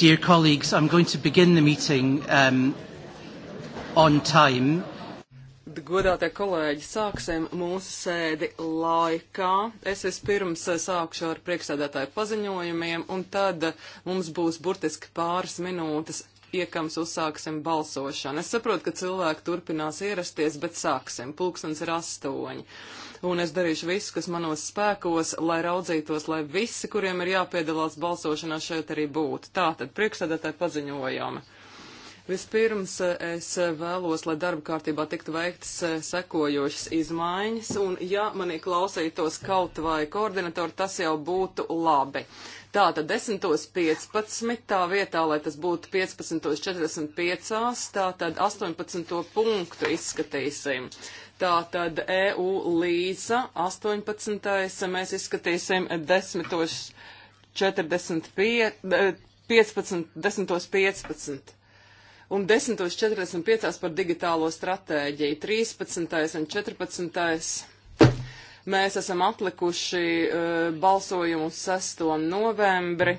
Dear colleagues, I'm going to begin the meeting um, on time. Godātie kolēģi, sāksim mūsu sēdi laikā. Es vispirms sākšu ar priekšsēdētāju paziņojumiem, un tad mums būs burtiski pāris minūtes iekams uzsāksim balsošanu. Es saprotu, ka cilvēki turpinās ierasties, bet sāksim. Pulkstens ir astoņi. Uh, un es darīšu visu, kas manos spēkos, lai raudzītos, lai visi, kuriem ir jāpiedalās balsošanā, šeit arī būtu. Tātad priekšsēdētāji paziņojumi. Vispirms eh, es eh, vēlos, lai darba kārtībā tiktu veiktas eh, sekojošas izmaiņas, un ja manī klausītos kaut vai koordinatori, tas jau būtu labi. Tātad 10.15. tā vietā, lai tas būtu 15.45. tātad 18. punktu izskatīsim. Tātad EU līza 18. mēs izskatīsim 10.45, 10.15 e, un 10.45 par digitālo stratēģiju, 13. un 14. Mēs esam atlikuši uh, balsojumu uz 6. novembri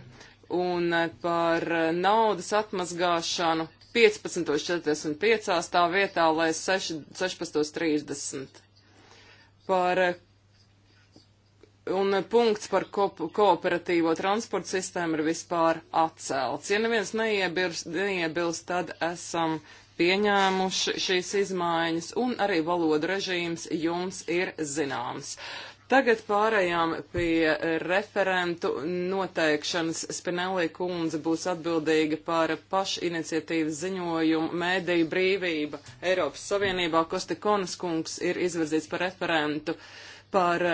un e, par naudas atmazgāšanu 15.45 tā vietā, lai 16.30. Par un punkts par ko, kooperatīvo transportu sistēmu ir vispār atcelts. Ja neviens neiebilst, neiebilst tad esam pieņēmuši šīs izmaiņas, un arī valodu režīms jums ir zināms. Tagad pārējām pie referentu noteikšanas. Spinelli kundze būs atbildīga par pašiniciatīvas ziņojumu mēdīju brīvība Eiropas Savienībā. Kosti Konas kungs ir izvirzīts par referentu par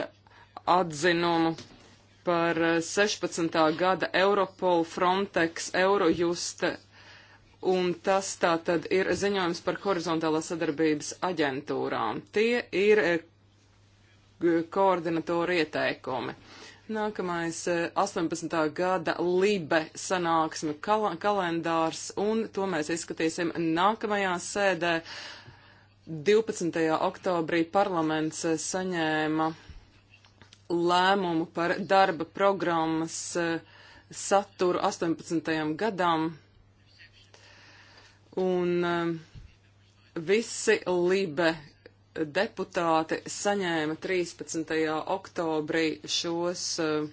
atzinumu par 16. gada Europol, Frontex, Eurojust, un tas tā tad ir ziņojums par horizontālās sadarbības aģentūrām. Tie ir koordinatoru ieteikumi. Nākamais 18. Eh, gada Libe sanāksme kal kalendārs, un to mēs izskatīsim nākamajā sēdē. 12. oktobrī parlaments eh, saņēma lēmumu par darba programmas eh, saturu 18. gadam, un visi Libe deputāti saņēma 13. oktobrī šos, eh,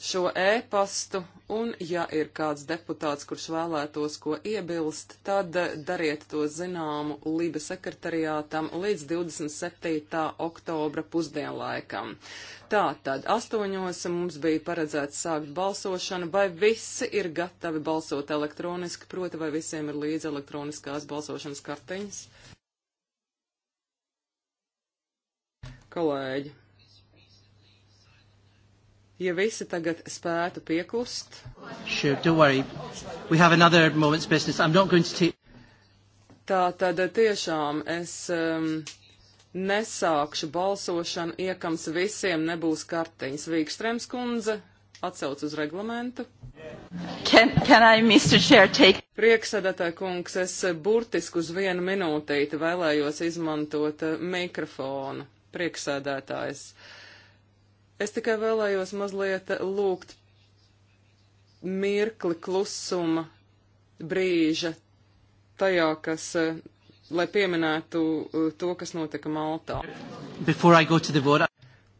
šo ēpastu, un ja ir kāds deputāts, kurš vēlētos ko iebilst, tad dariet to zināmu Liba sekretariātam līdz 27. oktobra pusdienlaikam. Tātad, astoņos mums bija paredzēts sākt balsošanu, vai visi ir gatavi balsot elektroniski, proti vai visiem ir līdz elektroniskās balsošanas kartiņas? kolēģi. Ja visi tagad spētu piekust. Sure, take... Tā tad tiešām es um, nesākšu balsošanu, iekams visiem nebūs kartiņas. Vīkstrēms kundze atsauc uz reglamentu. Can, can I, Mr. Chair, take... Prieksēdētāji kungs, es burtiski uz vienu minūtīti vēlējos izmantot uh, mikrofonu prieksēdētājs. Es tikai vēlējos mazliet lūgt mirkli klusuma brīža tajā, kas, eh, lai pieminētu eh, to, kas notika Maltā.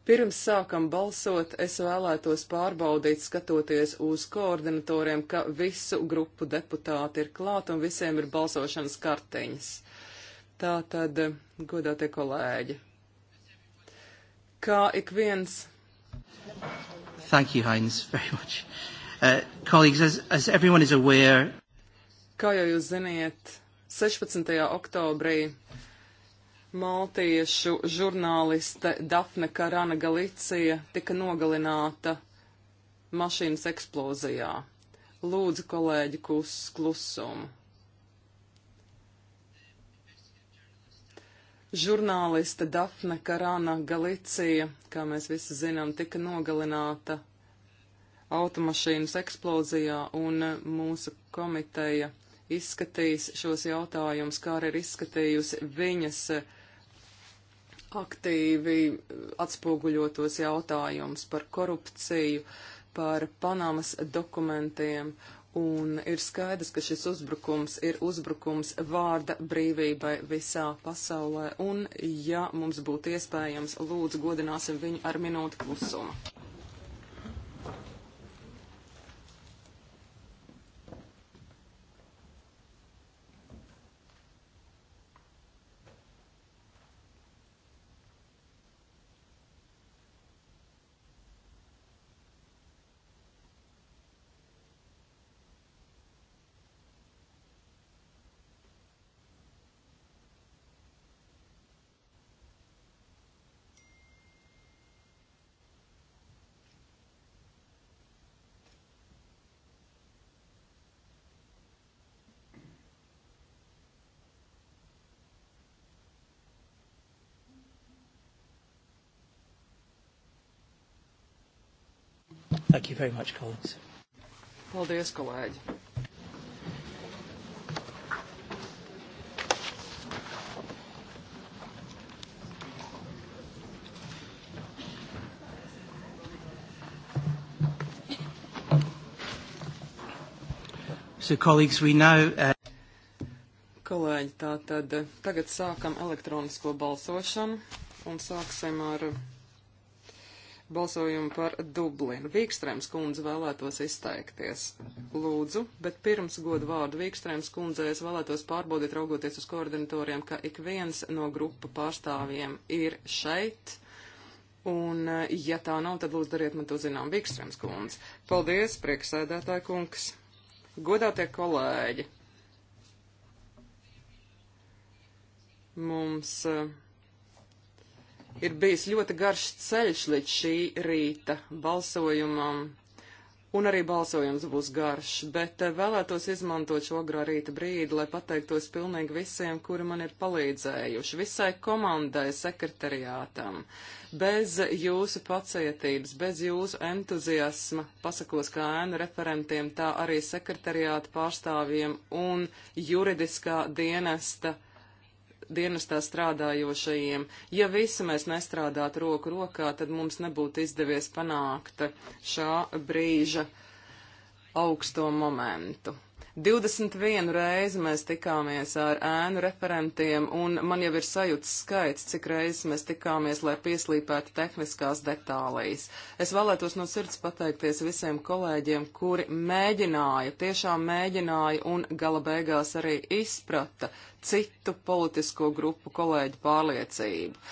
Pirms sākam balsot, es vēlētos pārbaudīt, skatoties uz koordinatoriem, ka visu grupu deputāti ir klāt un visiem ir balsošanas karteņas. Tā tad, eh, godātie kolēģi, kā ik viens. Thank you, Heinz, very much. Uh, colleagues, as, as everyone is aware. Kā jau jūs ziniet, 16. oktobrī maltiešu žurnāliste Dafne Karana Galicija tika nogalināta mašīnas eksplozijā. Lūdzu, kolēģi, kus klusumu. Žurnāliste Dafne Karāna Galicija, kā mēs visi zinām, tika nogalināta automašīnas eksplozijā, un mūsu komiteja izskatīs šos jautājumus, kā arī ir izskatījusi viņas aktīvi atspoguļotos jautājumus par korupciju, par Panamas dokumentiem un ir skaidrs, ka šis uzbrukums ir uzbrukums vārda brīvībai visā pasaulē, un ja mums būtu iespējams, lūdzu godināsim viņu ar minūti klusuma. Thank you very much, Collins. Paldies, kolēģi. So, colleagues, we now, uh... Kolēģi, tā tad tagad sākam elektronisko balsošanu un sāksim ar balsojumu par Dublinu. Vīkstrēms kundze vēlētos izteikties. Lūdzu, bet pirms godu vārdu Vīkstrēms kundze es vēlētos pārbaudīt, raugoties uz koordinatoriem, ka ik viens no grupa pārstāvjiem ir šeit. Un, eh, ja tā nav, tad lūdzu dariet man to zinām, Vīkstrēms kundze. Paldies, prieksēdētāja kungs. Godātie kolēģi. Mums. Uh, ir bijis ļoti garš ceļš līdz šī rīta balsojumam, un arī balsojums būs garš, bet eh, vēlētos izmantot šo agrā rīta brīdi, lai pateiktos pilnīgi visiem, kuri man ir palīdzējuši, visai komandai, sekretariātam. Bez jūsu pacietības, bez jūsu entuziasma, pasakos kā ēnu referentiem, tā arī sekretariāta pārstāvjiem un juridiskā dienesta dienestā strādājošajiem. Ja visi mēs nestrādātu roku rokā, tad mums nebūtu izdevies panākt šā brīža augsto momentu. 21 reizi mēs tikāmies ar ēnu referentiem, un man jau ir sajūta skaits, cik reizes mēs tikāmies, lai pieslīpētu tehniskās detālijas. Es vēlētos no sirds pateikties visiem kolēģiem, kuri mēģināja, tiešām mēģināja un gala beigās arī izprata citu politisko grupu kolēģu pārliecību.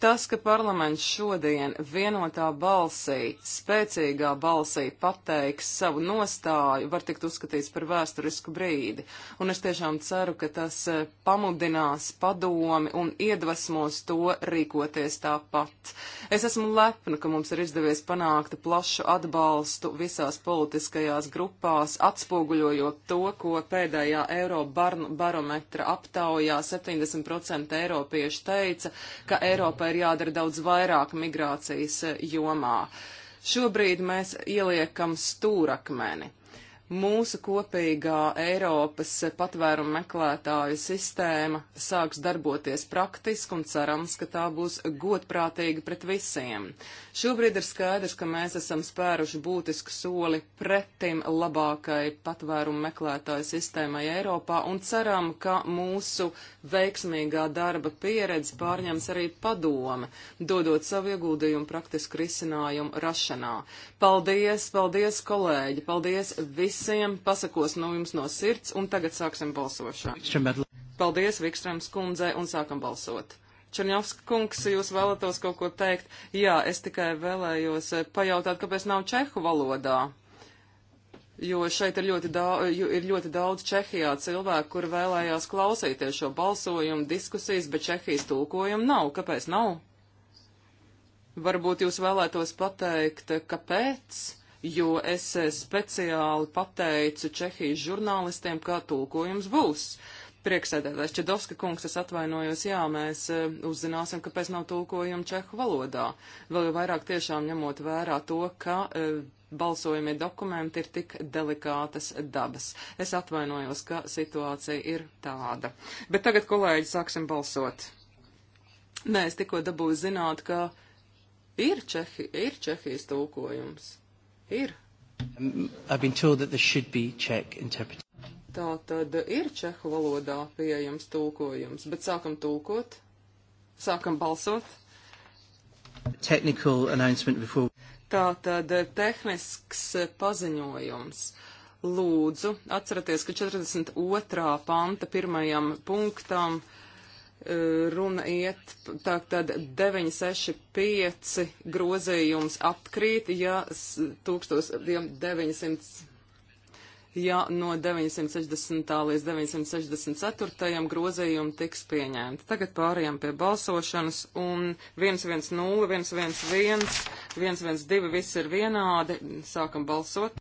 Tas, ka parlaments šodien vienotā balsī, spēcīgā balsī pateiks savu nostāju, var tikt uzskatīts par vēsturisku brīdi. Un es tiešām ceru, ka tas e, pamudinās padomi un iedvesmos to rīkoties tāpat. Es esmu lepna, ka mums ir izdevies panākt plašu atbalstu visās politiskajās grupās, atspoguļojot to, ko pēdējā Eiro barometra aptaujā 70% eiropiešu teica, ka Eiropai ir jādara daudz vairāk migrācijas eh, jomā. Šobrīd mēs ieliekam stūrakmeni mūsu kopīgā Eiropas patvērumu meklētāju sistēma sāks darboties praktiski un cerams, ka tā būs godprātīga pret visiem. Šobrīd ir skaidrs, ka mēs esam spēruši būtisku soli pretim labākai patvērumu meklētāju sistēmai Eiropā un ceram, ka mūsu veiksmīgā darba pieredze pārņems arī padome, dodot savu ieguldījumu praktisku risinājumu rašanā. Paldies, paldies kolēģi, paldies visiem! visiem, pasakos no nu jums no sirds, un tagad sāksim balsošanu. Paldies Vikstrēms kundzei un sākam balsot. Černiavska kungs, jūs vēlētos kaut ko teikt? Jā, es tikai vēlējos eh, pajautāt, kāpēc nav čehu valodā. Jo šeit ir ļoti, daudz, ir ļoti daudz Čehijā cilvēku, kur vēlējās klausīties šo balsojumu, diskusijas, bet Čehijas tulkojumu nav. Kāpēc nav? Varbūt jūs vēlētos pateikt, eh, kāpēc? jo es speciāli pateicu Čehijas žurnālistiem, kā tulkojums būs. Prieksēdētājs Čedovska kungs, es atvainojos, jā, mēs e, uzzināsim, kāpēc nav tulkojuma čehu valodā. Vēl jau vairāk tiešām ņemot vērā to, ka e, eh, balsojumie dokumenti ir tik delikātas dabas. Es atvainojos, ka situācija ir tāda. Bet tagad, kolēģi, sāksim balsot. Nē, es tikko dabūju zināt, ka ir, Čehi, ir Čehijas tulkojums. Ir. Tā tad ir čehu valodā pieejams tulkojums, bet sākam tulkot, sākam balsot. Before... Tā tad tehnisks paziņojums. Lūdzu, atcerieties, ka 42. panta pirmajam punktam uh, runa iet, tā tad 965 grozījums atkrīt, ja, 1900, ja no 960. līdz 964. grozījumu tiks pieņemti. Tagad pārējām pie balsošanas un 110, 111, 112 viss ir vienādi. Sākam balsot.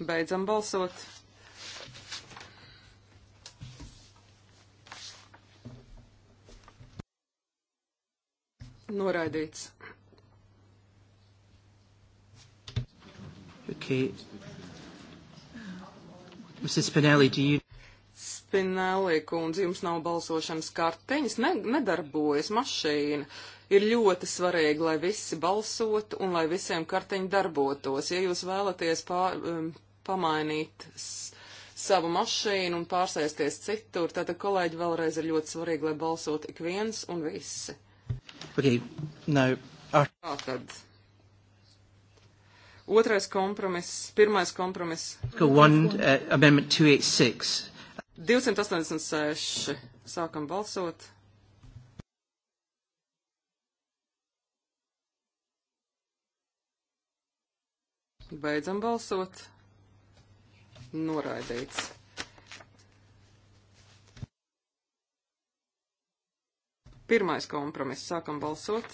Beidzam balsot. Noraidīts. Okay. Mrs. Spinelli, do you... Spinelli, kundze, jums nav balsošanas karteņas, ne, nedarbojas mašīna. Ir ļoti svarīgi, lai visi balsotu un lai visiem karteņi darbotos. Ja jūs vēlaties pār, um, pamainīt savu mašīnu un pārsēsties citur. Tātad, kolēģi, vēlreiz ir ļoti svarīgi, lai balsot ik viens un visi. Okay. No. Ar... Uh, Tātad. Otrais kompromiss, pirmais kompromiss. One, uh, amendment 286. 286. Sākam balsot. Beidzam balsot noraidīts. Pirmais kompromiss. Sākam balsot.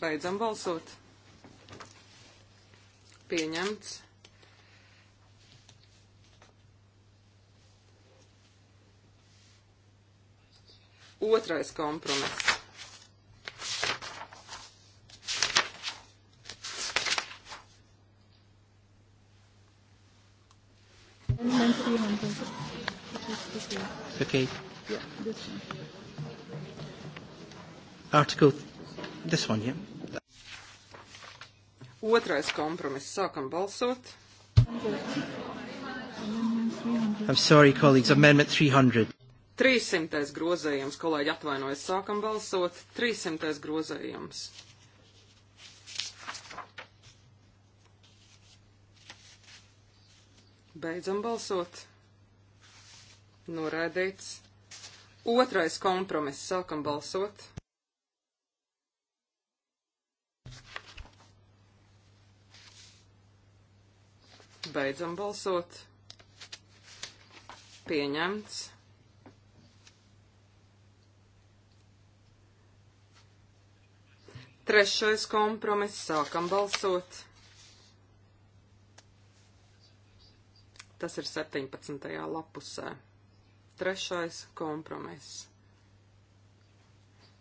Beidzam balsot. Pieņemts. Otrais kompromiss. duplicate? Yeah, this one. Article, this one, yeah. Otrais kompromiss. Sākam balsot. I'm sorry, colleagues. Amendment 300. 300. grozējums, kolēģi atvainojas, sākam balsot. 300. grozējums. Beidzam balsot. Noraidīts. Otrais kompromiss. Sākam balsot. Beidzam balsot. Pieņemts. Trešais kompromiss. Sākam balsot. Tas ir 17. lapusē. Trešais kompromiss.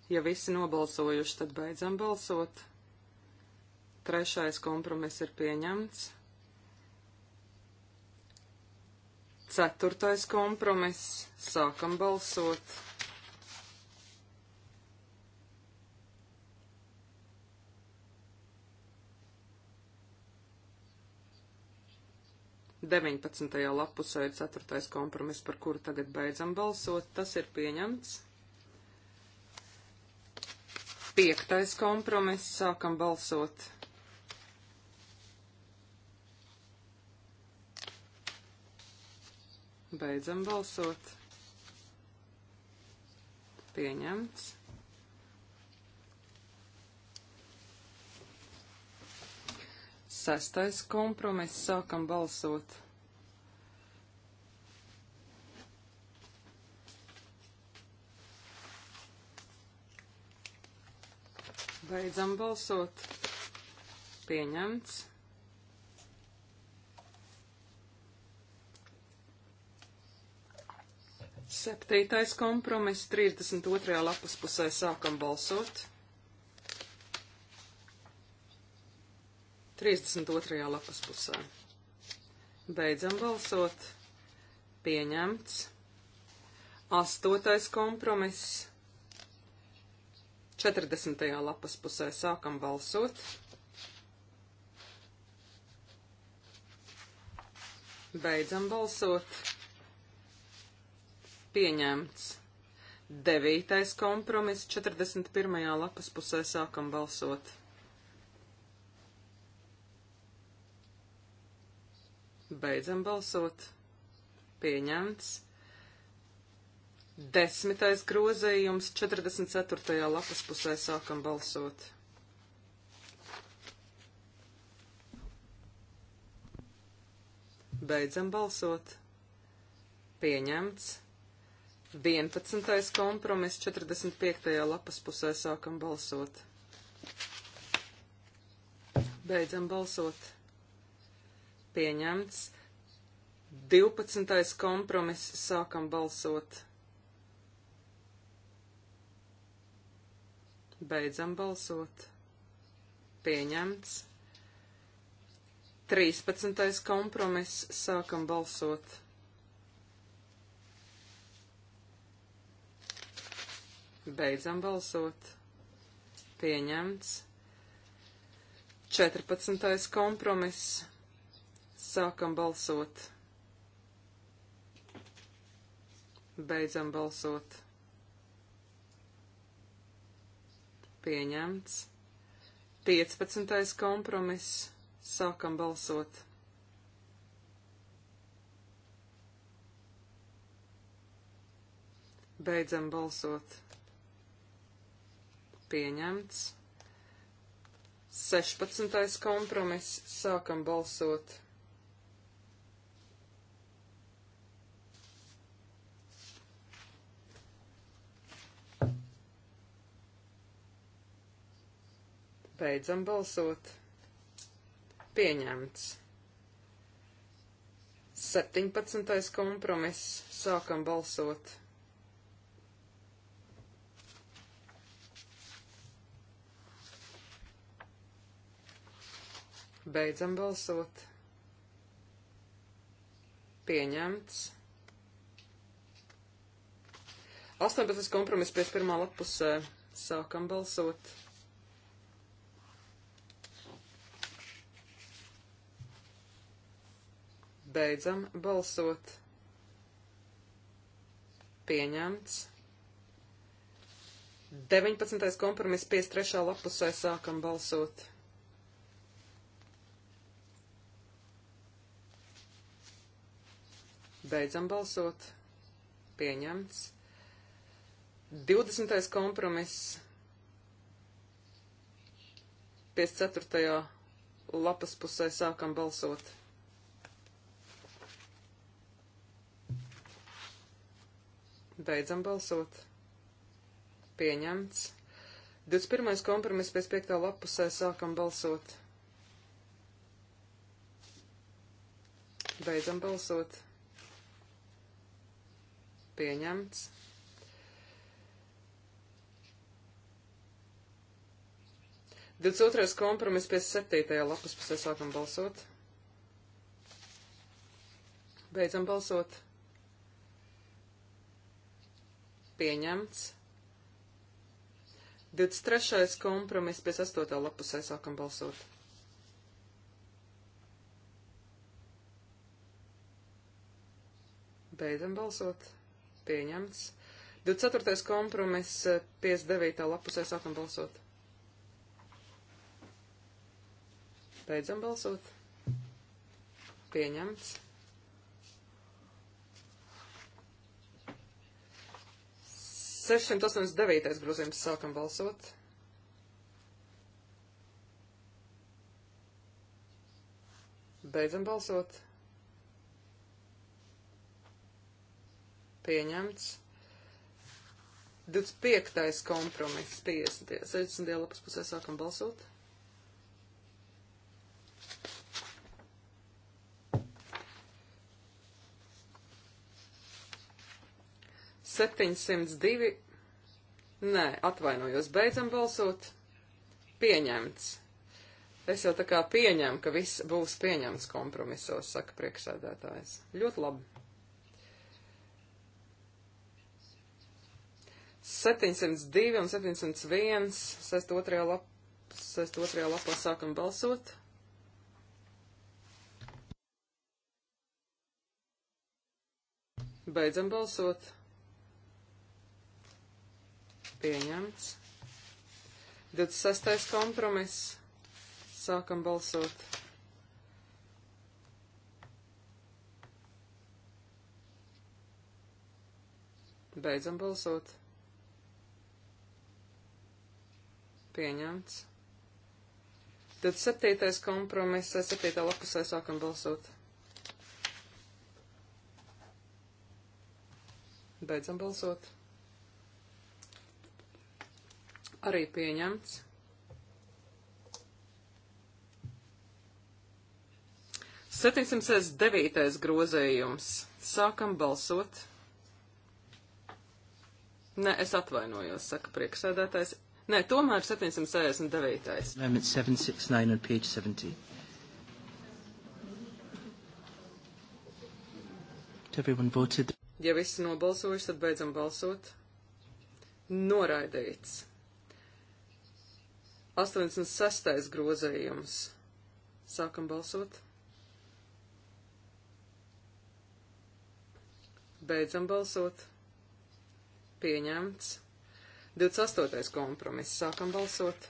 Ja visi nobalsojuši, tad beidzam balsot. Trešais kompromiss ir pieņemts. Ceturtais kompromiss. Sākam balsot. 19. lapusē ir 4. kompromiss, par kuru tagad beidzam balsot. Tas ir pieņemts. 5. kompromiss, sākam balsot. Beidzam balsot. Pieņemts. Sestais kompromiss. Sākam balsot. Beidzam balsot. Pieņemts. Septītais kompromiss 32. lapas pusē sākam balsot. 32. lapas pusē. Beidzam balsot. Pieņemts. Astotais kompromiss. 40. lapas pusē sākam balsot. Beidzam balsot. Pieņemts. Devītais kompromiss 41. lapas pusē sākam balsot. Beidzam balsot. Pieņemts. Desmitais grozījums 44. lapas pusē sākam balsot. Beidzam balsot. Pieņemts. 11. kompromiss 45. lapas pusē sākam balsot. Beidzam balsot pieņemts. 12. kompromiss sākam balsot. Beidzam balsot. Pieņemts. 13. kompromiss sākam balsot. Beidzam balsot. Pieņemts. 14. kompromiss. Sākam balsot. Beidzam balsot. Pieņemts. 15. kompromiss. Sākam balsot. Beidzam balsot. Pieņemts. 16. kompromiss. Sākam balsot. Beidzam balsot. Pieņemts. 17. kompromiss. Sākam balsot. Beidzam balsot. Pieņemts. 18. kompromiss 51. lapusē. Sākam balsot. Beidzam balsot. Pieņemts. 19. kompromiss 53. lapusē sākam balsot. Beidzam balsot. Pieņemts. 20. kompromiss 54. lapas pusē sākam balsot. Beidzam balsot. Pieņemts. 21. kompromiss pēc 5. lapusē sākam balsot. Beidzam balsot. Pieņemts. Divdesmit otrais kompromiss pēc septītajā lapas pusē sākam balsot. Beidzam balsot pieņemts. 23. kompromiss pēc 8. lapusē sākam balsot. Beidzam balsot. Pieņemts. 24. kompromiss 59. lapusē sākam balsot. Beidzam balsot. Pieņemts. 689. grozījums sākam balsot. Beidzam balsot. Pieņemts. 25. kompromiss 50. 60. lapas pusē sākam balsot. 702. Nē, atvainojos, beidzam balsot. Pieņemts. Es jau tā kā pieņemu, ka viss būs pieņemts kompromisos, saka priekšsēdētājs. Ļoti labi. 702 un 701, 62. Lap, 62. lapā sākam balsot. Beidzam balsot pieņemts. 26. kompromiss. Sākam balsot. Beidzam balsot. Pieņemts. Tad septītais kompromiss, septītā lapusē sākam balsot. Beidzam balsot arī pieņemts. Septiņsimtais devītais grozējums. Sākam balsot. Nē, es atvainojos, saka prieksēdētājs. Nē, tomēr 769. Amendment 769 on page 70. Everyone voted. Ja visi nobalsojuši, tad beidzam balsot. Noraidīts. 86. grozējums. Sākam balsot. Beidzam balsot. Pieņemts. 28. kompromiss. Sākam balsot.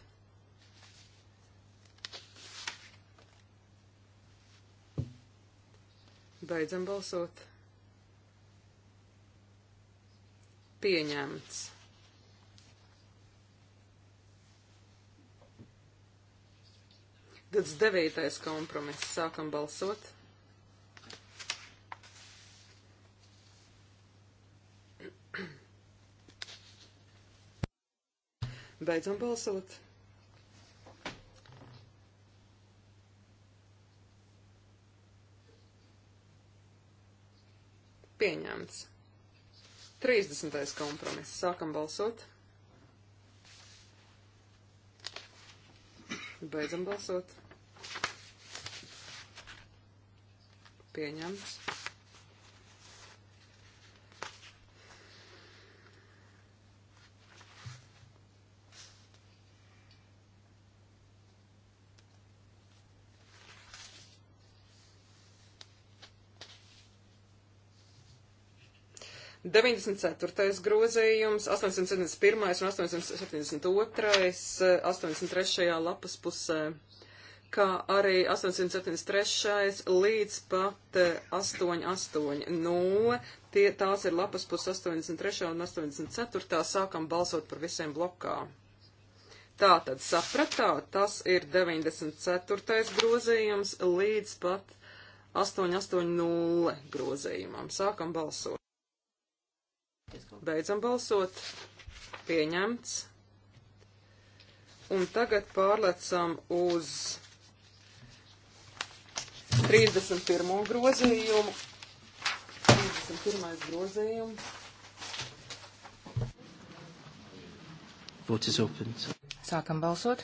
Beidzam balsot. Pieņemts. 29. kompromiss. Sākam balsot. Beidzam balsot. Pieņemts. 30. kompromiss. Sākam balsot. Beidzam balsot. pieņemts. Deviņdesmit ceturtais grozījums, 871. un 872. 83. lapas pusē kā arī 873 līdz pat 88. Eh, no, tie, tās ir lapas pus 83 un 84. sākam balsot par visiem blokā. Tātad sapratā, tas ir 94. grozījums līdz pat 880 grozījumam. Sākam balsot. Beidzam balsot. Pieņemts. Un tagad pārlecam uz 31. grozījumu. 31. grozījumu. Vote is open. Sākam balsot.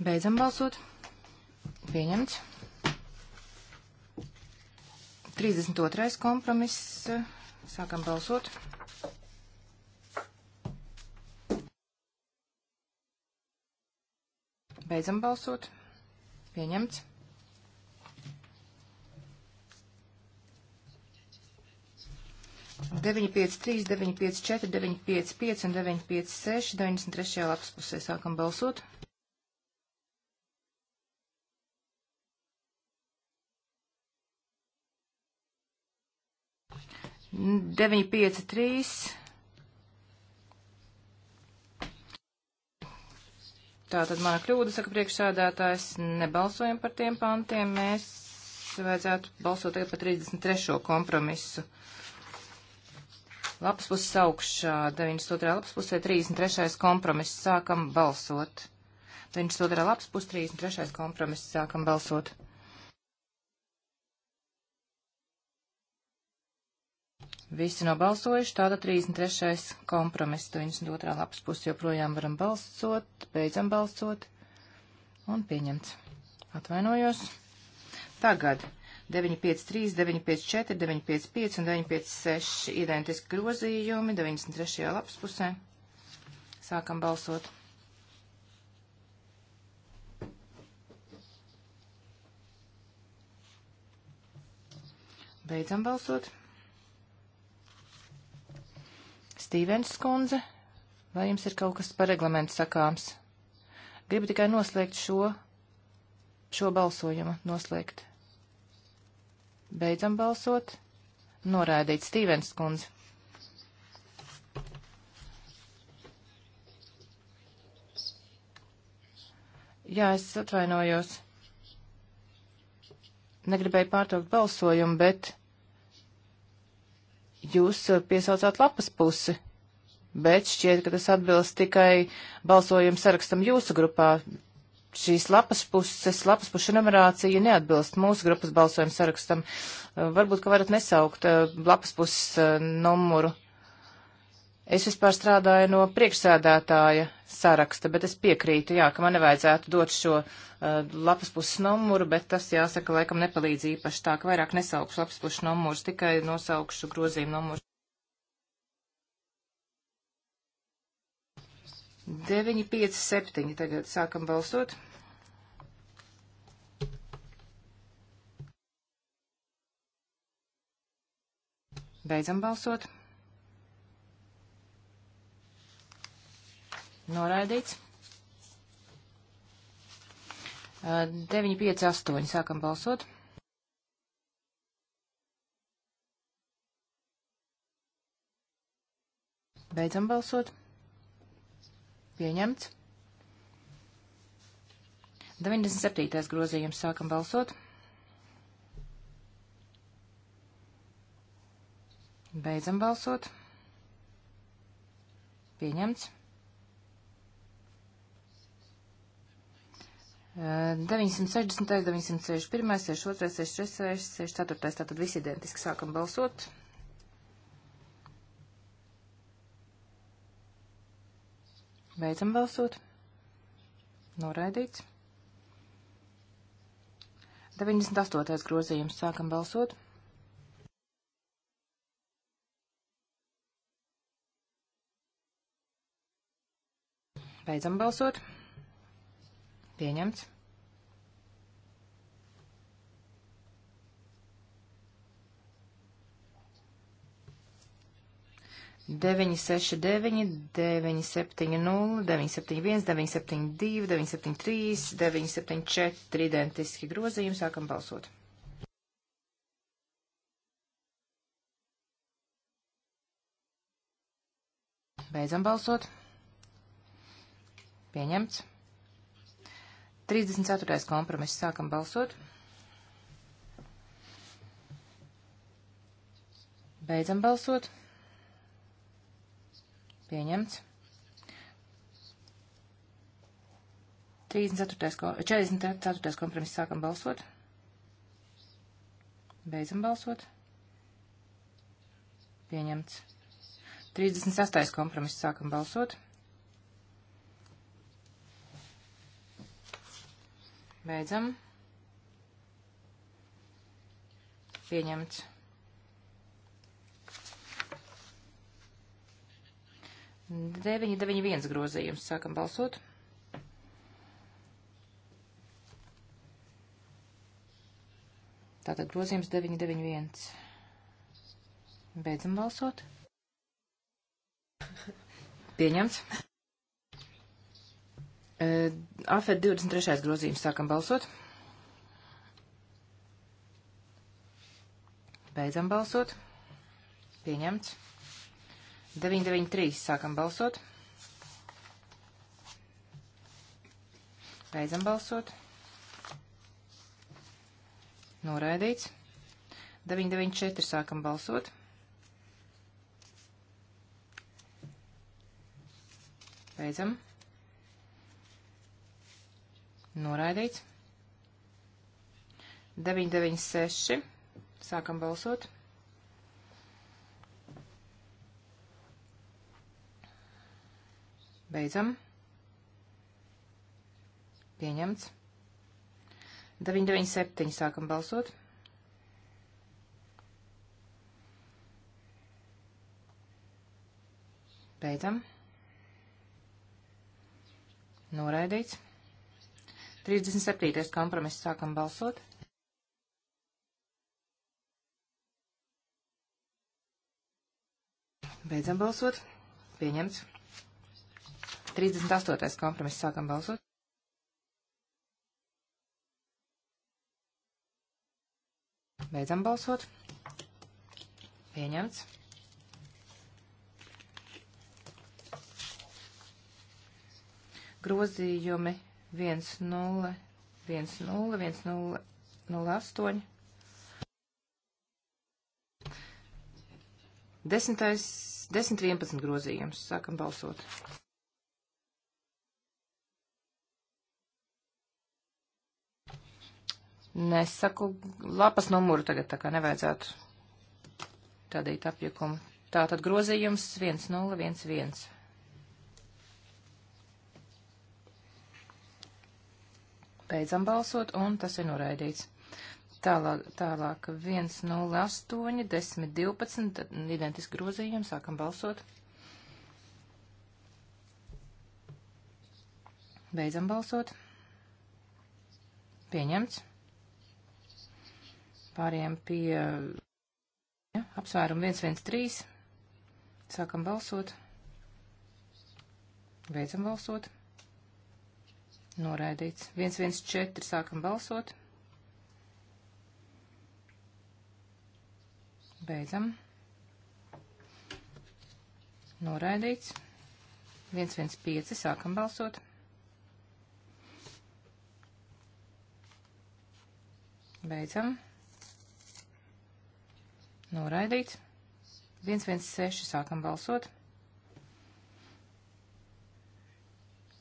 Beidzam balsot. Pieņemts. 32. kompromiss. Sākam balsot. Beidzam balsot. Pieņemts. Deviņi pieci trīs, deviņi pieci četri, deviņi pieci pieci un deviņi pieci seši, deviņdesmit trešajā lapas pusē sākam balsot. Deviņi pieci trīs. Tātad mana kļūda, saka priekšsādātājs, nebalsojam par tiem pantiem. Mēs vajadzētu balsot tagad par 33. kompromisu. Lapas puses augšā, 92. lapas pusē 33. kompromiss sākam balsot. 92. lapas puses 33. kompromiss sākam balsot. Visi nobalsojuši, tāda 33. kompromiss, 92. lapas puse joprojām varam balsot, beidzam balsot un pieņemts. Atvainojos. Tagad 953, 954, 955 un 956 identiski grozījumi 93. lapas pusē. Sākam balsot. Beidzam balsot. Stīvens skundze, vai jums ir kaut kas par reglamentu sakāms? Gribu tikai noslēgt šo, šo balsojumu, noslēgt. Beidzam balsot. Noraidīt Stīvens skundze. Jā, es atvainojos. Negribēju pārtraukt balsojumu, bet Jūs eh, piesaucāt lapas pusi, bet šķiet, ka tas atbilst tikai balsojumu sarakstam jūsu grupā. Šīs lapas puses, lapas pušu numerācija neatbilst mūsu grupas balsojumu sarakstam. Eh, Varbūt, ka varat nesaukt eh, lapas puses numuru. Es vispār strādāju no priekšsēdētāja saraksta, bet es piekrītu, jā, ka man nevajadzētu dot šo uh, lapas puses numuru, bet tas, jāsaka, laikam nepalīdz īpaši tā, ka vairāk nesaukšu lapas puses numurus, tikai nosaukšu grozījumu numurus. 9, 5, 7. Tagad sākam balsot. Beidzam balsot. Noraidīts. 9, 5, 8. Sākam balsot. Beidzam balsot. Pieņemts. 97. grozījums. Sākam balsot. Beidzam balsot. Pieņemts. 960, 961, 62, 63, 64, tātad visi identiski sākam balsot. Beidzam balsot. Noraidīts. 98. grozījums sākam balsot. Beidzam balsot. Pieņemts. Deviņi, seši, deviņi, deviņi, septiņi, nulli, deviņi, septiņi, viens, deviņi, septiņi, divi, deviņi, septiņi, trīs, deviņi, septiņi, četri identiski grozījumi. Sākam balsot. Beidzam balsot. Pieņemts. 34. kompromiss. Sākam balsot. Beidzam balsot. Pieņemts. 34. 44. kompromiss sākam balsot. Beidzam balsot. Pieņemts. 36. kompromiss sākam balsot. Beidzam. Pieņemts. 991 grozījums. Sākam balsot. Tātad grozījums 991. Beidzam balsot. Pieņemts. Afet 23. grozījums sākam balsot. Beidzam balsot. Pieņemts. 993 sākam balsot. Beidzam balsot. Noraidīts. 994 sākam balsot. Beidzam. Noraidīts. 996. Sākam balsot. Beidzam. Pieņemts. 997. Sākam balsot. Beidzam. Noraidīts. 37. kompromiss sākam balsot. Beidzam balsot. Pieņemts. 38. kompromiss sākam balsot. Beidzam balsot. Pieņemts. Grozījumi 1-0, 1-0, 1-0, 0-8. Desmitais, 10-11 grozījums. Sākam balsot. Nesaku lapas numuru tagad, tā kā nevajadzētu tādīt apjukumu. Tātad grozījums 1011. Beidzam balsot, un tas ir noraidīts. Tālāk, tālāk 1, 0, 8, 10, 12, identiski grozījumi, sākam balsot. Beidzam balsot. Pieņemts. Pāriem pie ja, apsvērumu 113. Sākam balsot. Beidzam balsot. Noraidīts. 114. Sākam balsot. Beidzam. Noraidīts. 115. Sākam balsot. Beidzam. Noraidīts. 116. Sākam balsot.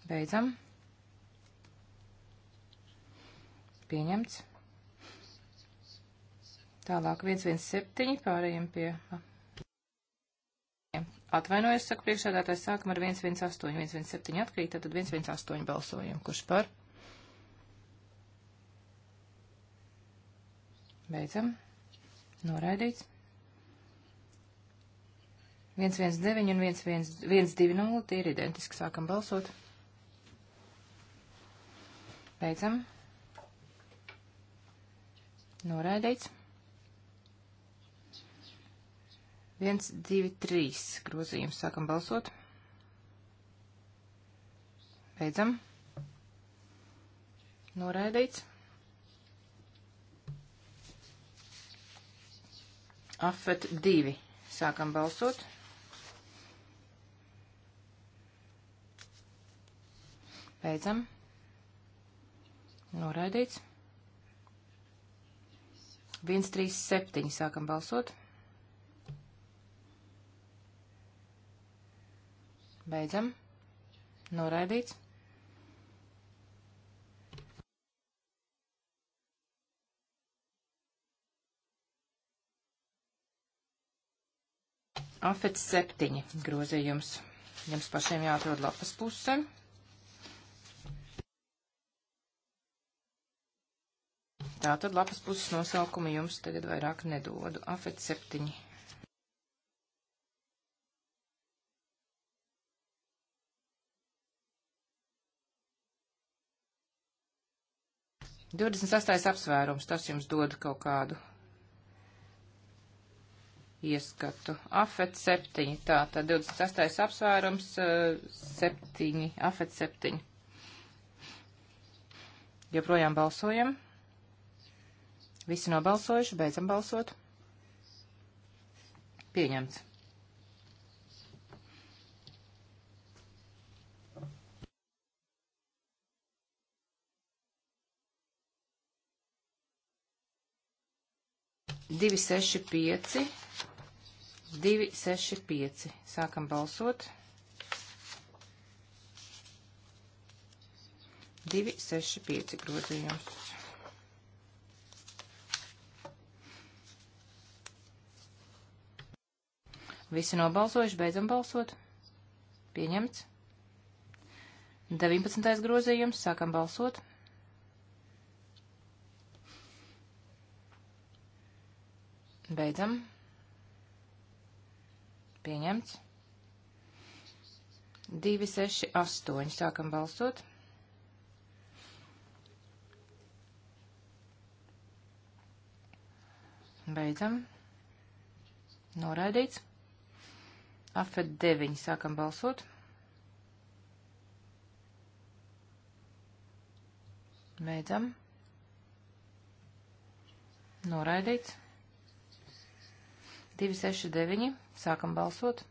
Beidzam. pieņemts. Tālāk 117 pārējiem pie. Atvainojos, saka priekšādātājs, sākam ar 118, 117 atkrīt, tad 118 balsojam. Kurš par? Beidzam. Noraidīts. 119 un 120 tie ir identiski, sākam balsot. Beidzam. Noraidīts. 1, 2, 3 grozījums. Sākam balsot. Beidzam. Noraidīts. Afet 2. Sākam balsot. Beidzam. Noraidīts. 137. Sākam balsot. Beidzam. Noraidīts. Afets 7 grozījums. Jums pašiem jāatrod lapas pusēm. Tātad lapas puses nosaukumi jums tagad vairāk nedodu. Afet 7. Divdesmit sastais apsvērums, tas jums dod kaut kādu ieskatu. Afet 7, tā, tā 28. apsvērums, 7, eh, afet 7. Joprojām balsojam. Visi nobalsojuši, beidzam balsot. Pieņemts. Divi seši pieci, divi seši pieci. Sākam balsot. Divi seši pieci grozījums. Visi nobalsojuši, beidzam balsot. Pieņemts. 19. grozījums, sākam balsot. Beidzam. Pieņemts. 2, 6, 8. Sākam balsot. Beidzam. Noraidīts. Afet 9. Sākam balsot. Beidzam. Noraidīts. 269. Sākam balsot.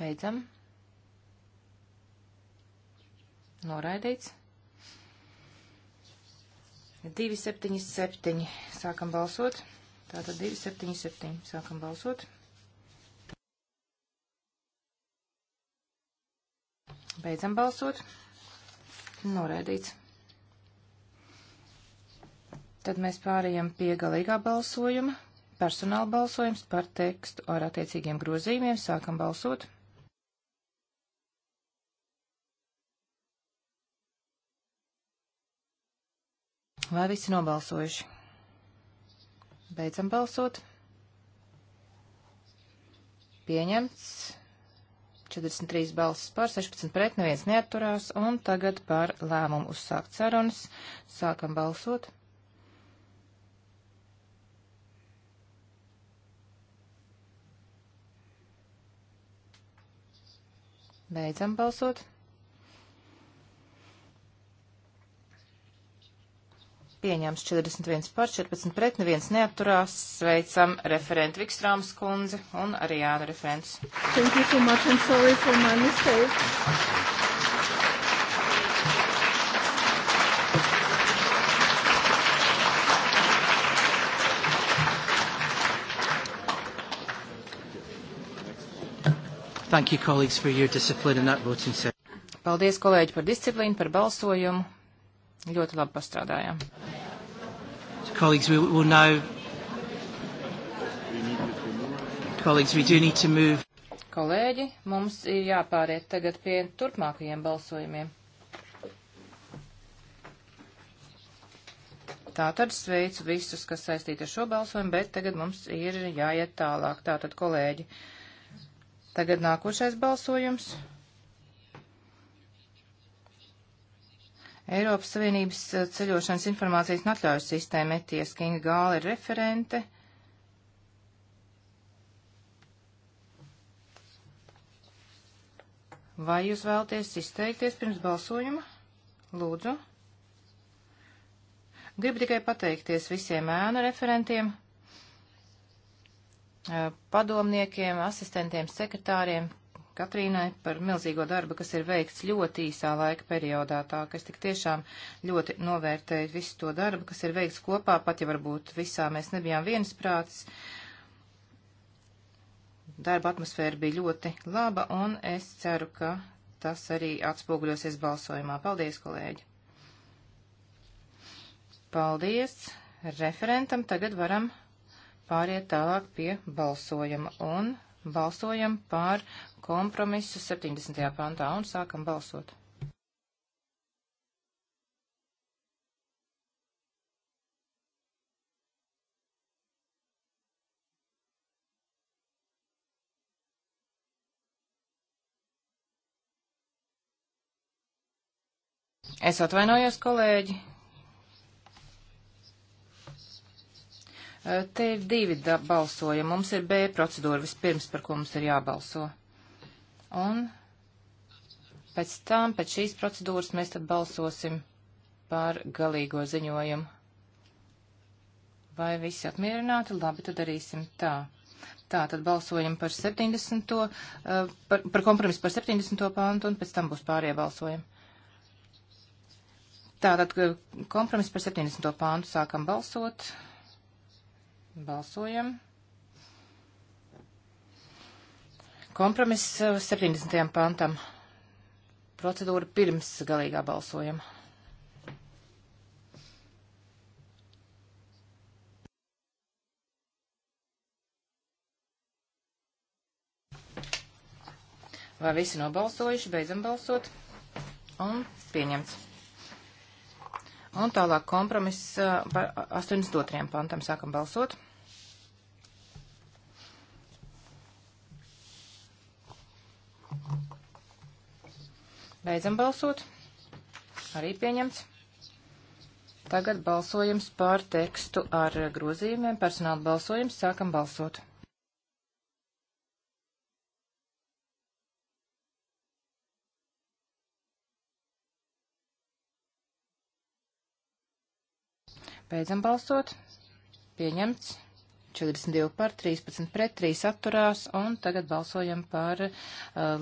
Beidzam. Noraidīts. 277. Sākam balsot. Tātad 277. Sākam balsot. Beidzam balsot. Noraidīts. Tad mēs pārējām pie galīgā balsojuma, personāla balsojums par tekstu ar attiecīgiem grozījumiem. Sākam balsot. Vai visi nobalsojuši? Beidzam balsot. Pieņemts. 43 balsis par, 16 pret, neviens neaturās, un tagad par lēmumu uzsākt sarunas. Sākam balsot. Beidzam balsot. pieņems 41 par 14 pret, neviens neaturās. Sveicam referentu Vikstrāmas kundzi un arī Jānu referents. Thank you so much and sorry for my mistake. Thank you, colleagues, for your discipline in that voting session. Paldies, kolēģi, par disciplīnu, par balsojumu. Ļoti labi pastrādājām. Colleagues, we will now. Colleagues, we do need to move. Kolēģi, mums ir jāpāriet tagad pie turpmākajiem balsojumiem. Tātad sveicu visus, kas saistīti ar šo balsojumu, bet tagad mums ir jāiet tālāk. Tātad, kolēģi, tagad nākošais balsojums. Eiropas Savienības eh, ceļošanas informācijas un atļaujas sistēma Etijas Kinga Gāla ir referente. Vai jūs vēlties izteikties pirms balsojuma? Lūdzu. Gribu tikai pateikties visiem ēnu referentiem, eh, padomniekiem, asistentiem, sekretāriem, Katrīnai par milzīgo darbu, kas ir veikts ļoti īsā laika periodā. Tā, ka es tik tiešām ļoti novērtēju visu to darbu, kas ir veikts kopā, pat ja varbūt visā mēs nebijām viensprātis. Darba atmosfēra bija ļoti laba, un es ceru, ka tas arī atspoguļosies balsojumā. Paldies, kolēģi! Paldies referentam. Tagad varam pāriet tālāk pie balsojuma un Balsojam par kompromisu 70. pantā un sākam balsot. Es atvainojos, kolēģi, Te ir divi balsojumi. Mums ir B procedūra vispirms, par ko mums ir jābalso. Un pēc tam, pēc šīs procedūras, mēs tad balsosim par galīgo ziņojumu. Vai visi apmierināti? Labi, tad darīsim tā. Tā, tad balsojam par 70. par, par kompromisu par 70. pāntu un pēc tam būs pārējie balsojumi. Tātad kompromiss par 70. pāntu sākam balsot. Balsojam. Kompromiss 70. Uh, pantam. Procedūra pirms galīgā balsojuma. Vai visi nobalsojuši? Beidzam balsot. Un pieņemts. Un tālāk kompromiss uh, par 82. pantam sākam balsot. Beidzam balsot. Arī pieņemts. Tagad balsojums pār tekstu ar grozījumiem. Personāla balsojums. Sākam balsot. Beidzam balsot. Pieņemts. 42 par, 13 pret, 3 atturās, un tagad balsojam par uh,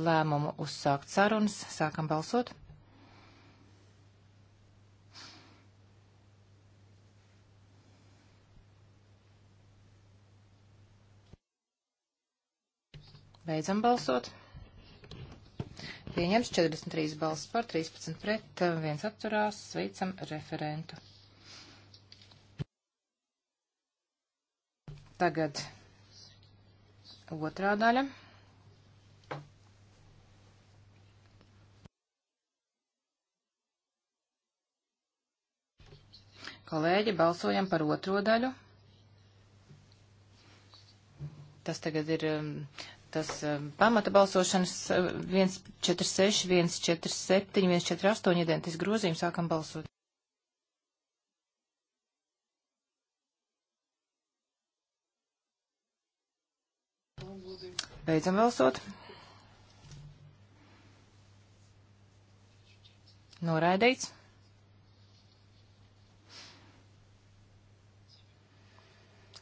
lēmumu uzsākt sarunas. Sākam balsot. Beidzam balsot. Pieņems 43 balsts par, 13 pret, 1 atturās. Sveicam referentu. Tagad otrā daļa. Kolēģi, balsojam par otro daļu. Tas tagad ir um, tas um, pamata balsošanas 146, 147, 148 identiski grozījumi. Sākam balsot. Beidzam balsot. Noraidīts.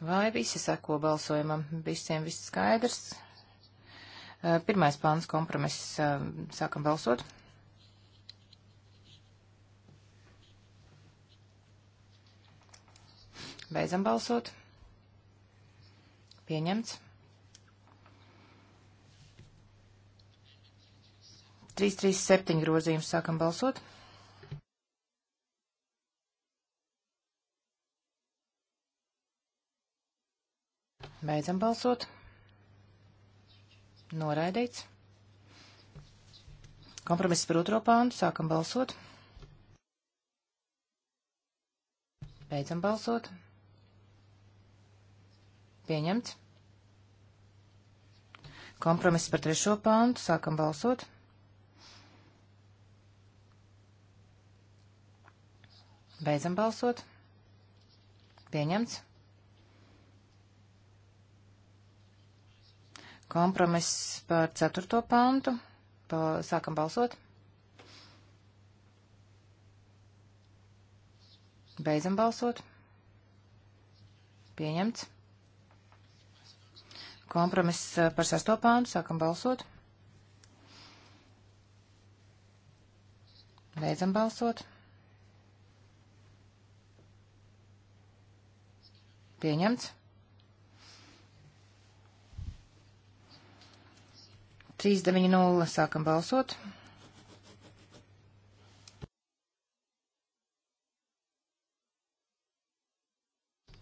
Vai visi seko balsojumam? Visiem viss skaidrs. Pirmais pāns kompromiss. Sākam balsot. Beidzam balsot. Pieņemts. 337 grozījums sākam balsot. Beidzam balsot. Noraidīts. Kompromiss par otro pāntu. Sākam balsot. Beidzam balsot. Pieņemts. Kompromiss par trešo pāntu. Sākam balsot. Beidzam balsot. Pieņemts. Kompromiss par ceturto pantu. Pa, sākam balsot. Beidzam balsot. Pieņemts. Kompromiss eh, par sesto pāntu. Sākam balsot. Beidzam balsot. Pieņemts. 390. Sākam balsot.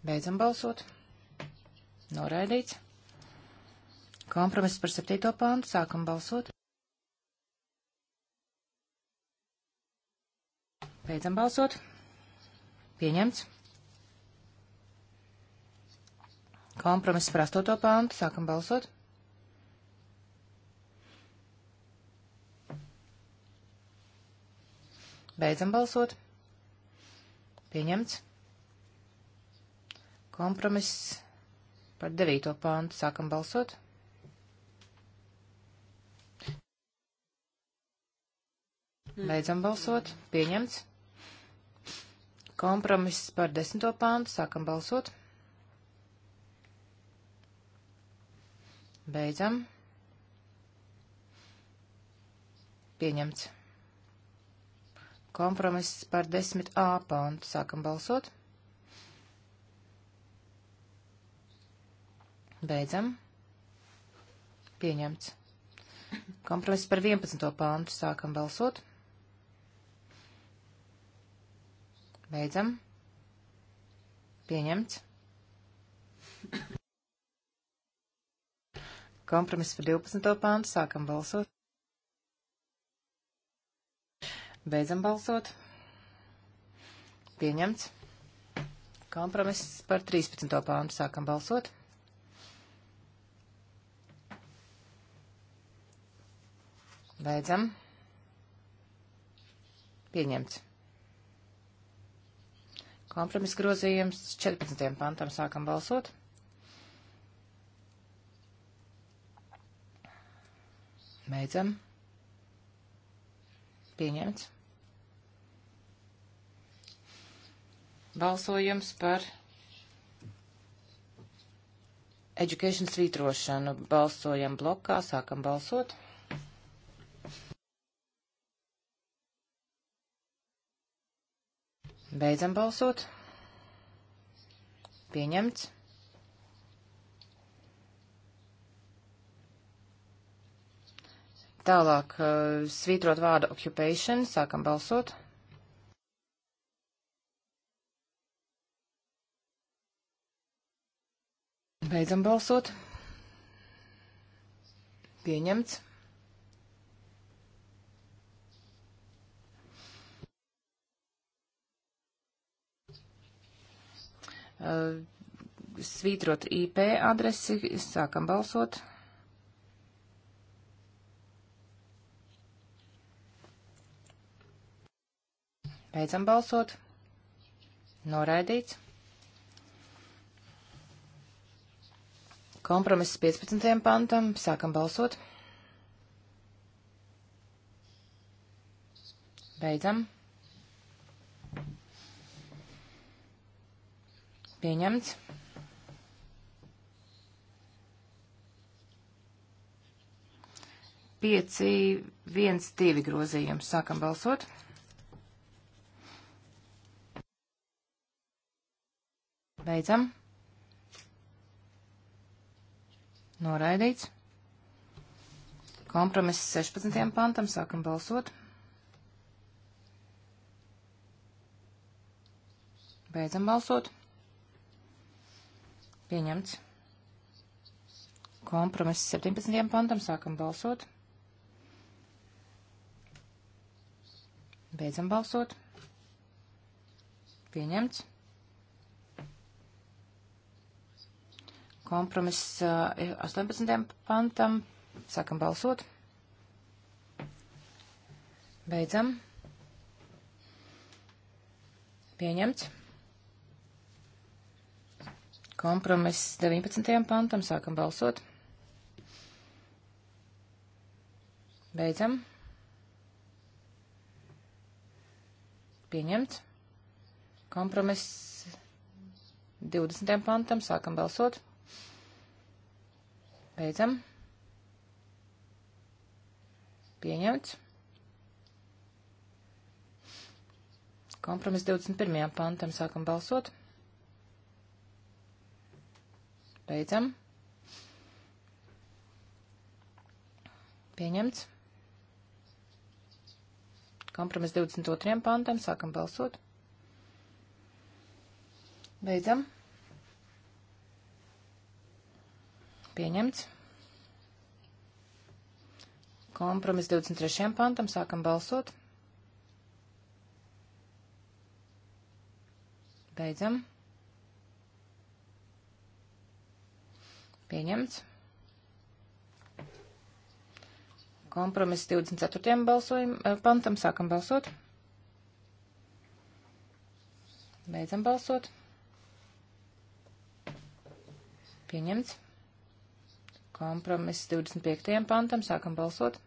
Beidzam balsot. Noraidīts. Kompromiss par 7. pāntu. Sākam balsot. Beidzam balsot. Pieņemts. Kompromiss par 8. pāntu. Sākam balsot. Beidzam balsot. Pieņemts. Kompromiss par 9. pāntu. Sākam balsot. Beidzam balsot. Pieņemts. Kompromiss par 10. pāntu. Sākam balsot. Beidzam. Pieņemts. Kompromiss par 10a pantu. Sākam balsot. Beidzam. Pieņemts. Kompromiss par 11. pāntu. Sākam balsot. Beidzam. Pieņemts. Kompromiss par 12. pāntu. Sākam balsot. Beidzam balsot. Pieņemts. Kompromiss par 13. pāntu. Sākam balsot. Beidzam. Pieņemts. Kompromiss grozījums 14. pantam sākam balsot. Beidzam. Pieņemts. Balsojums par education svītrošanu. Balsojam blokā, sākam balsot. Beidzam balsot. Pieņemts. Tālāk eh, svītrot vārdu occupation, sākam balsot. Beidzam balsot. Pieņemts. Eh, svītrot IP adresi, sākam balsot. Beidzam balsot. Noraidīts. Kompromiss 15. pantam. Sākam balsot. Beidzam. Pieņemts. Pieci, viens, divi grozījums. Sākam balsot. Beidzam. Noraidīts. Kompromiss 16. pantam. Sākam balsot. Beidzam balsot. Pieņemts. Kompromiss 17. pantam. Sākam balsot. Beidzam balsot. Pieņemts. Kompromiss 18. Eh, pantam. Sākam balsot. Beidzam. Pieņemts. Kompromiss 19. pantam. Sākam balsot. Beidzam. Pieņemts. Kompromiss 20. pantam. Sākam balsot. Beidzam. Pieņemts. Kompromis 21. pantam sākam balsot. Beidzam. Pieņemts. Kompromis 22. pantam sākam balsot. Beidzam. Pieņemts. Kompromis 23. pantam. Sākam balsot. Beidzam. Pieņemts. Kompromis 24. Balsojum, eh, pantam. Sākam balsot. Beidzam balsot. Pieņemts. Kompromiss 25. pantam. Sākam balsot.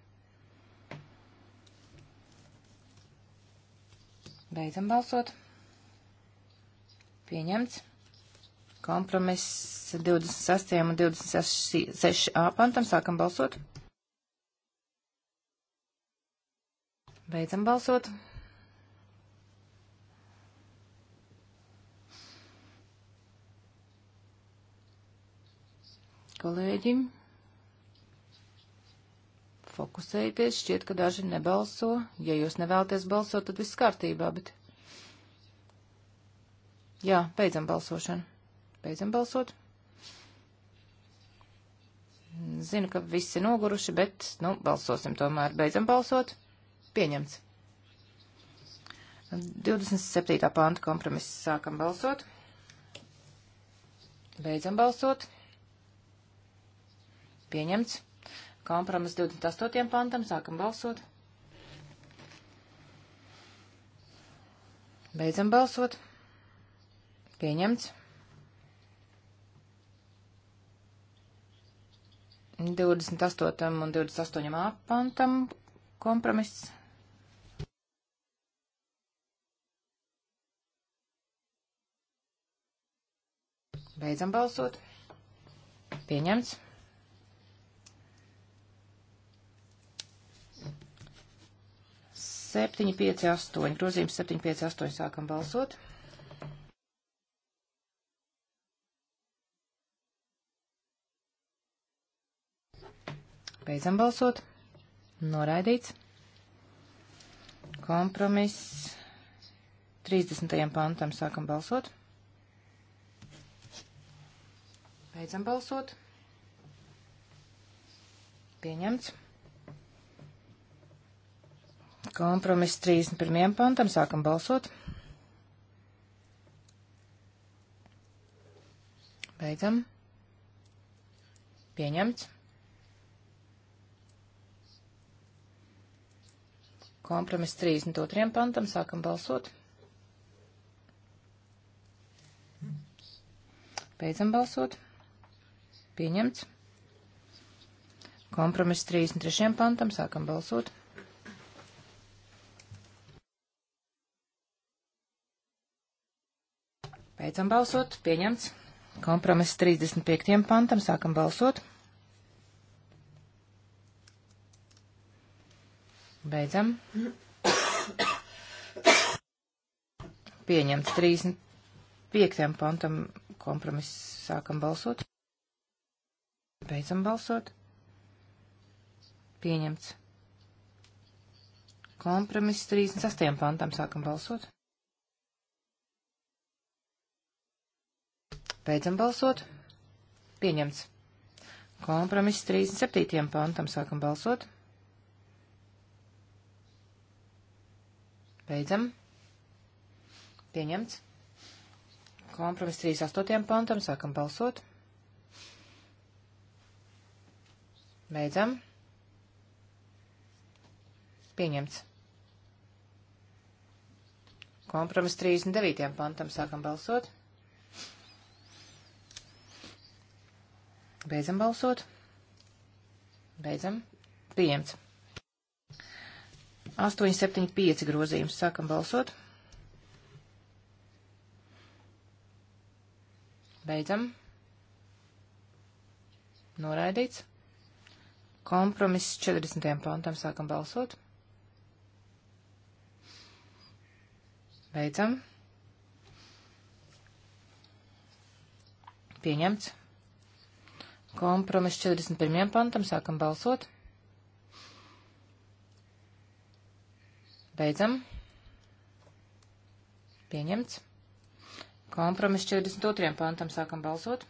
Beidzam balsot. Pieņemts. Kompromiss 26. un 26a pantam. Sākam balsot. Beidzam balsot. Kolēģim. Fokusējieties, šķiet, ka daži nebalso. Ja jūs nevēlaties balsot, tad viss kārtībā, bet. Jā, beidzam balsošanu. Beidzam balsot. Zinu, ka visi noguruši, bet, nu, balsosim tomēr. Beidzam balsot. Pieņemts. 27. pānta kompromiss sākam balsot. Beidzam balsot. Pieņemts. Kompromis 28. pantam. Sākam balsot. Beidzam balsot. Pieņemts. 28. un 28. pantam kompromiss. Beidzam balsot. Pieņemts. 758. Grozījums 758. Sākam balsot. Beidzam balsot. Noraidīts. Kompromiss 30. pantam sākam balsot. Beidzam balsot. Pieņemts. Kompromiss 31. pantam. Sākam balsot. Beidzam. Pieņemts. Kompromiss 32. pantam. Sākam balsot. Beidzam balsot. Pieņemts. Kompromiss 33. pantam. Sākam balsot. Beidzam balsot. Pieņemts. Kompromiss 35. pantam. Sākam balsot. Beidzam. Pieņemts 35. pantam kompromiss. Sākam balsot. Beidzam balsot. Pieņemts. Kompromiss 36. pantam. Sākam balsot. Beidzam balsot. Pieņemts. Kompromiss 37. pantam sākam balsot. Beidzam. Pieņemts. Kompromiss 38. pantam sākam balsot. Beidzam. Pieņemts. Kompromiss 39. pantam sākam balsot. Beidzam balsot. Beidzam. Pieņemts. 875 grozījums. Sākam balsot. Beidzam. Noraidīts. Kompromiss 40. pantam sākam balsot. Beidzam. Pieņemts. Kompromis 41. pantam sākam balsot. Beidzam. Pieņemts. Kompromis 42. pantam sākam balsot.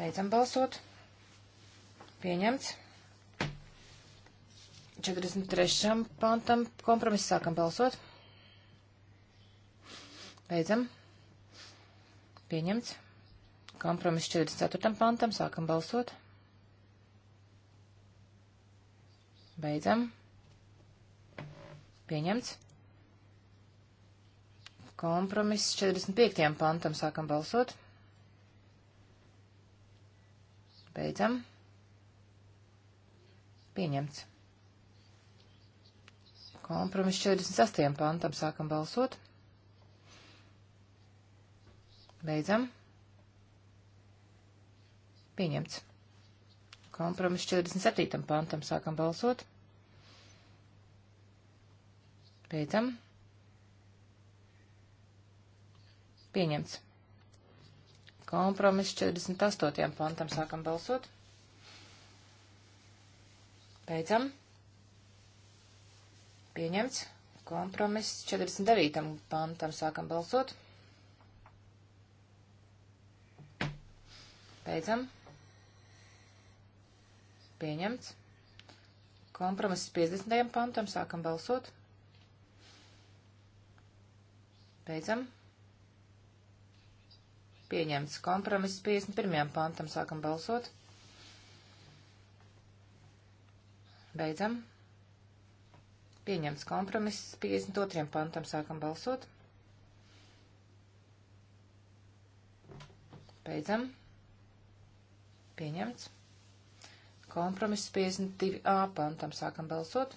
Beidzam balsot. Pieņemts. 43. pantam kompromiss sākam balsot. Beidzam. Pieņemts. Kompromiss 44. pantam. Sākam balsot. Beidzam. Pieņemts. Kompromiss 45. pantam. Sākam balsot. Beidzam. Pieņemts. Kompromiss 48. pantam. Sākam balsot. Beidzam. Beidzam. Pieņemts. Kompromiss 47. pantam sākam balsot. Beidzam. Pieņemts. Kompromiss 48. pantam sākam balsot. Beidzam. Pieņemts. Kompromiss 49. pantam sākam balsot. Beidzam. Beidzam. Pieņemts. Kompromiss 50. pantam. Sākam balsot. Beidzam. Pieņemts. Kompromiss 51. pantam. Sākam balsot. Beidzam. Pieņemts. Kompromiss 52. pantam. Sākam balsot. Beidzam. Pieņemts. Kompromiss 52a pantam sākam balsot.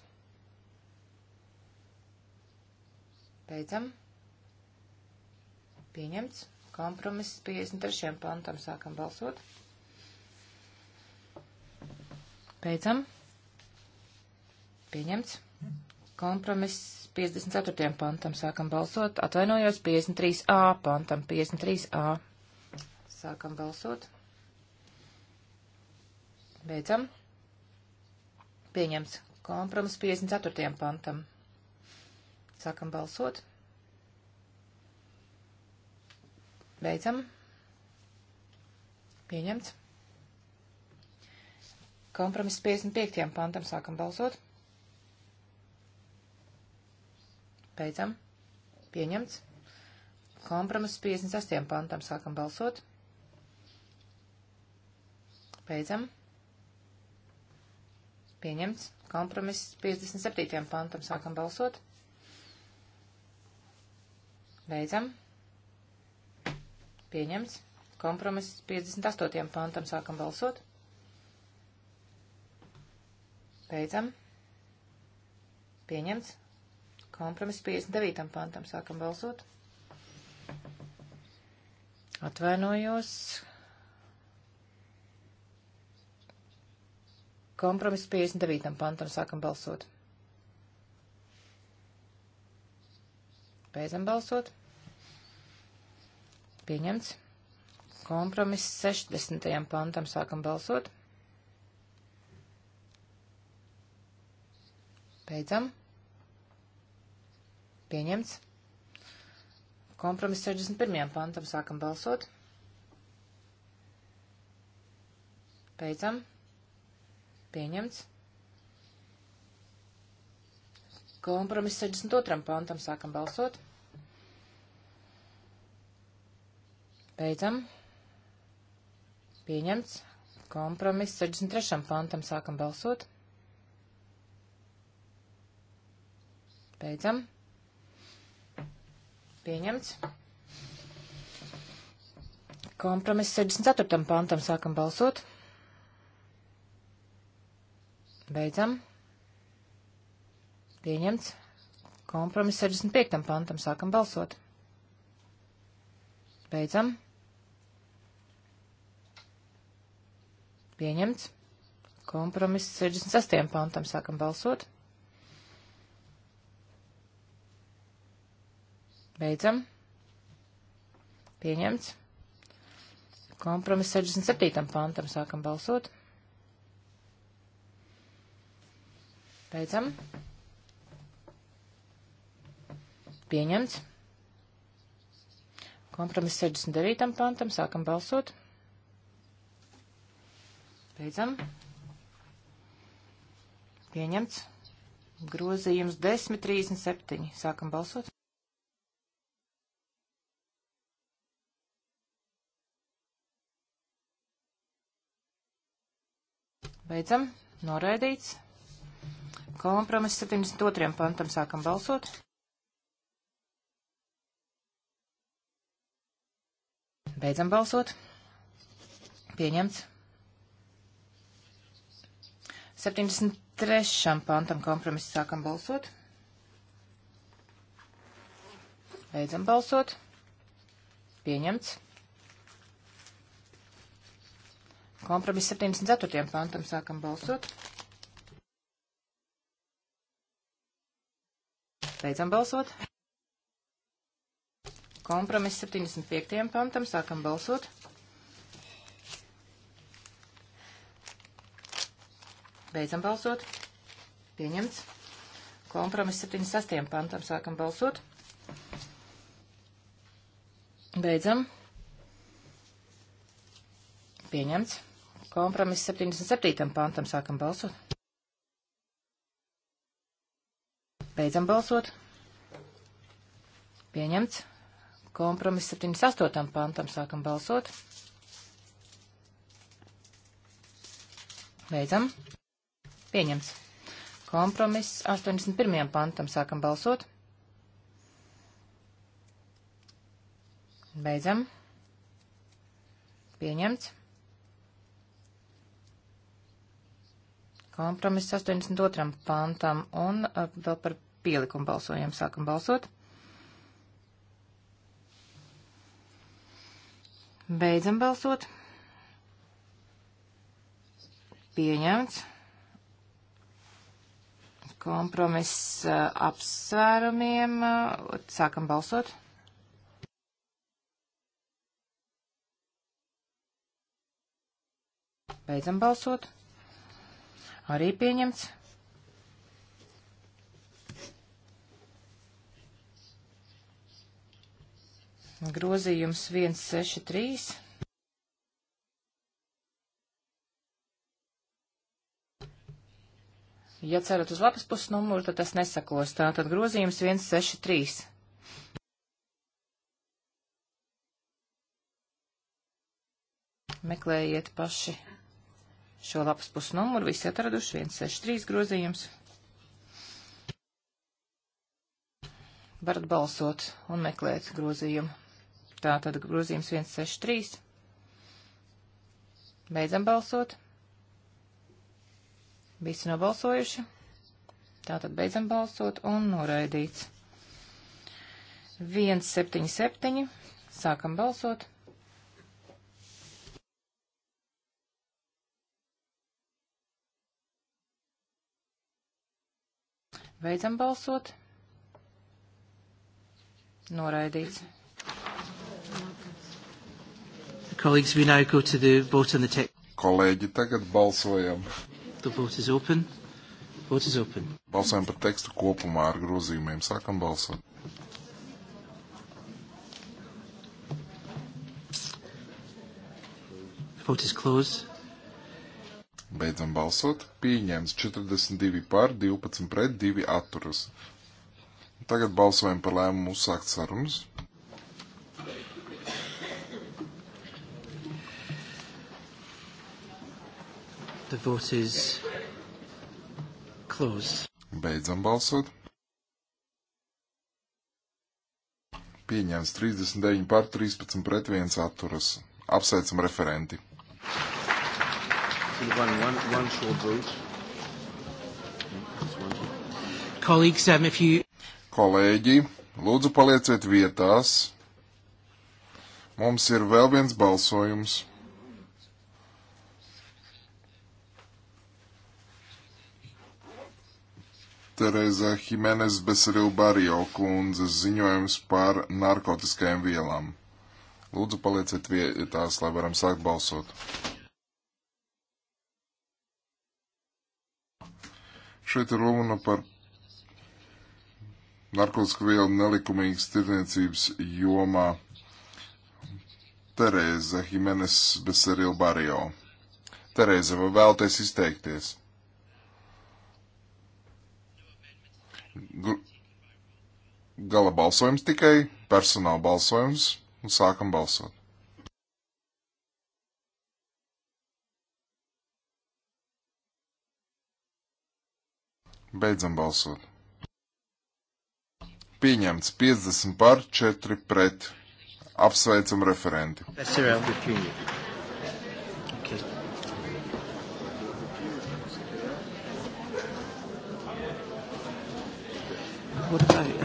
Beidzam. Pieņemts. Kompromiss 53. pantam sākam balsot. Beidzam. Pieņemts. Kompromiss 54. pantam sākam balsot. Atvainojos 53a pantam. 53a. Sākam balsot. Beidzam. Pieņemts kompromiss 54. pantam. Sākam balsot. Beidzam. Pieņemts. Kompromiss 55. pantam sākam balsot. Beidzam. Pieņemts. Kompromiss 58. pantam sākam balsot. Beidzam. Pieņemts. Kompromiss 57. pantam sākam balsot. Beidzam. Pieņemts. Kompromiss 58. pantam sākam balsot. Beidzam. Pieņemts. Kompromiss 59. pantam sākam balsot. Atvainojos. Kompromiss 59. pantam sākam balsot. Beidzam balsot. Pieņemts. Kompromiss 60. pantam sākam balsot. Beidzam. Pieņemts. Kompromiss 61. pantam sākam balsot. Beidzam. Pieņemts. Kompromiss 62. pantam sākam balsot. Beidzam. Pieņemts. Kompromiss 63. pantam sākam balsot. Beidzam. Pieņemts. Kompromiss 64. pantam sākam balsot. Beidzam. Pieņemts. Kompromiss 65. pantam. Sākam balsot. Beidzam. Pieņemts. Kompromiss 68. pantam. Sākam balsot. Beidzam. Pieņemts. Kompromiss 67. pantam. Sākam balsot. Beidzam. Beidzam. Pieņemts. Kompromiss 69. pantam. Sākam balsot. Beidzam. Pieņemts. Grozījums 10.37. Sākam balsot. Beidzam. Noraidīts. Kompromiss 72. pantam sākam balsot. Beidzam balsot. Pieņemts. 73. pantam kompromiss sākam balsot. Beidzam balsot. Pieņemts. Kompromiss 74. pantam sākam balsot. Beidzam balsot. Kompromiss 75. pantam. Sākam balsot. Beidzam balsot. Pieņemts. Kompromiss 76. pantam. Sākam balsot. Beidzam. Pieņemts. Kompromiss 77. pantam. Sākam balsot. Beidzam balsot. Pieņemts. Kompromiss 78. pantam sākam balsot. Beidzam. Pieņemts. Kompromiss 81. pantam sākam balsot. Beidzam. Pieņemts. Kompromiss 82. pantam un uh, vēl par pielikumu balsojam. Sākam balsot. Beidzam balsot. Pieņemts. Kompromiss uh, apsvērumiem. Uh, sākam balsot. Beidzam balsot. Arī pieņemts. Grozījums 163. Ja cerat uz lapas puses numuru, tad tas nesakos. Tā tad grozījums 163. Meklējiet paši šo lapas puses numuru, visi atraduši 163 grozījums. Varat balsot un meklēt grozījumu. Tātad grozījums 163. Beidzam balsot. Visi nobalsojuši. Tātad beidzam balsot un noraidīts. 177. Sākam balsot. Beidzam balsot. Noraidīts. Colleagues, we now go to the vote on the text. Kolēģi, tagad balsojam. The vote is open. Vote is open. Balsojam par tekstu kopumā ar grozījumiem. Sākam balsot. Vote is closed. Beidzam balsot. Pieņemts 42 pār, 12 pret, 2 atturas. Tagad balsojam par lēmumu uzsākt sarunas. The vote is closed. Beidzam balsot. Pieņems 39 pār 13 pret 1 atturas. Apsveicam referenti. One, one, one Colleagues, um, if you... Kolēģi, lūdzu palieciet vietās. Mums ir vēl viens balsojums. Tereza Jimenez Beseril Barrio kundzes ziņojums par narkotiskajām vielām. Lūdzu, palieciet vietās, lai varam sākt balsot. Šeit ir runa par narkotiku vielu nelikumīgas tirniecības jomā Tereza Jimenez Beseril Barrio. Tereza, vai vēlties izteikties? Gala balsojums tikai, personāla balsojums, un sākam balsot. Beidzam balsot. Pieņemts 50 par 4 pret. Apsveicam referenti. That's around between you. Urgai.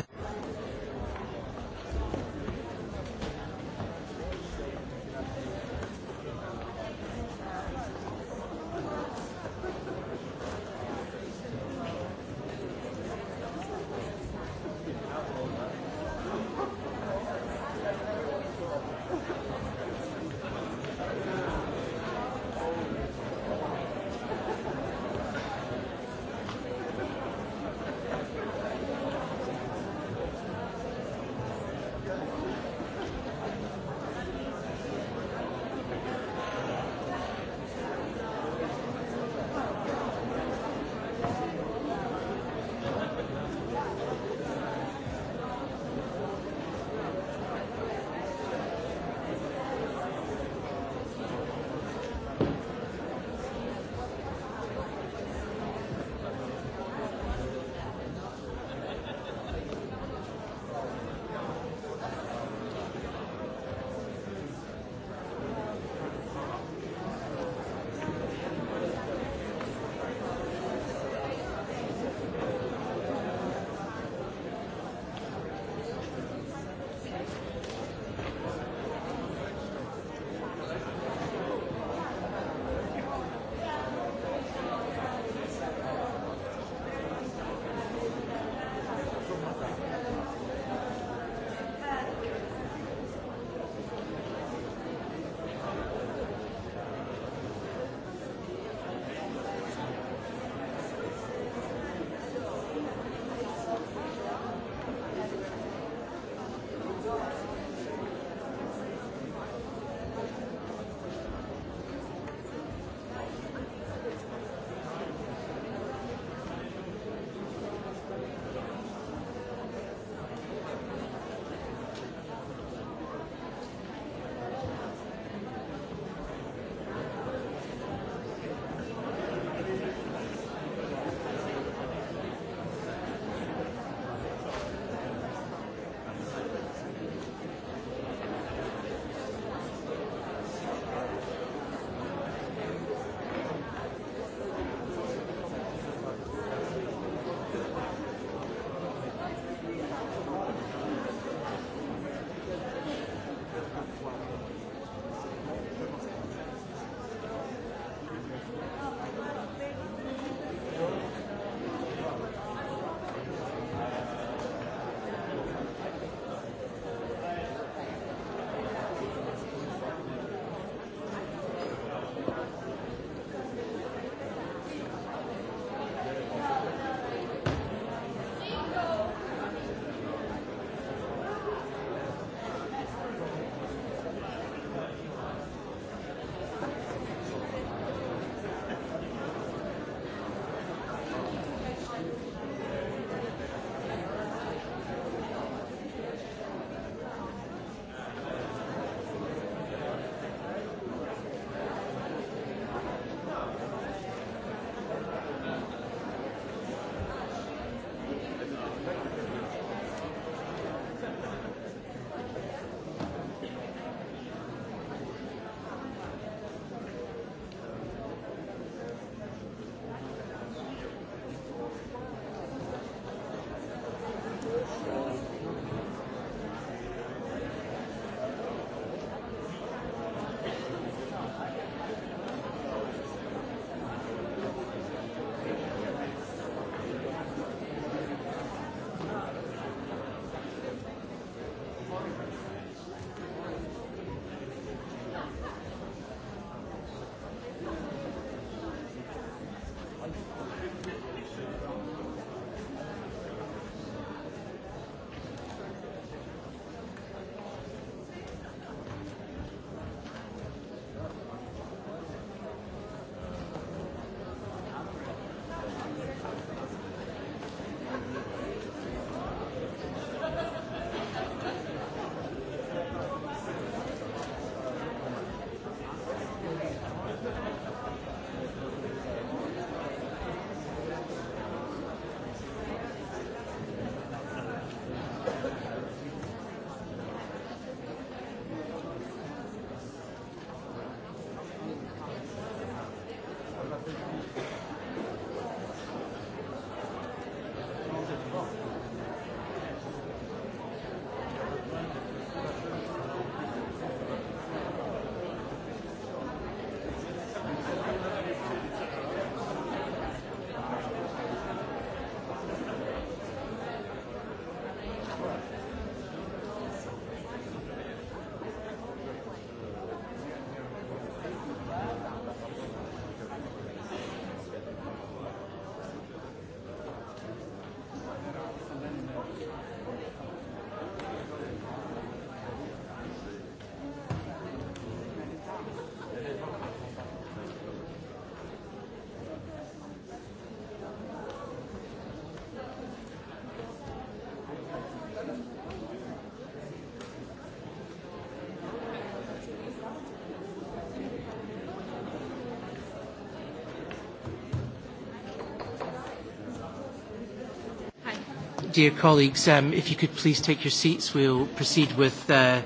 Dear colleagues, um, if you could please take your seats, we'll proceed with... Uh...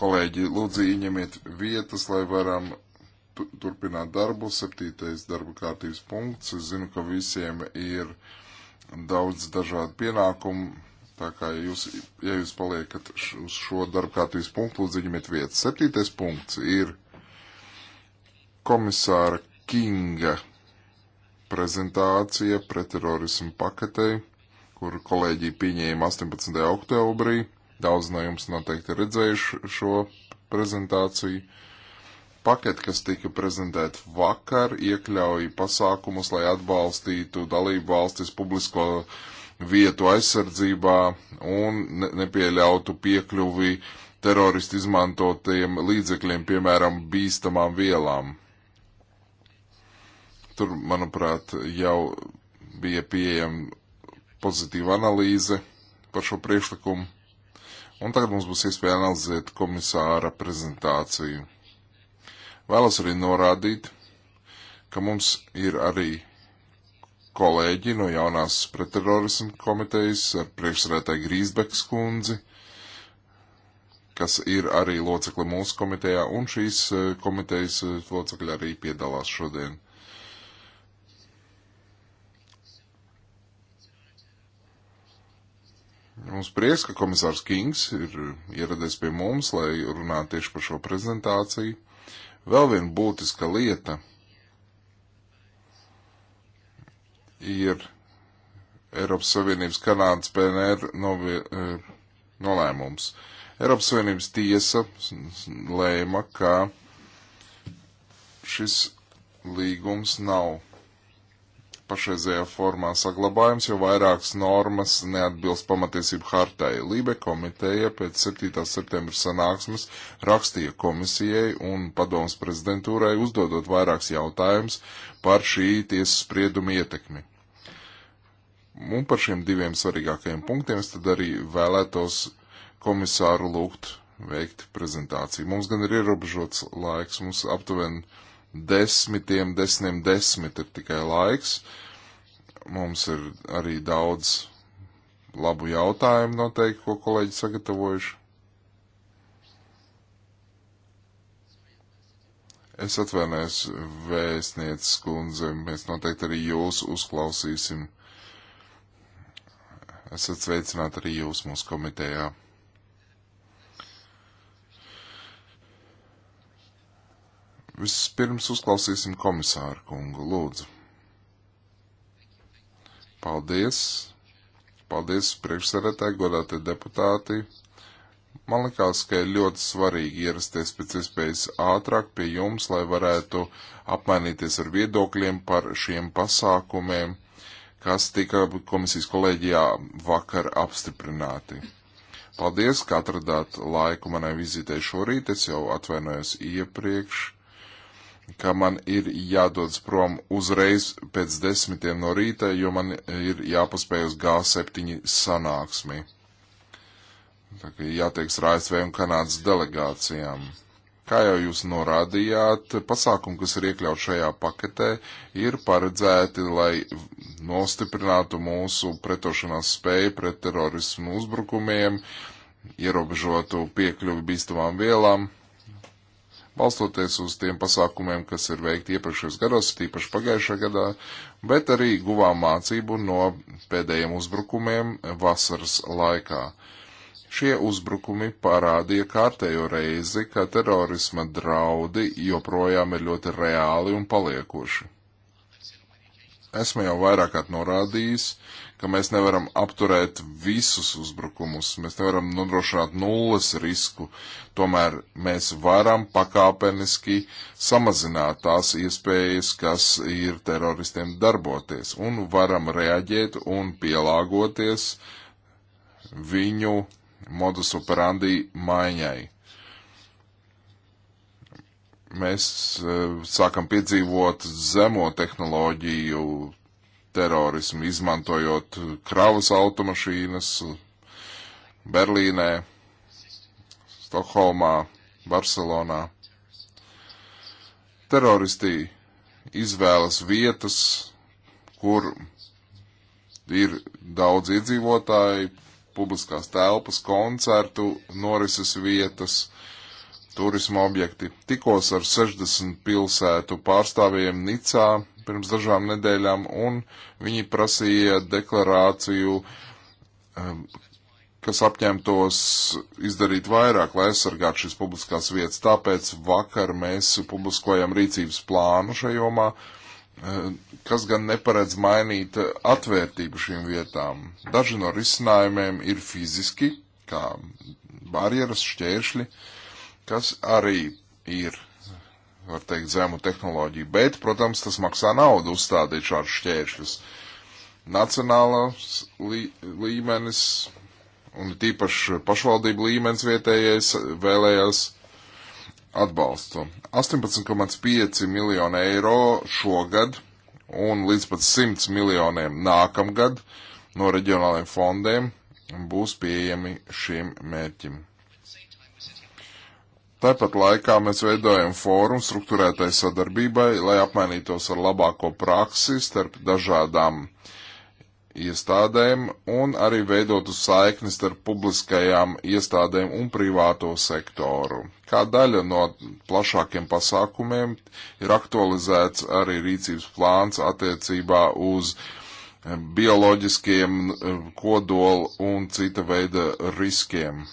Kolēģi, lūdzu ieņemiet vietas, lai varam turpināt darbu. Septītais darba kārtības punkts. Es zinu, ka visiem ir daudz dažādu pienākumu, tā kā jūs, ja jūs paliekat uz šo darba kārtības punktu, lūdzu ieņemiet vietas. Septītais punkts ir komisāra Kinga prezentācija pretterorismu paketei kur kolēģi pieņēma 18. oktobrī. Daudz no jums noteikti redzējuši šo prezentāciju. Paketi, kas tika prezentēti vakar, iekļauj pasākumus, lai atbalstītu dalību valstis publisko vietu aizsardzībā un ne nepieļautu piekļuvi teroristu izmantotiem līdzekļiem, piemēram, bīstamām vielām. Tur, manuprāt, jau bija pieejama pozitīva analīze par šo priekšlikumu. Un tagad mums būs iespēja analizēt komisāra prezentāciju. Vēlos arī norādīt, ka mums ir arī kolēģi no jaunās pretterorismu komitejas ar priekšsarētāju Grīsbekas kundzi, kas ir arī locekli mūsu komitejā, un šīs eh, komitejas eh, locekļi arī piedalās šodien. Mums prieks, ka komisārs Kings ir ieradies pie mums, lai runātu tieši par šo prezentāciju. Vēl viena būtiska lieta ir Eiropas Savienības Kanādas PNR novie, e, nolēmums. Eiropas Savienības tiesa lēma, ka šis līgums nav pašreizējā formā saglabājums, jo vairākas normas neatbilst pamatiesību hartai. Lībe komiteja pēc 7. septembra sanāksmes rakstīja komisijai un padomas prezidentūrai uzdodot vairākas jautājumus par šī tiesas sprieduma ietekmi. Un par šiem diviem svarīgākajiem punktiem es tad arī vēlētos komisāru lūgt veikt prezentāciju. Mums gan ir ierobežots laiks, mums aptuveni desmitiem, desmitiem, desmit ir tikai laiks. Mums ir arī daudz labu jautājumu noteikti, ko kolēģi sagatavojuši. Es atvainojos vēstnieces kundze, mēs noteikti arī jūs uzklausīsim. Esat sveicināti arī jūs mūsu komitejā. Vispirms uzklausīsim komisāru kungu, lūdzu. Paldies! Paldies priekšsarētāji, godātie deputāti! Man likās, ka ir ļoti svarīgi ierasties pēc iespējas ātrāk pie jums, lai varētu apmainīties ar viedokļiem par šiem pasākumiem, kas tika komisijas kolēģijā vakar apstiprināti. Paldies, ka atradāt laiku manai vizītei šorīt, es jau atvainojos iepriekš ka man ir jādodas prom uzreiz pēc desmitiem no rīta, jo man ir jāpaspēj uz G7 sanāksmi. Tā kā jāteiks ar ASV un Kanādas delegācijām. Kā jau jūs norādījāt, pasākumi, kas ir iekļauts šajā paketē, ir paredzēti, lai nostiprinātu mūsu pretošanās spēju pret terorismu uzbrukumiem, ierobežotu piekļuvi bīstamām vielām balstoties uz tiem pasākumiem, kas ir veikti iepriekšējos gados, tīpaši pagājušā gadā, bet arī guvām mācību no pēdējiem uzbrukumiem vasaras laikā. Šie uzbrukumi parādīja kārtējo reizi, ka terorisma draudi joprojām ir ļoti reāli un paliekoši. Esmu jau vairāk kārt norādījis, ka mēs nevaram apturēt visus uzbrukumus, mēs nevaram nodrošināt nulles risku, tomēr mēs varam pakāpeniski samazināt tās iespējas, kas ir teroristiem darboties, un varam reaģēt un pielāgoties viņu modus operandi maiņai mēs eh, sākam piedzīvot zemo tehnoloģiju terorismu, izmantojot kravas automašīnas Berlīnē, Stokholmā, Barcelonā. Teroristi izvēlas vietas, kur ir daudz iedzīvotāji, publiskās telpas, koncertu, norises vietas, turisma objekti. Tikos ar 60 pilsētu pārstāvjiem Nicā, pirms dažām nedēļām, un viņi prasīja deklarāciju, um, kas apņemtos izdarīt vairāk, lai aizsargātu šīs publiskās vietas. Tāpēc vakar mēs publiskojam rīcības plānu šajomā, um, kas gan neparedz mainīt atvērtību šīm vietām. Daži no risinājumiem ir fiziski, kā barjeras, šķēršļi, kas arī ir var teikt, zemu tehnoloģiju, bet, protams, tas maksā naudu uzstādīt šādus šķēršļus. Nacionālās lī, līmenis un tīpaši pašvaldību līmenis vietējais vēlējās atbalstu. 18,5 miljonu eiro šogad un līdz pat 100 miljoniem nākamgad no reģionāliem fondiem būs pieejami šiem mērķim. Tāpat laikā mēs veidojam fórumu struktūrētai sadarbībai, lai apmainītos ar labāko praksi starp dažādām iestādēm un arī veidotu saikni starp publiskajām iestādēm un privāto sektoru. Kā daļa no plašākiem pasākumiem ir aktualizēts arī rīcības plāns attiecībā uz eh, bioloģiskiem eh, kodolu un cita veida riskiem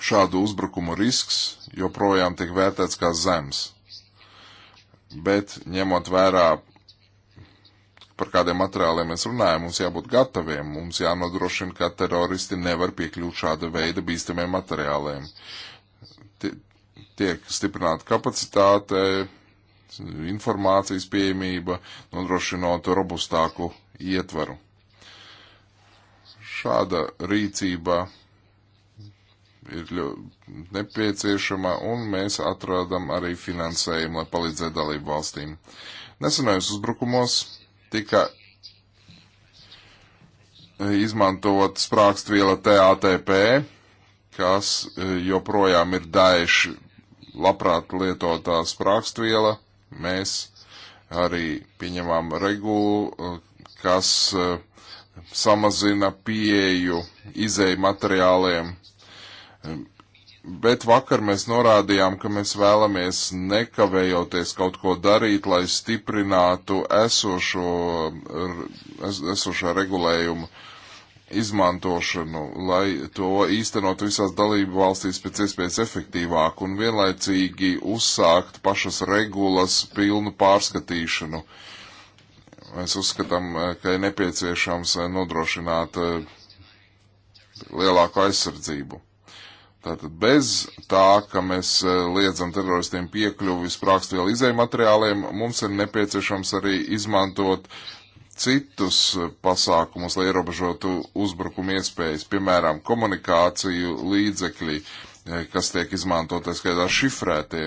šādu uzbrukumu risks joprojām tiek vērtēts kā zems. Bet ņemot vērā, par kādiem materiāliem mēs runājam, mums jābūt gataviem, mums jānodrošina, ka teroristi nevar piekļūt šāda veida bīstamiem materiāliem. T tiek stiprināta kapacitāte, informācijas pieejamība, nodrošinot robustāku ietvaru. Šāda rīcība ir ļoti nepieciešama, un mēs atrodam arī finansējumu, lai palīdzētu dalību valstīm. Nesenajos uzbrukumos tika izmantot sprākstviela TATP, kas e, joprojām ir daeši labprāt lietotā sprākstviela. Mēs arī pieņemam regulu, e, kas e, samazina pieeju izēju materiāliem Bet vakar mēs norādījām, ka mēs vēlamies nekavējoties kaut ko darīt, lai stiprinātu esošo, es, esošā regulējuma izmantošanu, lai to īstenot visās dalību valstīs pēc iespējas efektīvāk un vienlaicīgi uzsākt pašas regulas pilnu pārskatīšanu. Mēs uzskatām, e, ka ir nepieciešams e, nodrošināt e, lielāku aizsardzību. Tātad bez tā, ka mēs e, liedzam teroristiem piekļuvi sprākstvielu izēju materiāliem, mums ir nepieciešams arī izmantot citus e, pasākumus, lai ierobežotu uzbrukumu iespējas, piemēram, komunikāciju līdzekļi, e, kas tiek izmantotie skaitā šifrētie.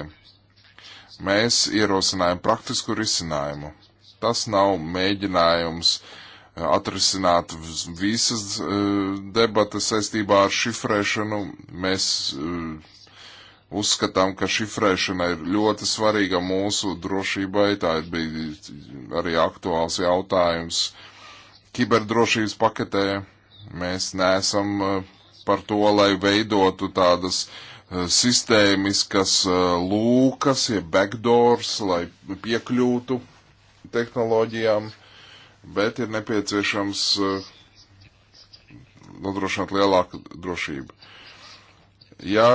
Mēs ierosinājam praktisku risinājumu. Tas nav mēģinājums uh, atrisināt visas e, debatas saistībā ar šifrēšanu. Mēs e, uzskatām, ka šifrēšana ir ļoti svarīga mūsu drošībai. Tā bija arī aktuāls jautājums kiberdrošības paketē. Mēs neesam e, par to, lai veidotu tādas sistēmiskas lūkas, ja backdoors, lai piekļūtu tehnoloģijām bet ir nepieciešams eh, nodrošināt lielāku drošību. Ja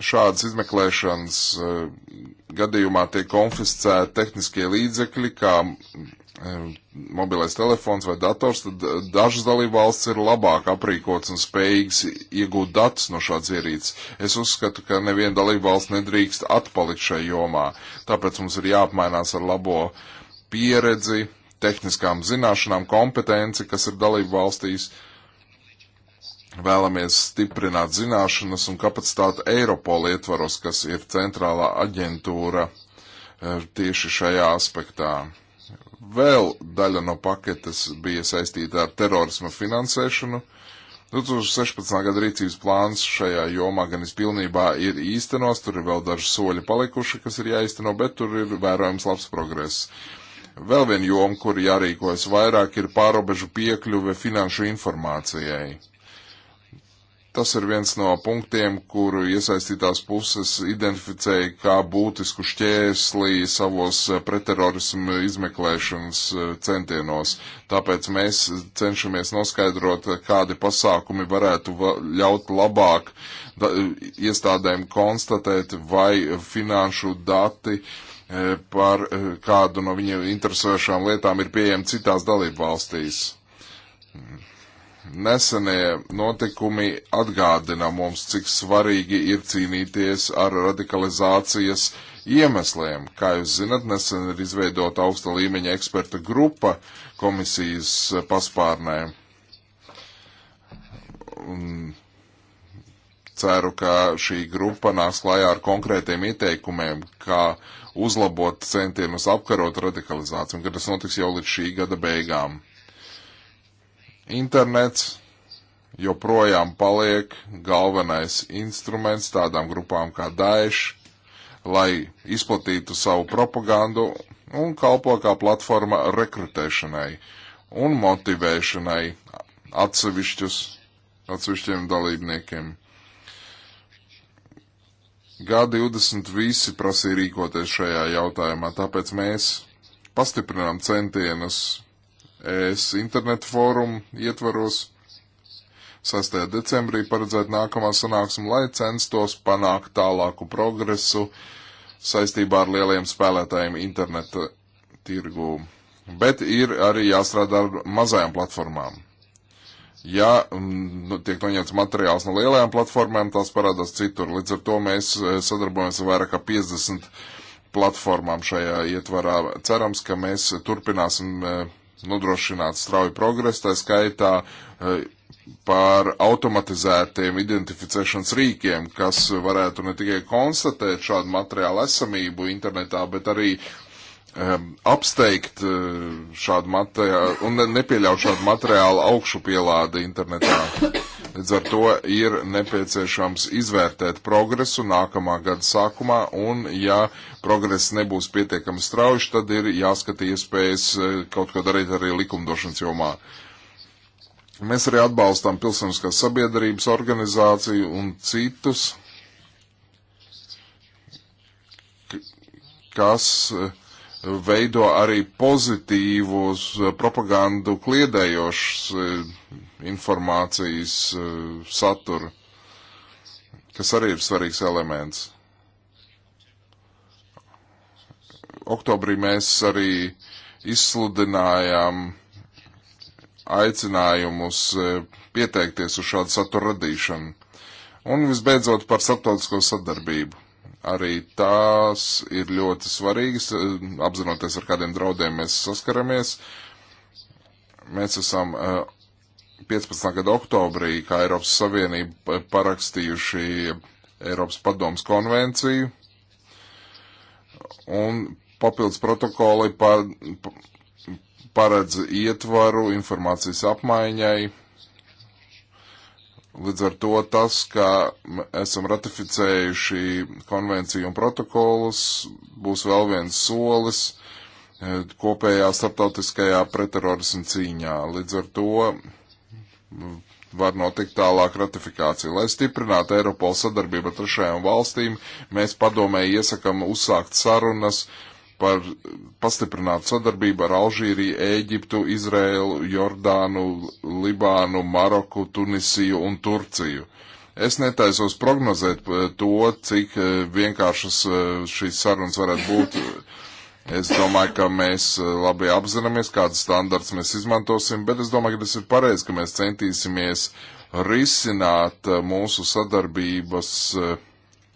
šādas izmeklēšanas eh, gadījumā tiek konfiscēti tehniskie līdzekļi, kā eh, mobilais telefons vai dators, tad dažas dalībvalsts ir labāk aprīkots un spējīgs iegūt datus no šāds ierīces. Es uzskatu, ka neviena dalībvalsts nedrīkst atpalikt šai jomā, tāpēc mums ir jāapmainās ar labo pieredzi tehniskām zināšanām, kompetenci, kas ir dalību valstīs. Vēlamies stiprināt zināšanas un kapacitāti Eiropola ietvaros, kas ir centrālā aģentūra e, tieši šajā aspektā. Vēl daļa no paketes bija saistīta ar terorisma finansēšanu. 2016. gada rīcības plāns šajā jomā gan izpilnībā ir īstenos, tur ir vēl daži soļi palikuši, kas ir jāizteno, bet tur ir vērojams labs progress. Vēl viena joma, kur jārīkojas vairāk, ir pārobežu piekļuve finanšu informācijai. Tas ir viens no punktiem, kuru iesaistītās puses identificēja kā būtisku šķēslī savos eh, preterorismu izmeklēšanas eh, centienos. Tāpēc mēs cenšamies noskaidrot, eh, kādi pasākumi varētu ļaut labāk iestādēm konstatēt, vai finanšu dati uh, E, par e, kādu no viņa interesējošām lietām ir pieejama citās dalību valstīs. Nesenie notikumi atgādina mums, cik svarīgi ir cīnīties ar radikalizācijas iemesliem. Kā jūs zinat, nesen ir izveidota augsta līmeņa eksperta grupa komisijas paspārnē. Un ceru, ka šī grupa nāks klajā ar konkrētiem ieteikumiem, kā uh, uzlabot centienus apkarot radikalizāciju, un ka tas notiks jau līdz šī gada beigām. Internets joprojām paliek galvenais instruments tādām grupām kā Daesh, lai izplatītu savu propagandu un kalpo kā platforma rekrutēšanai un motivēšanai atsevišķus, atsevišķiem dalībniekiem. G20 visi prasīja rīkoties šajā jautājumā, tāpēc mēs pastiprinām centienus ES internetu fórumu ietvaros. 6. decembrī paredzēt nākamā sanāksme, lai censtos panākt tālāku progresu saistībā ar lieliem spēlētājiem interneta tirgū. Bet ir arī jāstrādā ar mazajām platformām. Ja mm, nu, tiek noņemts materiāls no lielajām platformām, tās parādās citur. Līdz ar to mēs e, sadarbojamies ar vairāk kā 50 platformām šajā ietvarā. Cerams, ka mēs turpināsim e, nodrošināt strauju progresu, tā skaitā e, par automatizētiem identificēšanas rīkiem, kas varētu ne tikai konstatēt šādu materiālu esamību internetā, bet arī Ehm, apsteigt eh, šādu materiālu un nepieļaut šādu materiālu augšupielādi internetā. Līdz ar to ir nepieciešams izvērtēt progresu nākamā gada sākumā, un ja progress nebūs pietiekami strauji, tad ir jāskata iespējas eh, kaut ko darīt arī likumdošanas jomā. Mēs arī atbalstām pilsoniskās sabiedrības organizāciju un citus, kas uh, veido arī pozitīvos eh, propagandu kliedējošas eh, informācijas eh, saturu, kas arī ir svarīgs elements. Oktobrī mēs arī izsludinājām aicinājumus pieteikties uz šādu satura radīšanu. Un visbeidzot par starptautisko sadarbību. Arī tās ir ļoti svarīgas, eh, apzinoties, ar kādiem draudiem mēs saskaramies. Mēs esam 15. Eh, gada oktobrī, kā Eiropas Savienība, parakstījuši Eiropas padomas konvenciju un papildus protokoli par, paredz ietvaru informācijas apmaiņai Līdz ar to tas, ka esam ratificējuši konvenciju un protokolus, būs vēl viens solis e, kopējā starptautiskajā pretterorismu cīņā. Līdz ar to var notikt tālāk ratifikācija. Lai stiprinātu Eiropola sadarbību ar trešajām valstīm, mēs padomē iesakam uzsākt sarunas par pastiprinātu sadarbību ar Alžīriju, Ēģiptu, Izrēlu, Jordānu, Libānu, Maroku, Tunisiju un Turciju. Es netaisos prognozēt eh, to, cik eh, vienkāršas eh, šīs sarunas varētu būt. Es domāju, ka mēs labi apzināmies, kādas standarts mēs izmantosim, bet es domāju, ka tas ir pareizi, ka mēs centīsimies risināt mūsu sadarbības uh,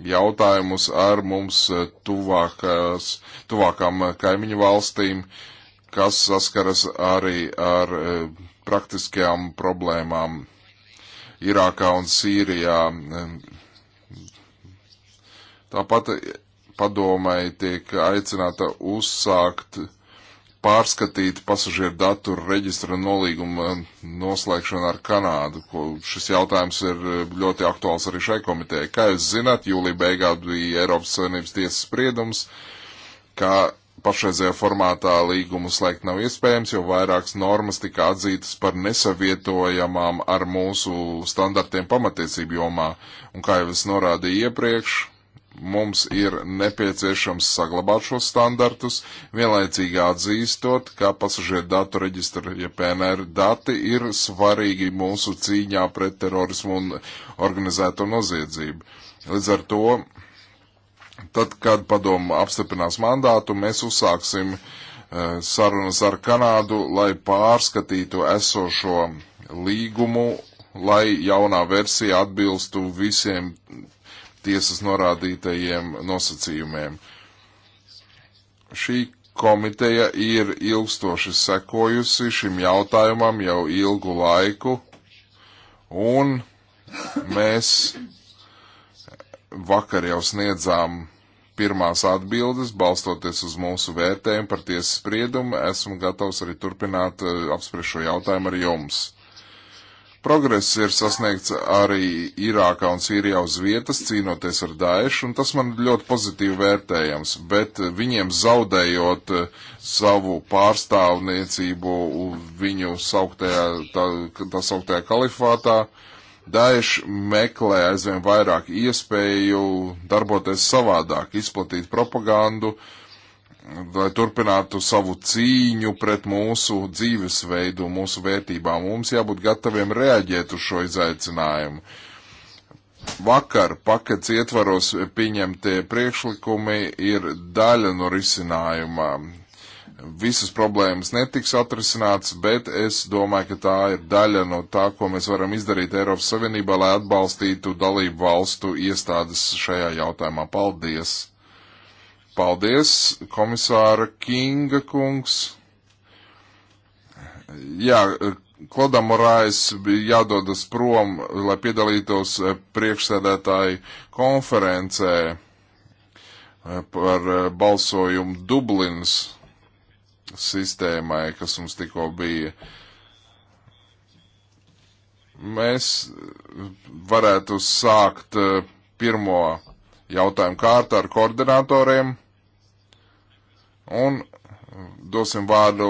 jautājumus ar mums eh, tuvākās, tuvākām eh, kaimiņu valstīm, kas saskaras arī ar eh, praktiskajām problēmām Irākā un Sīrijā. Tāpat padomai tiek aicināta uzsākt pārskatīt pasažieru datu reģistra nolīguma eh, noslēgšanu ar Kanādu, ko šis jautājums ir eh, ļoti aktuāls arī šai komitejai. Kā jūs zināt, jūlija beigā bija Eiropas Savienības tiesas spriedums, ka pašreizajā formātā līgumu slēgt nav iespējams, jo vairākas normas tika atzītas par nesavietojamām ar mūsu standartiem pamatiesību jomā. Un kā jau es norādīju iepriekš, mums ir nepieciešams saglabāt šos standartus, vienlaicīgi atzīstot, ka pasažieru datu reģistra, ja PNR dati ir svarīgi mūsu cīņā pret terorismu un organizēto noziedzību. Līdz ar to, tad, kad padomu apstiprinās mandātu, mēs uzsāksim uh, sarunas ar Kanādu, lai pārskatītu esošo līgumu, lai jaunā versija atbilstu visiem tiesas norādītajiem nosacījumiem. Šī komiteja ir ilgstoši sekojusi šim jautājumam jau ilgu laiku, un mēs vakar jau sniedzām pirmās atbildes, balstoties uz mūsu vērtējumu par tiesas spriedumu. Esmu gatavs arī turpināt eh, apspriest šo jautājumu ar jums. Progress ir sasniegts arī Irākā un Sīrijā uz vietas, cīnoties ar Daešu, un tas man ļoti pozitīvi vērtējams, bet viņiem zaudējot eh, savu pārstāvniecību viņu sauktajā, tā, tā sauktajā kalifātā, Daesh meklē aizvien vairāk iespēju darboties savādāk, izplatīt propagandu, uh, lai turpinātu savu cīņu pret mūsu dzīvesveidu, mūsu vērtībām. Mums jābūt gataviem reaģēt uz šo izaicinājumu. Vakar pakets ietvaros pieņemtie priekšlikumi ir daļa no risinājumā. Visas problēmas netiks atrisināts, bet es domāju, ka tā ir daļa no tā, ko mēs varam izdarīt Eiropas Savienībā, lai atbalstītu dalību valstu iestādes šajā jautājumā. Paldies! Paldies, komisāra Kinga kungs. Jā, Klodam Morais bija jādodas prom, lai piedalītos eh, priekšsēdētāju konferencē eh, par eh, balsojumu Dublins sistēmai, kas mums tikko bija. Mēs varētu sākt pirmo jautājumu kārtu ar koordinatoriem. Un dosim vārdu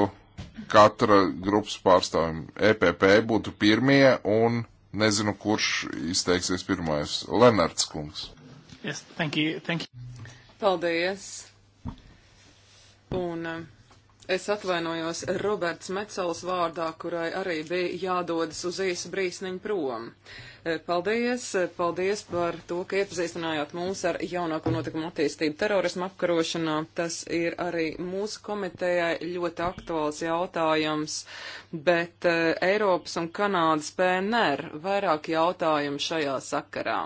katra grupas pārstāvim. EPP būtu pirmie un nezinu, kurš izteiksies pirmais. Lenards kungs. Yes, thank you, thank you. Paldies. Un uh, Es atvainojos Roberts Mecels vārdā, kurai arī bija jādodas uz īsu brīsniņu prom. E, paldies, e, paldies par to, ka iepazīstinājāt mūs ar jaunāko notikumu attīstību terorismu apkarošanā. Tas ir arī mūsu komitejai ļoti aktuāls jautājums, bet e, Eiropas un Kanādas PNR vairāk jautājumu šajā sakarā.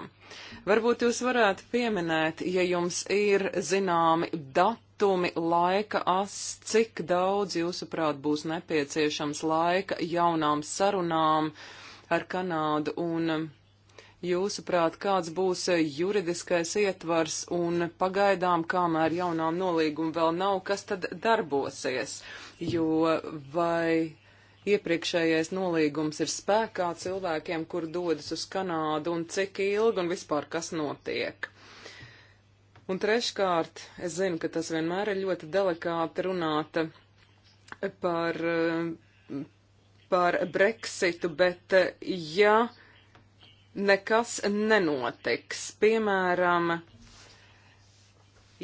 Varbūt jūs varētu pieminēt, ja jums ir zināmi dati aptuveni laika as, cik daudz jūsuprāt būs nepieciešams laika jaunām sarunām ar Kanādu un jūsuprāt, kāds būs juridiskais ietvars un pagaidām, kamēr jaunām nolīguma vēl nav, kas tad darbosies, jo vai iepriekšējais nolīgums ir spēkā cilvēkiem, kur dodas uz Kanādu un cik ilgi un vispār kas notiek. Un treškārt, es zinu, ka tas vienmēr ir ļoti delikāti runāt par, par Brexitu, bet ja nekas nenotiks, piemēram,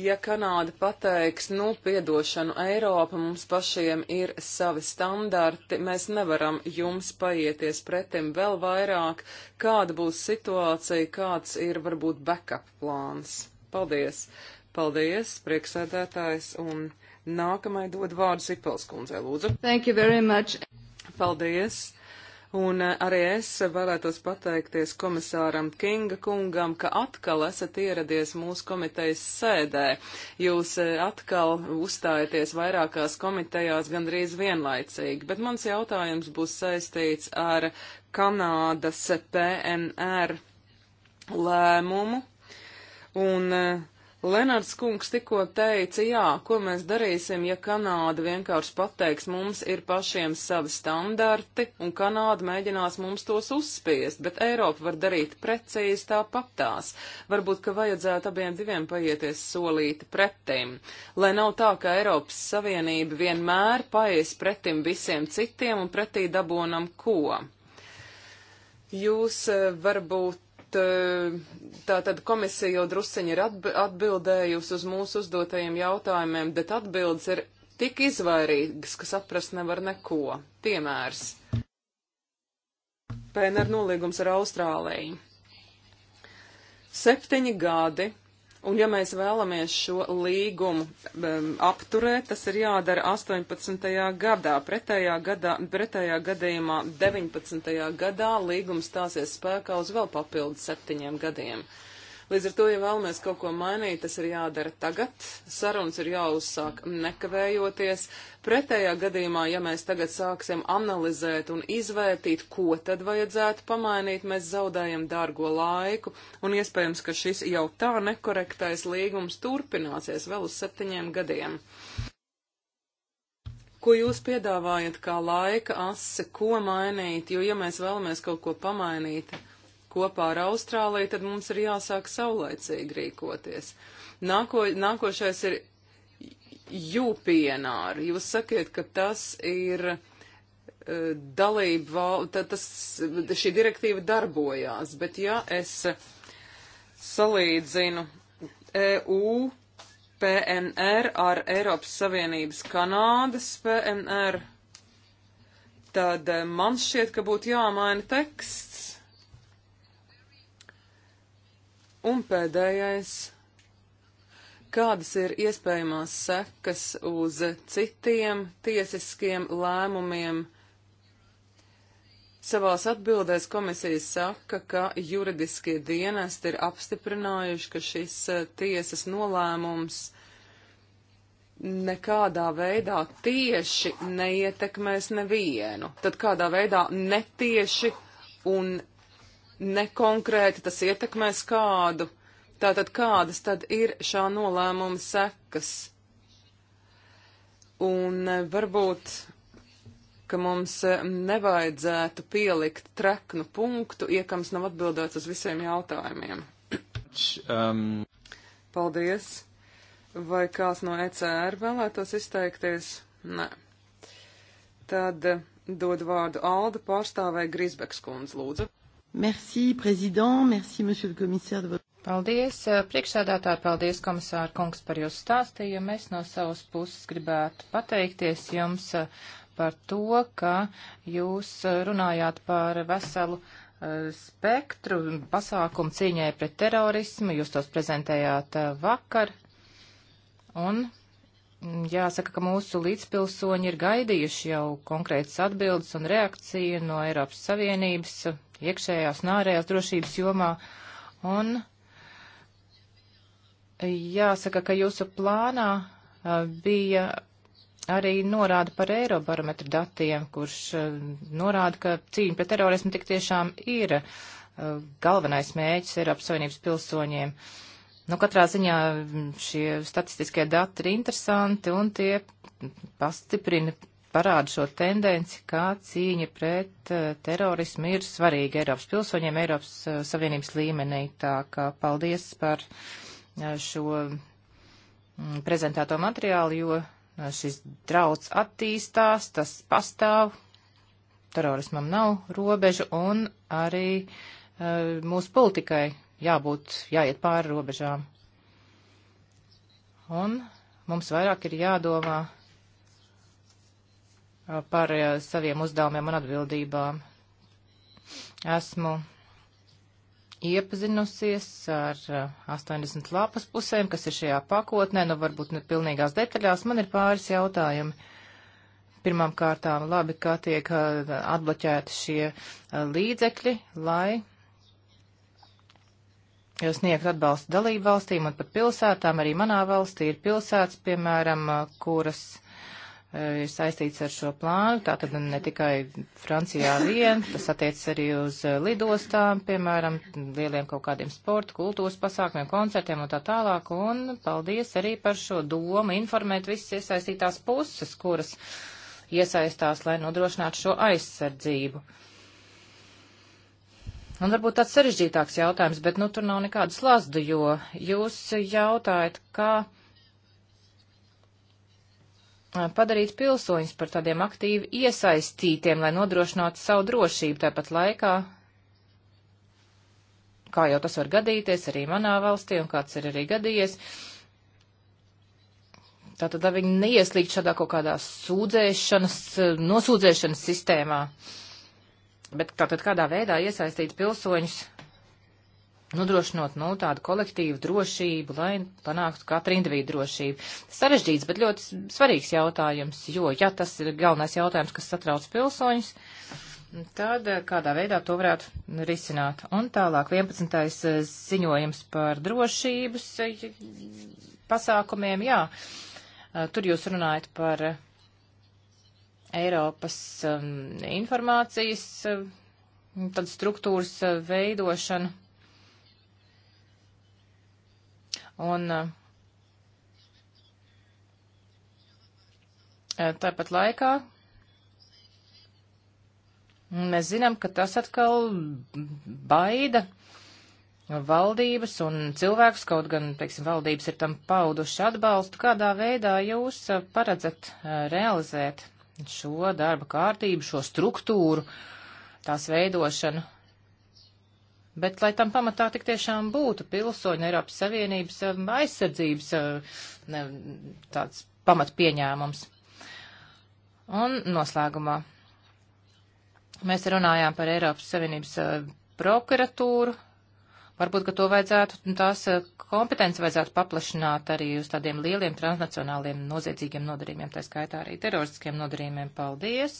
ja Kanāda pateiks, nu, piedošanu Eiropa, mums pašiem ir savi standarti, mēs nevaram jums paieties pretim vēl vairāk, kāda būs situācija, kāds ir varbūt backup plāns. Paldies! Paldies, prieksēdētājs, un nākamai dod vārdu Sipelskundzei, lūdzu. Thank you very much. Paldies! Un eh, arī es vēlētos pateikties komisāram Kinga kungam, ka atkal esat ieradies mūsu komitejas sēdē. Jūs eh, atkal uzstājaties vairākās komitejās gandrīz vienlaicīgi, bet mans jautājums būs saistīts ar Kanādas PNR lēmumu Un e, Lenards kungs tikko teica, jā, ko mēs darīsim, ja Kanāda vienkārši pateiks, mums ir pašiem savi standarti, un Kanāda mēģinās mums tos uzspiest, bet Eiropa var darīt precīzi tāpatās. Varbūt, ka vajadzētu abiem diviem paieties solīti pretim, lai nav tā, ka Eiropas Savienība vienmēr paies pretim visiem citiem un pretī dabonam ko. Jūs e, varbūt bet eh, tātad komisija jau drusceņi ir atbildējusi uz mūsu uzdotajiem jautājumiem, bet atbildes ir tik izvairīgas, ka saprast nevar neko. Piemērs. PNR nolīgums ar Austrāliju. Septiņi gadi Un ja mēs vēlamies šo līgumu um, apturēt, tas ir jādara 18. gadā. Pretējā, gadā, pretējā gadījumā 19. gadā līgums stāsies spēkā uz vēl papildus septiņiem gadiem. Uh, Līdz ar to, ja vēlamies kaut ko mainīt, tas ir jādara tagad. Sarunas ir jāuzsāk nekavējoties. Pretējā gadījumā, ja mēs tagad sāksim analizēt un izvērtīt, ko tad vajadzētu pamainīt, mēs zaudējam dārgo laiku, un iespējams, ka šis jau tā nekorektais līgums turpināsies vēl uz septiņiem gadiem. Ko jūs piedāvājat kā laika ase, ko mainīt, jo ja mēs vēlamies kaut ko pamainīt, kopā ar Austrāliju, tad mums ir jāsāk saulaicīgi rīkoties. Nāko, nākošais ir jūpienāri. Jūs sakiet, ka tas ir e, dalību valsts, šī direktīva darbojās, bet ja es salīdzinu EU PNR ar Eiropas Savienības Kanādas PNR, tad e, man šķiet, ka būtu jāmaina teksts. Un pēdējais kādas ir iespējamās sekas uz citiem tiesiskiem lēmumiem. Savās atbildēs komisija saka, ka juridiskie dienesti ir apstiprinājuši, ka šis e, tiesas nolēmums nekādā veidā tieši neietekmēs nevienu. Tad kādā veidā netieši un nekonkrēti tas ietekmēs kādu. Tātad kādas tad ir šā nolēmuma sekas? Un e, varbūt, ka mums e, nevajadzētu pielikt treknu punktu, iekams nav atbildēts uz visiem jautājumiem. Um. Paldies! Vai kāds no ECR vēlētos izteikties? Nē. Tad e, dod vārdu Alda pārstāvē Grisbeks kundze, lūdzu. Merci, prezident, merci, monsieur le commissaire de votre. Paldies, eh, priekšsēdētāji, paldies, komisāra kungs, par jūsu stāstījumu. Es no savas puses gribētu pateikties jums eh, par to, ka jūs eh, runājāt par veselu spektru pasākumu cīņai pret terorismu. Jūs tos prezentējāt vakar. Un Mm, jāsaka, ka mūsu līdzpilsoņi ir gaidījuši jau konkrētas atbildes un reakciju no Eiropas Savienības iekšējās un ārējās drošības jomā. Un jāsaka, ka jūsu plānā bija arī norāda par Eirobarometru datiem, kurš norāda, ka cīņa pret terorismu tik tiešām ir galvenais mēģis Eiropas Savienības pilsoņiem. Uh, Nu, katrā ziņā šie statistiskie dati ir interesanti un tie pastiprina, parāda šo tendenci, kā cīņa pret uh, terorismu ir svarīga Eiropas pilsoņiem, Eiropas uh, Savienības līmenī. Tā kā paldies par uh, šo mm, prezentēto materiālu, jo šis drauds attīstās, tas pastāv, terorismam nav robežu un arī mūsu politikai jābūt, jāiet pāri robežām. Un mums vairāk ir jādomā par saviem uzdevumiem un atbildībām. Esmu iepazinusies ar 80 lapas pusēm, kas ir šajā pakotnē, nu varbūt ne pilnīgās detaļās, man ir pāris jautājumi. Pirmām kārtām labi, kā tiek atbloķēti šie līdzekļi, lai sniegt atbalstu dalību valstīm un pat pilsētām. Arī manā valstī ir pilsētas, piemēram, uh, kuras uh, ir saistīts ar šo plānu. Tā tad ne tikai Francijā vien, tas attiec arī uz uh, lidostām, piemēram, lieliem kaut kādiem sporta, kultūras pasākumiem, koncertiem un tā tālāk. Un paldies arī par šo domu informēt visas iesaistītās puses, kuras iesaistās, lai nodrošinātu šo aizsardzību. Uh, Un varbūt tāds sarežģītāks jautājums, bet nu tur nav nekādu slazdu, jo jūs jautājat, kā padarīt pilsoņus par tādiem aktīvi iesaistītiem, lai nodrošinātu savu drošību tāpat laikā. Kā jau tas var gadīties arī manā valstī, un kāds ir arī gadījies. Tātad, lai viņi neieslīgt šādā kaut kādā sūdzēšanas, nosūdzēšanas sistēmā. Uh, Bet tātad kādā veidā iesaistīt pilsoņus, nodrošinot, nu, tādu kolektīvu drošību, lai panāktu katra individu drošību. Sarežģīts, bet ļoti svarīgs jautājums, jo, ja tas ir galvenais jautājums, kas satrauc pilsoņus, tad eh, kādā veidā to varētu risināt. Un tālāk 11. Eh, ziņojums par drošības eh, pasākumiem, jā, tur jūs runājat par Eiropas um, informācijas um, tad struktūras uh, veidošanu. Un uh, uh, tāpat laikā mēs zinām, ka tas atkal baida valdības un cilvēkus, kaut gan, teiksim, valdības ir tam pauduši atbalstu, kādā veidā jūs uh, paredzat uh, realizēt šo darba kārtību, šo struktūru, tās veidošanu. Bet, lai tam pamatā tik tiešām būtu pilsoņu Eiropas Savienības um, aizsardzības um, ne, tāds pamatpieņēmums. Un noslēgumā mēs runājām par Eiropas Savienības uh, prokuratūru, Varbūt, ka to vajadzētu, tās eh, kompetences vajadzētu paplašināt arī uz tādiem lieliem transnacionāliem noziedzīgiem nodarījumiem, tā skaitā arī teroristiskiem nodarījumiem. Paldies!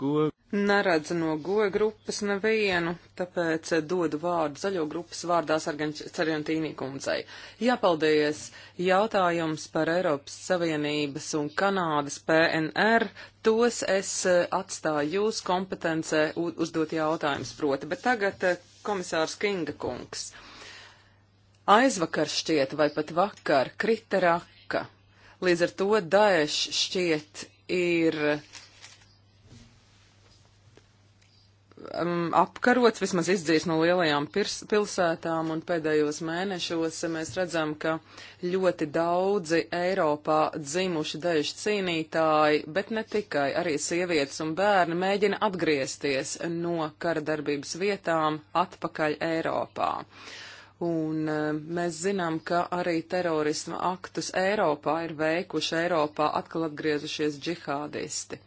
Go. Neredzu no goja grupas nevienu, tāpēc eh, dodu vārdu zaļo grupas vārdā Sargentīnī kundzei. Jāpaldies! Jautājums par Eiropas Savienības un Kanādas PNR, tos es eh, atstāju jūs kompetencē uzdot jautājums proti, bet tagad komisārs Kinga kungs. Aizvakar šķiet, vai pat vakar, krita raka. Līdz ar to Daesh šķiet ir um, apkarots, vismaz izdzīs no lielajām pirs, pilsētām, un pēdējos mēnešos mēs redzam, ka ļoti daudzi Eiropā dzimuši daži cīnītāji, bet ne tikai, arī sievietes un bērni mēģina atgriezties no kara darbības vietām atpakaļ Eiropā. Un um, mēs zinām, ka arī terorisma aktus Eiropā ir veikuši Eiropā atkal atgriezušies džihādisti.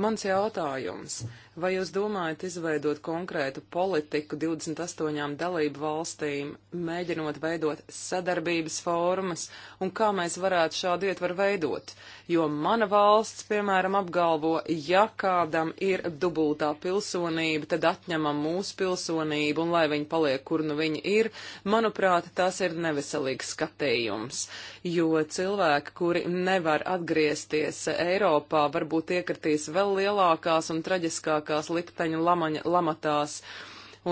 Mans jautājums. Vai jūs domājat izveidot konkrētu politiku 28 dalību valstīm, mēģinot veidot sadarbības formas, un kā mēs varētu šādu ietvaru veidot? Jo mana valsts, piemēram, apgalvo, ja kādam ir dubultā pilsonība, tad atņemam mūsu pilsonību, un lai viņi paliek, kur nu viņi ir, manuprāt, tas ir neveselīgs skatījums, jo cilvēki, kuri nevar atgriezties Eiropā, varbūt iekritīs vēl lielākās un traģiskākās vairākās likteņu lamaņa, lamatās.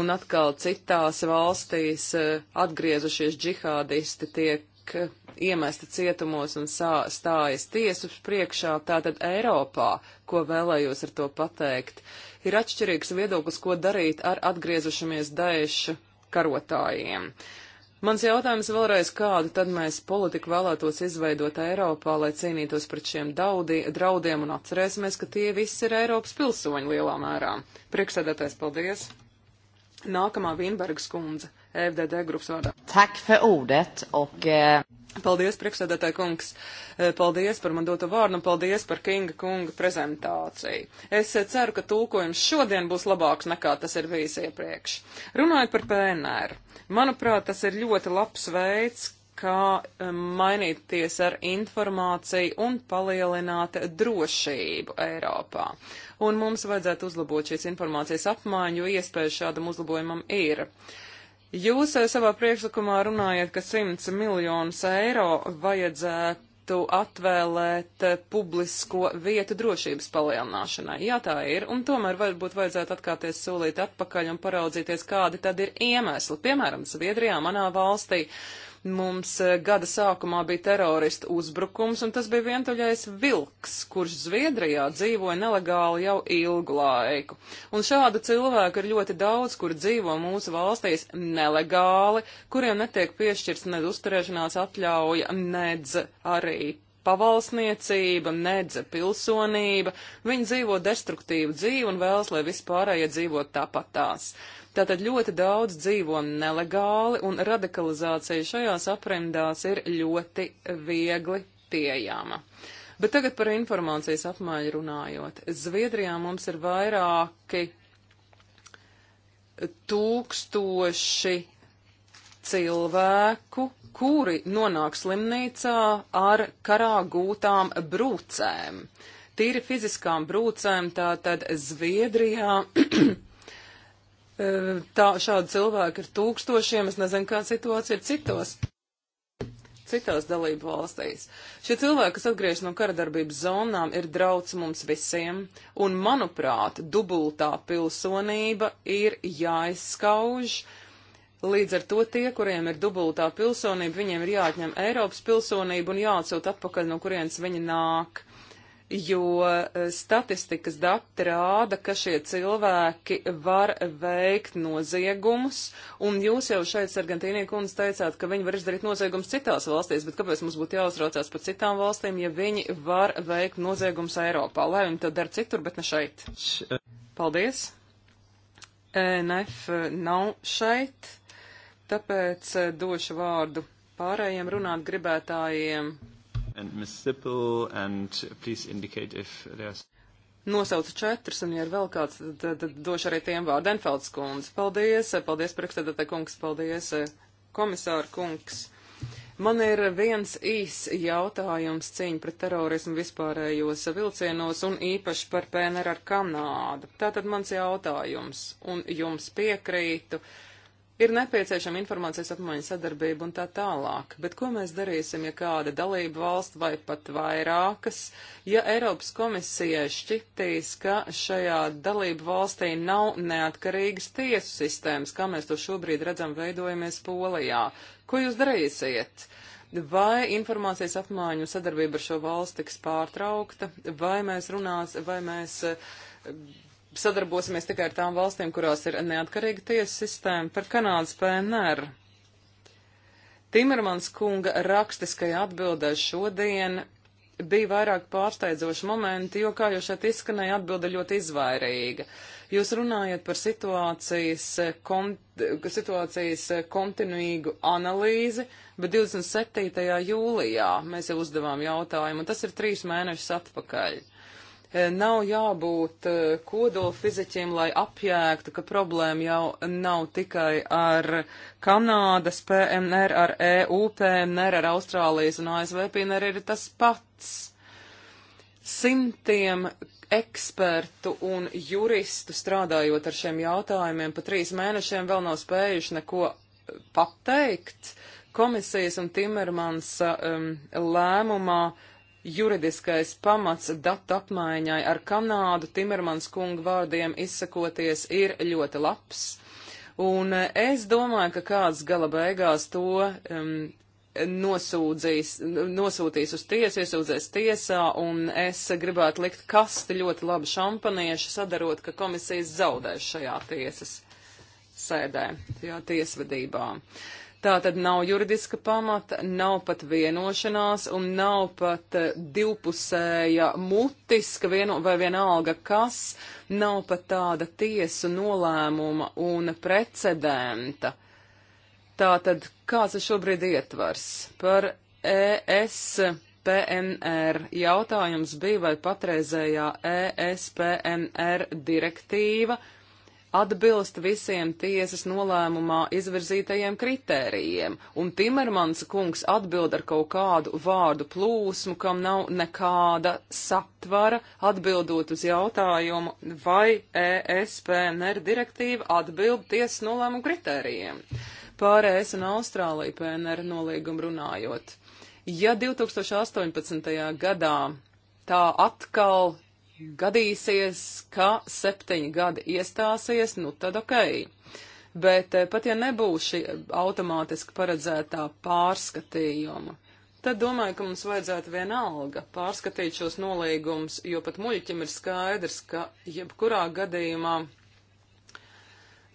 Un atkal citās valstīs e, atgriezušies džihādisti tiek e, iemesti cietumos un sā, stājas tiesu priekšā, tātad Eiropā, ko vēlējos ar to pateikt, ir atšķirīgs viedoklis, ko darīt ar atgriezušamies daišu karotājiem. Uh, Mans jautājums vēlreiz, kādu tad mēs politiku vēlētos izveidot Eiropā, lai cīnītos pret šiem daudī, draudiem un atcerēsimies, ka tie visi ir Eiropas pilsoņi lielā mērā. Priekšsēdētājs, paldies! Nākamā Vīnbergas kundze, EFDD grupas vārdā. Tak for ordet, ok. Paldies, priekšsēdētāji kungs! E, paldies par man doto vārdu un paldies par Kinga kunga prezentāciju. Es e, ceru, ka tulkojums šodien būs labāks nekā tas ir bijis iepriekš. Runājot par PNR, manuprāt, tas ir ļoti labs veids, kā e, mainīties ar informāciju un palielināt drošību Eiropā. Un mums vajadzētu uzlabot šīs informācijas apmaiņu, jo iespēja šādam uzlabojumam ir. Uh, Jūs eh, savā priekšlikumā runājat, ka 100 miljonus eiro vajadzētu atvēlēt eh, publisko vietu drošības palielināšanai. Jā, tā ir, un tomēr varbūt vajadzētu atkāpties solīt atpakaļ un paraudzīties, kādi tad ir iemesli. Piemēram, Zviedrijā, manā valstī, uh, Mums eh, gada sākumā bija terorista uzbrukums, un tas bija vientuļais vilks, kurš Zviedrijā dzīvoja nelegāli jau ilgu laiku. Un šādu cilvēku ir ļoti daudz, kuri dzīvo mūsu valstīs nelegāli, kuriem netiek piešķirts ned uzturēšanās atļauja, nedz arī pavalsniecība, nedze pilsonība, viņi dzīvo destruktīvu dzīvi un vēlas, lai vispārējie dzīvo tāpatās. Tātad ļoti daudz dzīvo nelegāli, un radikalizācija šajās aprindās ir ļoti viegli pieejama. Bet tagad par informācijas apmaiņu runājot. Zviedrijā mums ir vairāki tūkstoši cilvēku, kuri nonāk slimnīcā ar karā gūtām brūcēm. Tīri fiziskām brūcēm, tātad Zviedrijā tā, šādi cilvēki ir tūkstošiem, es nezinu, kā situācija ir citos, citās dalību valstīs. Šie cilvēki, kas atgriežas no karadarbības zonām, ir drauds mums visiem, un, manuprāt, dubultā pilsonība ir jāizskauž. Līdz ar to tie, kuriem ir dubultā pilsonība, viņiem ir jāatņem Eiropas pilsonība un jāatsūt atpakaļ, no kurienes viņi nāk jo eh, statistikas dati rāda, ka šie cilvēki var veikt noziegumus, un jūs jau šeit, Sargentīnī kundze, teicāt, ka viņi var izdarīt noziegumus citās valstīs, bet kāpēc mums būtu jāuzraucās par citām valstīm, ja viņi var veikt noziegumus Eiropā? Lai viņi to dara citur, bet ne šeit. Paldies! E NF nav šeit, tāpēc eh, došu vārdu pārējiem runāt gribētājiem and Ms. Sippel, and please indicate if there's. Nosaucu četrus, un ja ir vēl kāds, tad, tad došu arī tiem vārdu Enfelds kundze. Paldies, paldies, priekšstādātā kungs, paldies, komisāra kungs. Man ir viens īs jautājums cīņa pret terorismu vispārējos vilcienos un īpaši par PNR ar Kanādu. Tātad mans jautājums, un jums piekrītu. Uh, Ir nepieciešama informācijas apmaiņa sadarbība un tā tālāk, bet ko mēs darīsim, ja kāda dalība valsts vai pat vairākas, ja Eiropas komisija šķitīs, ka šajā dalība valstī nav neatkarīgas tiesu sistēmas, kā mēs to šobrīd redzam veidojamies Polijā? Ko jūs darīsiet? vai informācijas apmaiņu sadarbība ar šo valsti tiks pārtraukta, vai mēs runās, vai mēs sadarbosimies tikai ar tām valstīm, kurās ir neatkarīga tiesu sistēma par Kanādas PNR. Timermans kunga rakstiskajā atbildē šodien bija vairāk pārsteidzoši momenti, jo, kā jau šeit izskanēja, atbilde ļoti izvairīga. Jūs runājat par situācijas, kont, situācijas kontinuīgu analīzi, bet 27. jūlijā mēs jau uzdevām jautājumu, un tas ir trīs mēnešus atpakaļ. Uh, Eh, nav jābūt eh, kodolfiziķiem, lai apjēgtu, ka problēma jau nav tikai ar Kanādas PMR, ar EU PMR, ar Austrālijas un ASV PMR ir tas pats. Simtiem ekspertu un juristu strādājot ar šiem jautājumiem pa trīs mēnešiem vēl nav spējuši neko pateikt. Komisijas un Timermans um, lēmumā uh, juridiskais pamats datu apmaiņai ar Kanādu, Timermans kunga vārdiem izsakoties, ir ļoti labs. Un eh, es domāju, ka kāds gala beigās to um, nosūdzīs, nosūtīs uz tiesu, iesūdzēs tiesā, un es gribētu likt kasti ļoti labu šampaniešu, sadarot, ka komisijas zaudēs šajā tiesas sēdē, jā, tiesvedībā. Uh, Tā tad nav juridiska pamata, nav pat vienošanās un nav pat eh, divpusēja mutiska vieno, vai vienalga kas, nav pat tāda tiesu nolēmuma un precedenta. Tā tad kāds ir šobrīd ietvars par ES? PNR jautājums bija, vai patreizējā ESPNR direktīva uh, atbilst visiem tiesas nolēmumā izvirzītajiem kritērijiem, un Timermans kungs atbild ar kaut kādu vārdu plūsmu, kam nav nekāda satvara, atbildot uz jautājumu, vai ESPNR direktīva atbild tiesas nolēmumu kritērijiem. Pār ES un Austrāliju PNR nolīgumu runājot. Ja 2018. gadā tā atkal gadīsies, ka septiņi gadi iestāsies, nu tad ok. Bet eh, pat ja nebūs šī automātiski paredzētā pārskatījuma, tad domāju, ka mums vajadzētu vienalga pārskatīt šos nolīgumus, jo pat muļķim ir skaidrs, ka jebkurā gadījumā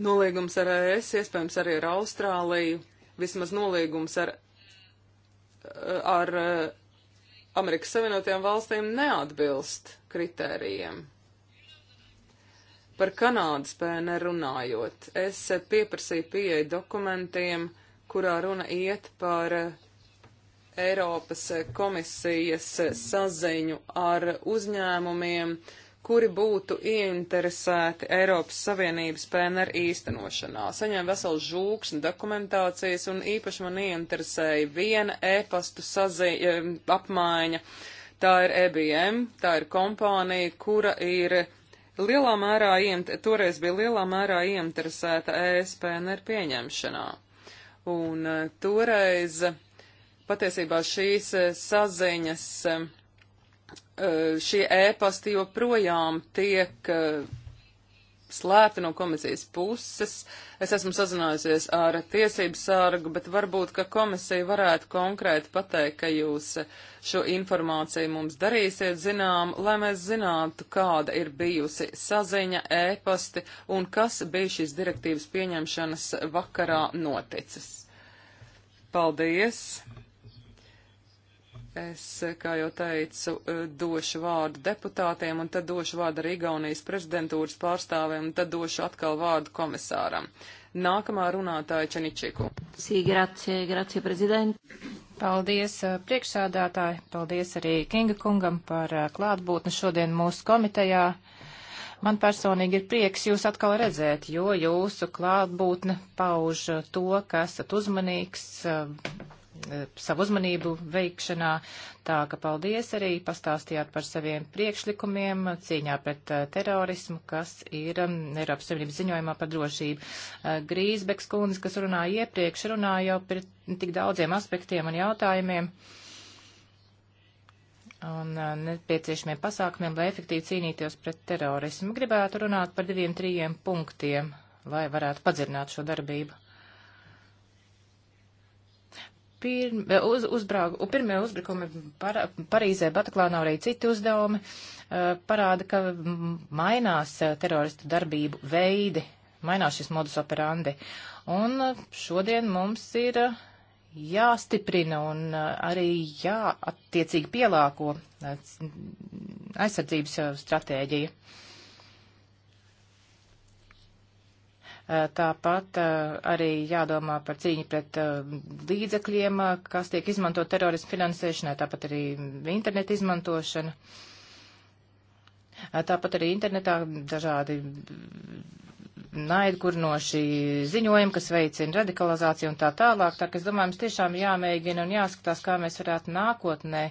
nolīgums ar ES, iespējams arī ar Austrāliju, vismaz nolīgums ar, eh, ar eh, Amerikas Savienotajām valstīm neatbilst kritērijiem. Par Kanādas PNR runājot, es pieprasīju pieeja dokumentiem, kurā runa iet par eh, Eiropas eh, komisijas eh, saziņu ar uzņēmumiem, uh, kuri būtu ieinteresēti Eiropas Savienības PNR īstenošanā. Saņēmu veselu žūksni dokumentācijas un īpaši man ieinteresēja viena e-pastu sazī, e, apmaiņa. Tā ir EBM, tā ir kompānija, kura ir lielā mērā, toreiz bija lielā mērā ieinteresēta ESPNR pieņemšanā. Un e, toreiz patiesībā šīs e, saziņas šie ēpasti joprojām tiek slēpti no komisijas puses. Es esmu sazinājusies ar tiesību sārgu, bet varbūt, ka komisija varētu konkrēti pateikt, ka jūs šo informāciju mums darīsiet zinām, lai mēs zinātu, kāda ir bijusi saziņa, ēpasti un kas bija šīs direktīvas pieņemšanas vakarā noticis. Paldies! Es, kā jau teicu, eh, došu vārdu deputātiem, un tad došu vārdu arī Igaunijas prezidentūras pārstāvēm, un tad došu atkal vārdu komisāram. Nākamā runātāja Čeničiku. Sī, grazie, grazie, prezident. Paldies eh, priekšsādātāji, paldies arī Kinga kungam par eh, klātbūtni šodien mūsu komitejā. Man personīgi ir prieks jūs atkal redzēt, jo jūsu klātbūtne pauž to, ka esat uzmanīgs, savu uzmanību veikšanā. Tā ka paldies arī pastāstījāt par saviem priekšlikumiem cīņā pret terorismu, kas ir Eiropas Savienības ziņojumā par drošību. Grīsbeks kundze, kas runāja iepriekš, runāja jau par tik daudziem aspektiem un jautājumiem un nepieciešamiem pasākumiem, lai efektīvi cīnīties pret terorismu. Gribētu runāt par diviem, trījiem punktiem, lai varētu padzināt šo darbību pirmie, uz, uzbrāgu, pirmie uzbrukumi par, Parīzē, Bataklānā, arī citi uzdevumi uh, parāda, ka mainās uh, teroristu darbību veidi, mainās šis modus operandi. Un uh, šodien mums ir uh, jāstiprina un uh, arī jāattiecīgi pielāko uh, aizsardzības stratēģija. Eh, tāpat eh, arī jādomā par cīņu pret eh, līdzekļiem, kas tiek izmantot terorismu finansēšanai, tāpat arī internetu izmantošana. Tāpat arī internetā dažādi naidkurnoši ziņojumi, kas veicina radikalizāciju un tā tālāk. Tā kā es domāju, mums tiešām jāmēģina un jāskatās, kā mēs varētu nākotnē,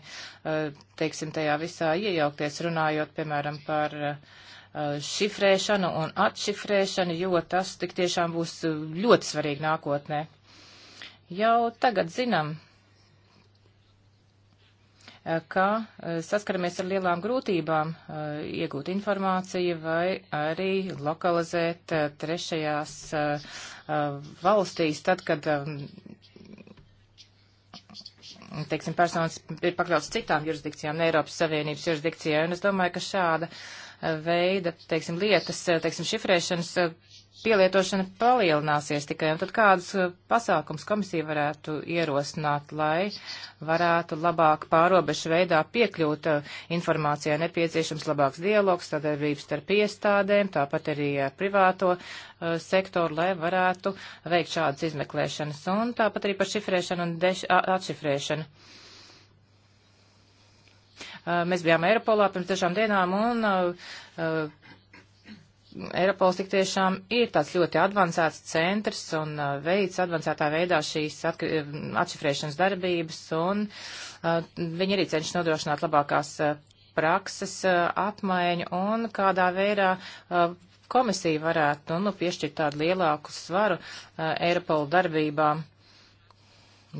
teiksim, tajā visā iejaukties, runājot, piemēram, par uh, Uh, šifrēšanu un atšifrēšanu, jo tas tik tiešām būs uh, ļoti svarīgi nākotnē. Jau tagad zinām, uh, ka saskaramies ar lielām grūtībām iegūt informāciju vai arī lokalizēt trešajās valstīs, tad, kad um, teiksim, personas ir pakļauts citām jurisdikcijām, ne Eiropas Savienības jurisdikcijai, un es domāju, ka šāda uh, veida, teiksim, lietas, teiksim, šifrēšanas pielietošana palielināsies tikai, un tad kādus uh, pasākums komisija varētu ierosināt, lai varētu labāk pārobežu veidā piekļūt uh, informācijai nepieciešams labāks dialogs, sadarbības starp iestādēm, tāpat arī ar privāto uh, sektoru, lai varētu veikt šādas izmeklēšanas, un tāpat arī par šifrēšanu un deš, atšifrēšanu. Uh, mēs bijām Eiropolā pirms dažām dienām un uh, uh, Eiropols tik tiešām ir tāds ļoti advancēts centrs un veids advancētā veidā šīs atšifrēšanas darbības un viņi arī cenšas nodrošināt labākās prakses apmaiņu un kādā veidā komisija varētu nu, piešķirt tādu lielāku svaru Eiropola darbībām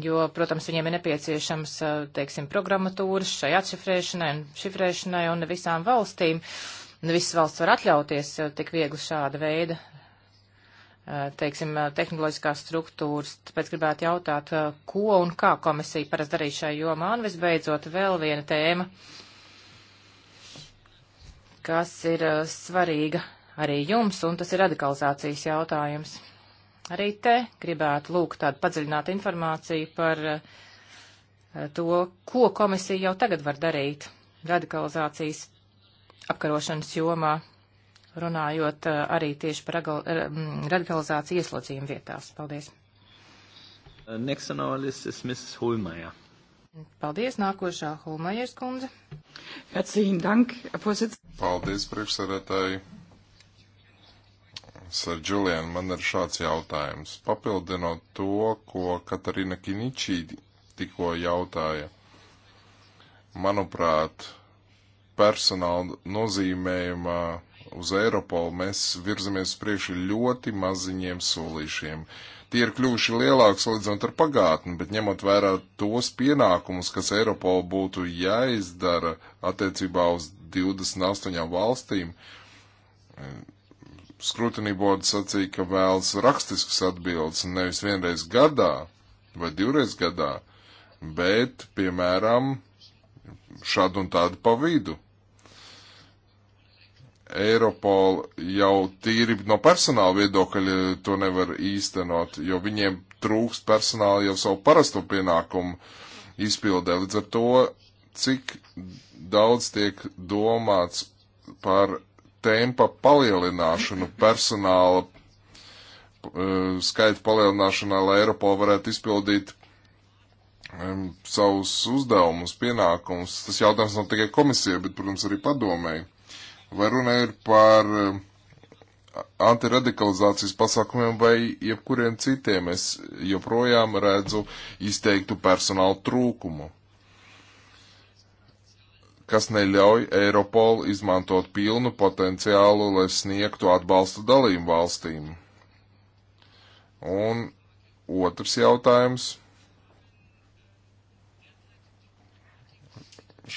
jo, protams, viņiem ir nepieciešams, eh, teiksim, programmatūras šai atšifrēšanai un šifrēšanai un ne visām valstīm. Ne nu, visas valsts var atļauties eh, tik viegli šāda veida, eh, teiksim, tehnoloģiskās struktūras. Tāpēc gribētu jautāt, ko un kā komisija paras darīt šai jomā. Un visbeidzot, vēl viena tēma, kas ir svarīga arī jums, un tas ir radikalizācijas jautājums. Arī te gribētu lūgt tādu padziļinātu informāciju par eh, to, ko komisija jau tagad var darīt radikalizācijas apkarošanas jomā, runājot eh, arī tieši par eh, radikalizāciju ieslodzījumu vietās. Paldies. Uh, next on our list is Mrs. Holmeyer. Paldies, nākošā Holmajers kundze. Herzlichen Dank, Herr Paldies, priekšsēdētāji ar Džulienu, man ir šāds jautājums. Papildinot to, ko Katarina Kiničī tikko jautāja, manuprāt, personāla nozīmējuma uz Eiropolu mēs virzamies priekšu ļoti maziņiem solīšiem. Tie ir kļuvuši lielāki salīdzinot ar pagātni, bet ņemot vērā tos pienākumus, kas Eiropola būtu jāizdara attiecībā uz 28 valstīm, skrutiny boda sacīja, ka vēlas rakstiskas atbildes nevis vienreiz gadā vai divreiz gadā, bet, piemēram, šādu un tādu pa vidu. Eiropola jau tīri no personāla viedokļa to nevar īstenot, jo viņiem trūkst personāla jau savu parasto pienākumu izpildē. Līdz ar to, cik daudz tiek domāts par tempa palielināšanu, personāla uh, skaita palielināšanā, lai Eiropola varētu izpildīt um, savus uzdevumus, pienākumus. Tas jautājums nav tikai komisijai, bet, protams, arī padomēji. Vai runa ir par uh, antiradikalizācijas pasākumiem vai jebkuriem citiem? Es joprojām redzu izteiktu personāla trūkumu kas neļauj Eiropol izmantot pilnu potenciālu, lai sniegtu atbalstu dalību valstīm. Un otrs jautājums.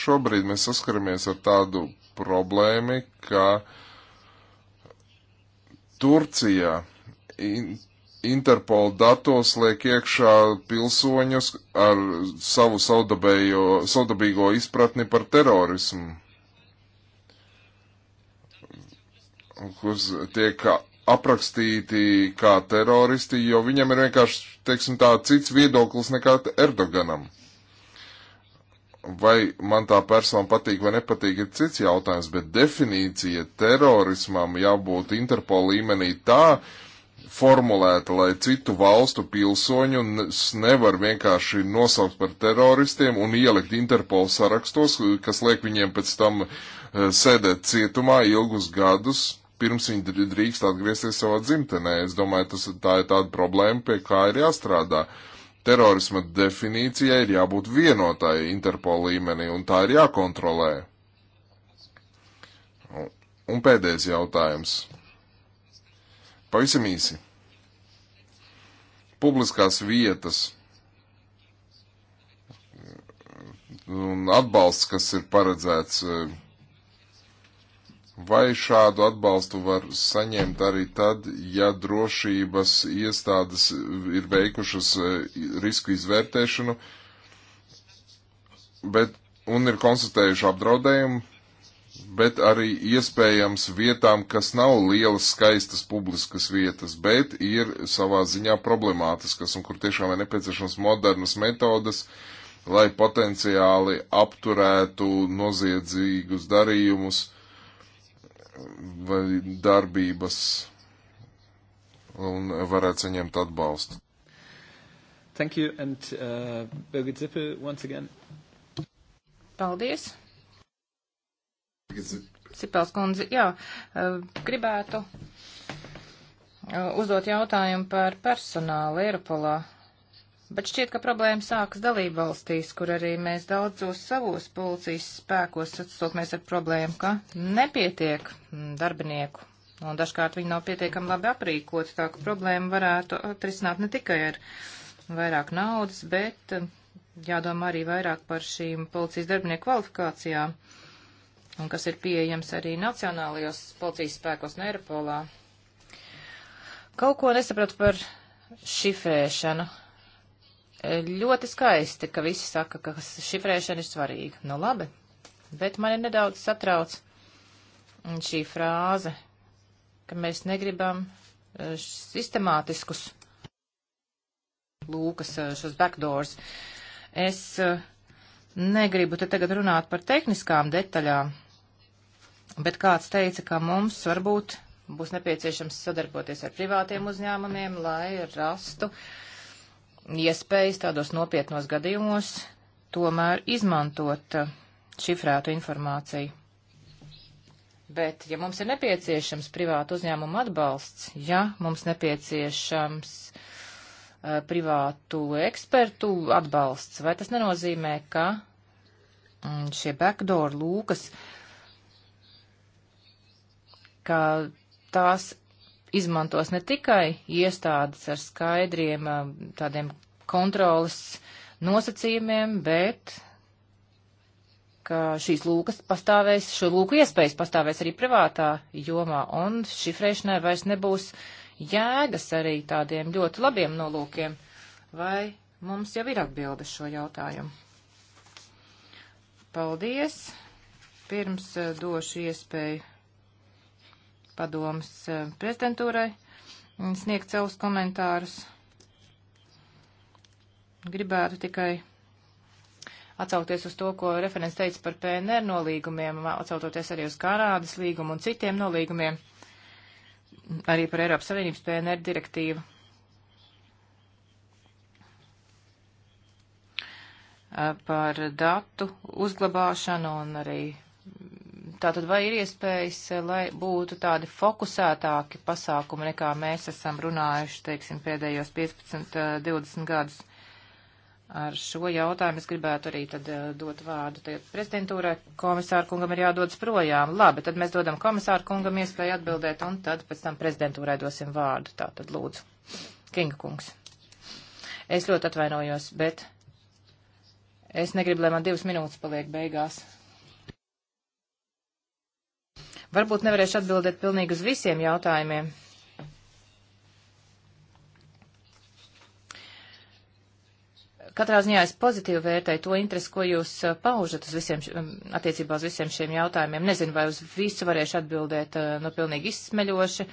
Šobrīd mēs saskaramies ar tādu problēmu, ka Turcija Interpol datos liek iekšā pilsoņus ar savu saudabīgo izpratni par terorismu, kurus tiek aprakstīti kā teroristi, jo viņam ir vienkārši, teiksim tā, cits viedoklis nekā Erdoganam. Vai man tā persona patīk vai nepatīk, ir cits jautājums, bet definīcija terorismam jābūt Interpol līmenī tā, uh, formulēta, lai citu valstu pilsoņu nevar vienkārši nosaukt par teroristiem un ielikt Interpol sarakstos, kas liek viņiem pēc tam e, sēdēt cietumā ilgus gadus, pirms viņi drīkst atgriezties savā dzimtenē. Es domāju, tas, tā ir tāda problēma, pie kā ir jāstrādā. Terorisma definīcijai ir jābūt vienotai Interpol līmenī, un tā ir jākontrolē. Un pēdējais jautājums. Pavisam īsi publiskās vietas un atbalsts, kas ir paredzēts. Eh, vai šādu atbalstu var saņemt arī tad, ja drošības iestādes ir veikušas eh, risku izvērtēšanu, bet un ir konstatējuši apdraudējumu, bet arī iespējams vietām, kas nav lielas, skaistas publiskas vietas, bet ir savā ziņā problemātiskas un kur tiešām ir nepieciešams modernas metodas, lai potenciāli apturētu noziedzīgus darījumus vai darbības un varētu saņemt atbalstu. Thank you and uh, Birgit Zippel once again. Paldies. Sipels kundze, jā, eh, gribētu eh, uzdot jautājumu par personālu Eiropolā. Bet šķiet, ka problēma sākas dalību valstīs, kur arī mēs daudzos savos policijas spēkos sastopamies ar problēmu, ka nepietiek mm, darbinieku. Un dažkārt viņi nav pietiekami labi aprīkoti, tā ka problēma varētu atrisināt ne tikai ar vairāk naudas, bet eh, jādomā arī vairāk par šīm policijas darbinieku kvalifikācijām. Uh, un kas ir pieejams arī nacionālajos policijas spēkos Neiropolā. Kaut ko nesapratu par šifrēšanu. Ļoti skaisti, ka visi saka, ka šifrēšana ir svarīga. Nu labi, bet mani nedaudz satrauc šī frāze, ka mēs negribam eh, sistemātiskus lūkas, eh, šos backdoors. Es eh, negribu te tagad runāt par tehniskām detaļām, bet kāds teica, ka mums varbūt būs nepieciešams sadarboties ar privātiem uzņēmumiem, lai rastu iespējas tādos nopietnos gadījumos tomēr izmantot uh, šifrētu informāciju. Bet, ja mums ir nepieciešams privātu uzņēmumu atbalsts, ja mums nepieciešams uh, privātu ekspertu atbalsts, vai tas nenozīmē, ka mm, šie backdoor lūkas uh, ka tās izmantos ne tikai iestādes ar skaidriem eh, tādiem kontrolas nosacījumiem, bet ka šīs lūkas pastāvēs, šo lūku iespējas pastāvēs arī privātā jomā, un šifrēšanai vairs nebūs jēgas arī tādiem ļoti labiem nolūkiem. Vai mums jau ir atbildes šo jautājumu? Paldies! Pirms eh, došu iespēju padomas eh, prezidentūrai sniegt savus komentārus. Gribētu tikai atsaukties uz to, ko referents teica par PNR nolīgumiem, atsautoties arī uz Kanādas līgumu un citiem nolīgumiem, arī par Eiropas Savienības PNR direktīvu. Eh, par datu uzglabāšanu un arī Tātad vai ir iespējas, eh, lai būtu tādi fokusētāki pasākumi, nekā mēs esam runājuši, teiksim, pēdējos 15-20 eh, gadus? Ar šo jautājumu es gribētu arī tad eh, dot vārdu tad prezidentūrai. Komisāra kungam ir jādodas projām. Labi, tad mēs dodam komisāra kungam iespēju atbildēt, un tad pēc tam prezidentūrai dosim vārdu. Tātad lūdzu. Kinga kungs. Es ļoti atvainojos, bet es negribu, lai man divas minūtes paliek beigās. Varbūt nevarēšu atbildēt pilnīgi uz visiem jautājumiem. Katrā ziņā es pozitīvi vērtēju to interesi, ko jūs eh, paužat uz visiem, mm, attiecībā uz visiem šiem jautājumiem. Nezinu, vai uz visu varēšu atbildēt eh, no nu, pilnīgi izsmeļoši.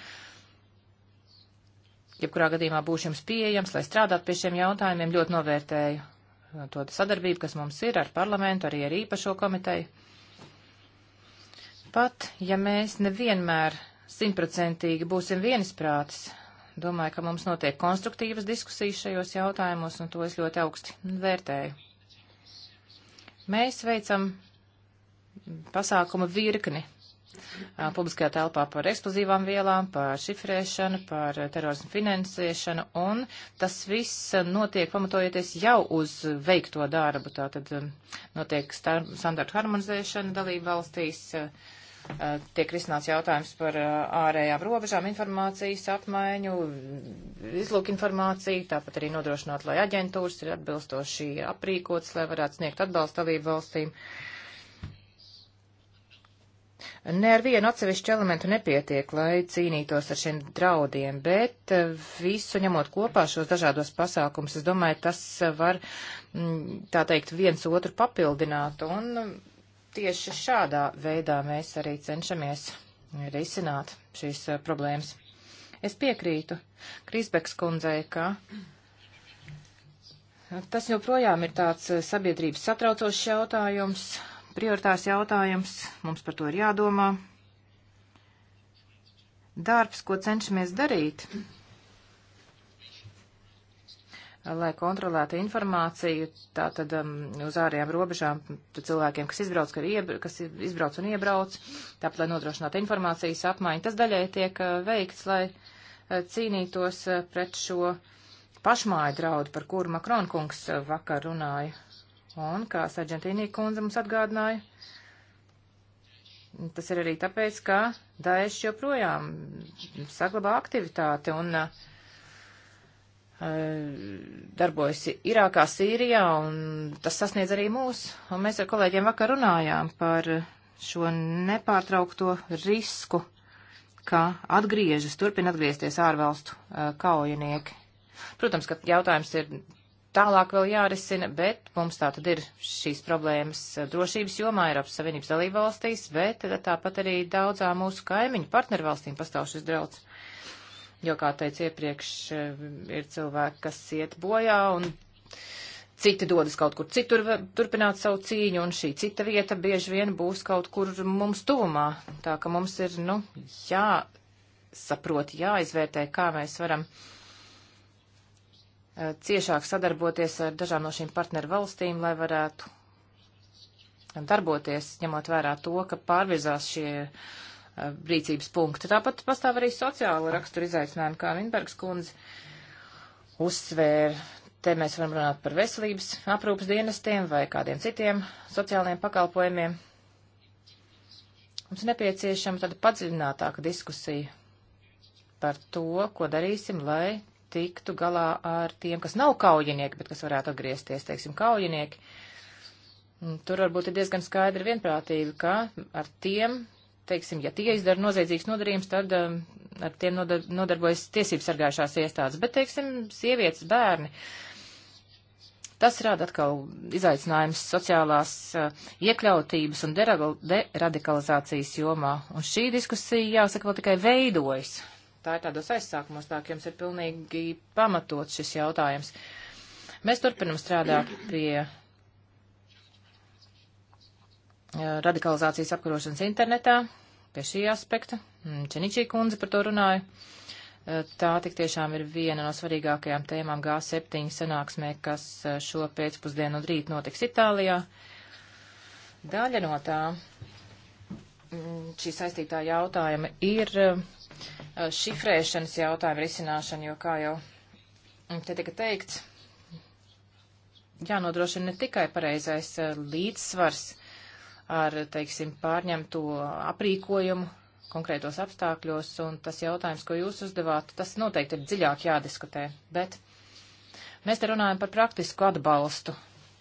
Jebkurā gadījumā būšu jums pieejams, lai strādātu pie šiem jautājumiem. Ļoti novērtēju eh, to sadarbību, kas mums ir ar parlamentu, arī ar īpašo komiteju. Pat, ja mēs nevienmēr simtprocentīgi būsim vienisprātis, domāju, ka mums notiek konstruktīvas diskusijas šajos jautājumos, un to es ļoti augsti vērtēju. Mēs veicam pasākumu virkni publiskajā telpā par eksplozīvām vielām, par šifrēšanu, par terorismu finansēšanu, un tas viss notiek pamatojoties jau uz veikto darbu. Tātad notiek standartu harmonizēšana dalību valstīs, uh, tiek risināts jautājums par ārējām robežām, informācijas apmaiņu, izlūk informāciju, tāpat arī nodrošināt, lai aģentūras ir atbilstoši aprīkotas, lai varētu sniegt atbalstu dalību valstīm. Ne ar vienu atsevišķu elementu nepietiek, lai cīnītos ar šiem draudiem, bet visu ņemot kopā šos dažādos pasākums, es domāju, tas var, tā teikt, viens otru papildināt un tieši šādā veidā mēs arī cenšamies risināt šīs uh, problēmas. Es piekrītu Krīsbeks kundzei, ka tas joprojām ir tāds eh, sabiedrības satraucošs jautājums, prioritārs jautājums, mums par to ir jādomā. Darbs, ko cenšamies darīt, lai kontrolētu informāciju tātad um, uz ārējām robežām cilvēkiem, kas izbrauc, kas izbrauc un iebrauc, tāpat, lai nodrošinātu informācijas apmaiņu. Tas daļai tiek uh, veikts, lai uh, cīnītos uh, pret šo pašmāju draudu, par kuru Makronkungs uh, vakar runāja. Un, kā Sargentīnī kundze mums atgādināja, tas ir arī tāpēc, ka Daesh joprojām saglabā aktivitāti un uh, Eh, darbojas Irākā, Sīrijā, un tas sasniedz arī mūs. Un mēs ar kolēģiem vakar runājām par šo nepārtraukto risku, ka atgriežas, turpina atgriezties ārvalstu eh, kaujinieki. Protams, ka jautājums ir tālāk vēl jārisina, bet mums tā tad ir šīs problēmas eh, drošības jomā Eiropas Savienības dalībvalstīs, bet tāpat arī daudzām mūsu kaimiņu partnervalstīm pastāv šis draudz jo, kā teicu iepriekš, eh, ir cilvēki, kas iet bojā un citi dodas kaut kur citur turpināt savu cīņu, un šī cita vieta bieži vien būs kaut kur mums tuvumā. Tā ka mums ir, nu, jāsaprot, jāizvērtē, kā mēs varam eh, ciešāk sadarboties ar dažām no šīm partneru valstīm, lai varētu darboties, ņemot vērā to, ka pārvirzās šie uh, Eh, rīcības punkta. Tāpat pastāv arī sociāla rakstura izaicinājumi, kā Vinbergs kundze uzsvēra. Te mēs varam runāt par veselības aprūpas dienestiem vai kādiem citiem sociālajiem pakalpojumiem. Mums nepieciešama tāda padziļinātāka diskusija par to, ko darīsim, lai tiktu galā ar tiem, kas nav kaujinieki, bet kas varētu atgriezties, teiksim, kaujinieki. Tur varbūt ir diezgan skaidra vienprātība, ka ar tiem teiksim, ja tie izdara noziedzīgs nodarījums, tad um, ar tiem nodar nodarbojas tiesības sargājušās iestādes. Bet, teiksim, sievietes, bērni. Tas rada atkal izaicinājums sociālās uh, iekļautības un deradikalizācijas jomā. Un šī diskusija, jāsaka, vēl tikai veidojas. Tā ir tādos aizsākumos, tā ka jums ir pilnīgi pamatots šis jautājums. Mēs turpinam strādāt pie radikalizācijas apkarošanas internetā, pie šī aspekta. Mm, Čeničī kundze par to runāja. Tā tik tiešām ir viena no svarīgākajām tēmām G7 sanāksmē, kas šo pēcpusdienu un rīt notiks Itālijā. Daļa no tā mm, šī saistītā jautājuma ir šifrēšanas jautājuma risināšana, jo, kā jau te tika teikts, jānodrošina ne tikai pareizais līdzsvars ar, teiksim, pārņemto aprīkojumu konkrētos apstākļos, un tas jautājums, ko jūs uzdevāt, tas noteikti ir dziļāk jādiskutē. Bet mēs te runājam par praktisku atbalstu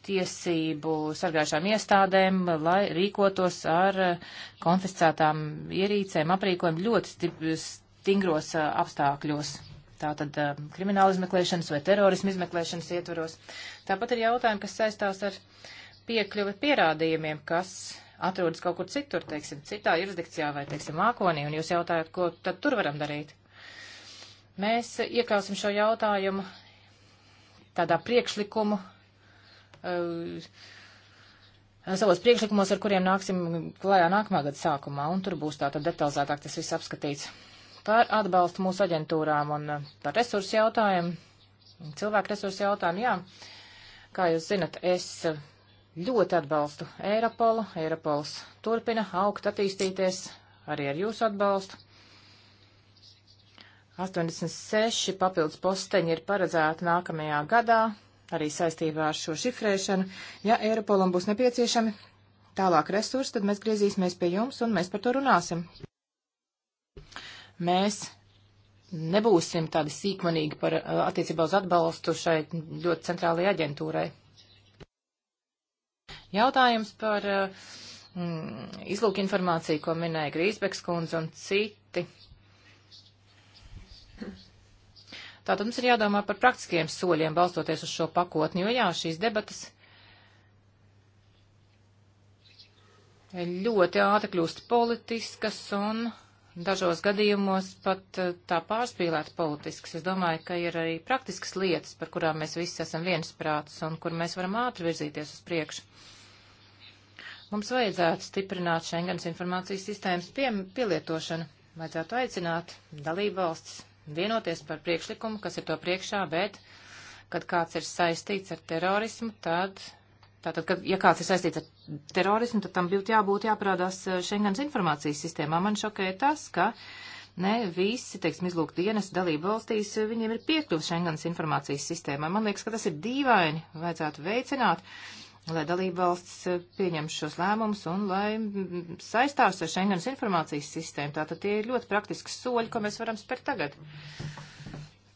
tiesību sargājušām iestādēm, lai rīkotos ar konfiscētām ierīcēm, aprīkojumu ļoti stingros apstākļos. Tātad krimināla izmeklēšanas vai terorismu izmeklēšanas ietvaros. Tāpat ir jautājumi, kas saistās ar uh, piekļuve pierādījumiem, kas atrodas kaut kur citur, teiksim, citā jurisdikcijā vai, teiksim, mākonī, un jūs jautājat, ko tad tur varam darīt. Mēs iekļausim šo jautājumu tādā priekšlikumu, uh, savos priekšlikumos, ar kuriem nāksim klajā nākamā gada sākumā, un tur būs tātad detalizētāk tas viss apskatīts. Par atbalstu mūsu aģentūrām un eh, par resursu jautājumu, cilvēku resursu jautājumu, jā, kā jūs zinat, es dot atbalstu Eiropolu. Eiropols turpina augt, attīstīties arī ar jūsu atbalstu. 86 papildus posteņi ir paredzēti nākamajā gadā, arī saistībā ar šo šifrēšanu. Ja Eiropolam būs nepieciešami tālāk resursi, tad mēs griezīsimies pie jums un mēs par to runāsim. Mēs nebūsim tādi sīkmanīgi par eh, attiecībā uz atbalstu šai ļoti centrālajai aģentūrai. Jautājums par eh, mm, izlūk informāciju, ko minēja Grīsbeks kundze un citi. Tātad mums ir jādomā par praktiskiem soļiem, balstoties uz šo pakotni, jo jā, šīs debatas ļoti ātri kļūst politiskas un dažos gadījumos pat eh, tā pārspīlēt politiskas. Es domāju, ka ir arī praktiskas lietas, par kurām mēs visi esam viensprāts un kur mēs varam ātri virzīties uz priekšu. Mums vajadzētu stiprināt Schengens informācijas sistēmas pie, pielietošanu. Vajadzētu aicināt dalību valstis vienoties par priekšlikumu, kas ir to priekšā, bet, kad kāds ir saistīts ar terorismu, tad, tātad, kad, ja kāds ir saistīts ar terorismu, tad tam būtu jābūt jāparādās eh, Schengens informācijas sistēmā. Man šokēja tas, ka ne visi, teiksim, izlūk dienas dalību valstīs, eh, viņiem ir piekļuvis Schengens informācijas sistēmai. Man liekas, ka tas ir dīvaini, vajadzētu veicināt. Uh, lai dalībvalsts eh, pieņem šos lēmumus un lai saistās ar Schengens informācijas sistēmu. Tātad tie ir ļoti praktiski soļi, ko mēs varam spērt tagad.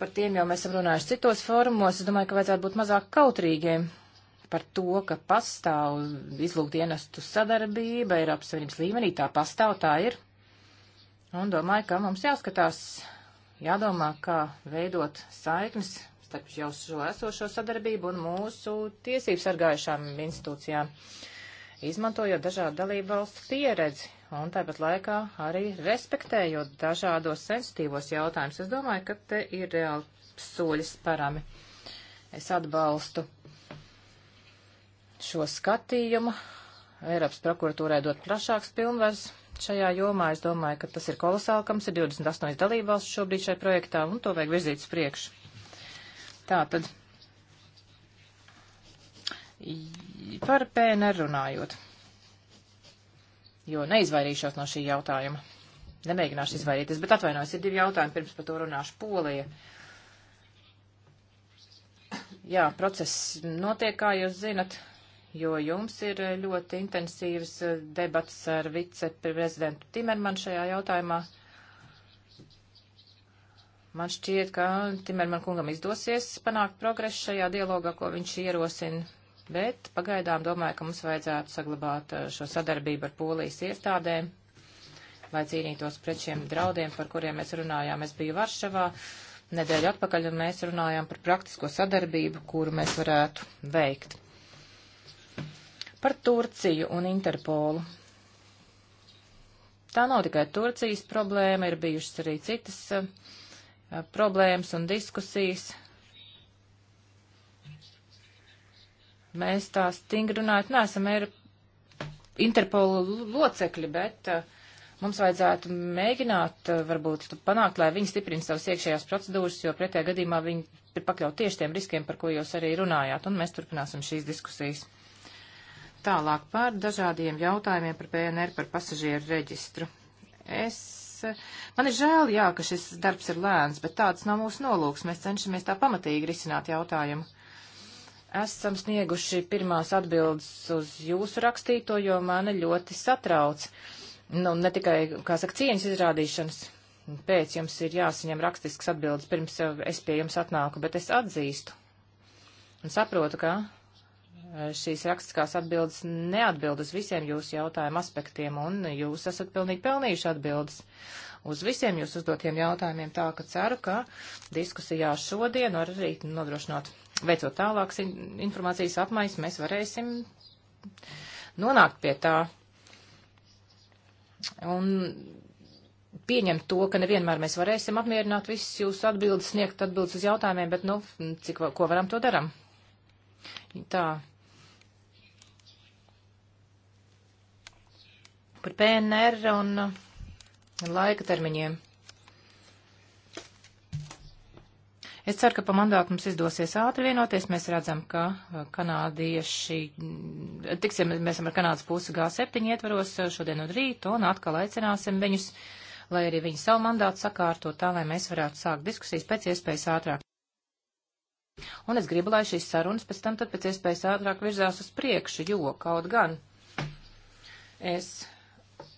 Par tiem jau mēs esam runājuši citos fórumos. Es domāju, ka vajadzētu būt mazāk kautrīgiem par to, ka pastāv izlūkdienestu sadarbība Eiropas Savienības līmenī. Tā pastāv, tā ir. Un domāju, ka mums jāskatās, jādomā, kā veidot saiknes starp jau šo esošo sadarbību un mūsu tiesību sargājušām institūcijām, izmantojot dažādu dalību valstu pieredzi un tāpat laikā arī respektējot dažādos sensitīvos jautājumus. Es domāju, ka te ir reāli soļi sparami. Es atbalstu šo skatījumu. Eiropas prokuratūrai dot plašāks pilnvars šajā jomā. Es domāju, ka tas ir kolosāli, kams ir 28 dalībvalsts šobrīd šajā projektā, un to vajag virzīt uz priekšu. Tātad par PNR runājot, jo neizvairīšos no šī jautājuma. Nemēģināšu izvairīties, bet atvainojos, ir divi jautājumi, pirms par to runāšu Polija. Jā, process notiek, kā jūs zinat, jo jums ir ļoti intensīvas debats ar viceprezidentu Timermanu šajā jautājumā. Uh, Man šķiet, ka Timerman kungam izdosies panākt progresu šajā dialogā, ko viņš ierosina, bet pagaidām domāju, ka mums vajadzētu saglabāt eh, šo sadarbību ar polijas iestādēm, lai cīnītos pret šiem draudiem, par kuriem mēs runājām. Es biju Varšavā nedēļu atpakaļ, un mēs runājām par praktisko sadarbību, kuru mēs varētu veikt. Par Turciju un Interpolu. Tā nav tikai Turcijas problēma, ir bijušas arī citas uh, Eh, problēmas un diskusijas. Mēs tā stingri runājot, neesam Interpolu locekļi, bet uh, mums vajadzētu mēģināt uh, varbūt panākt, lai viņi stiprina savas iekšējās procedūras, jo pretējā gadījumā viņi ir pakļaut tieši tiem riskiem, par ko jūs arī runājāt, un mēs turpināsim šīs diskusijas. Tālāk par dažādiem jautājumiem par PNR, par pasažieru reģistru. Es Man ir žēl, jā, ka šis darbs ir lēns, bet tāds nav mūsu nolūks. Mēs cenšamies tā pamatīgi risināt jautājumu. Esam snieguši pirmās atbildes uz jūsu rakstīto, jo mani ļoti satrauc. Nu, ne tikai, kā saka, cieņas izrādīšanas pēc jums ir jāsaņem rakstisks atbildes, pirms es pie jums atnāku, bet es atzīstu un saprotu, ka Eh, šīs rakstiskās atbildes neatbild uz visiem jūsu jautājumu aspektiem, un jūs esat pilnīgi pelnījuši atbildes uz visiem jūsu uzdotiem jautājumiem, tā ka ceru, ka diskusijā šodien ar arī nodrošinot, veicot tālākas informācijas apmaiņas, mēs varēsim nonākt pie tā. Un pieņemt to, ka nevienmēr mēs varēsim apmierināt visus jūsu atbildes, sniegt atbildes uz jautājumiem, bet, nu, cik, ko varam, to daram. Tā, par PNR un laika termiņiem. Es ceru, ka pa mandātu mums izdosies ātri vienoties. Mēs redzam, ka uh, kanādieši, mm, tiksim, mēs esam ar Kanādas pusi G7 ietvaros uh, šodien un rīt, un atkal aicināsim viņus, lai arī viņi savu mandātu sakārto tā, lai mēs varētu sākt diskusijas pēc iespējas ātrāk. Un es gribu, lai šīs sarunas pēc tam tad pēc iespējas ātrāk virzās uz priekšu, jo kaut gan es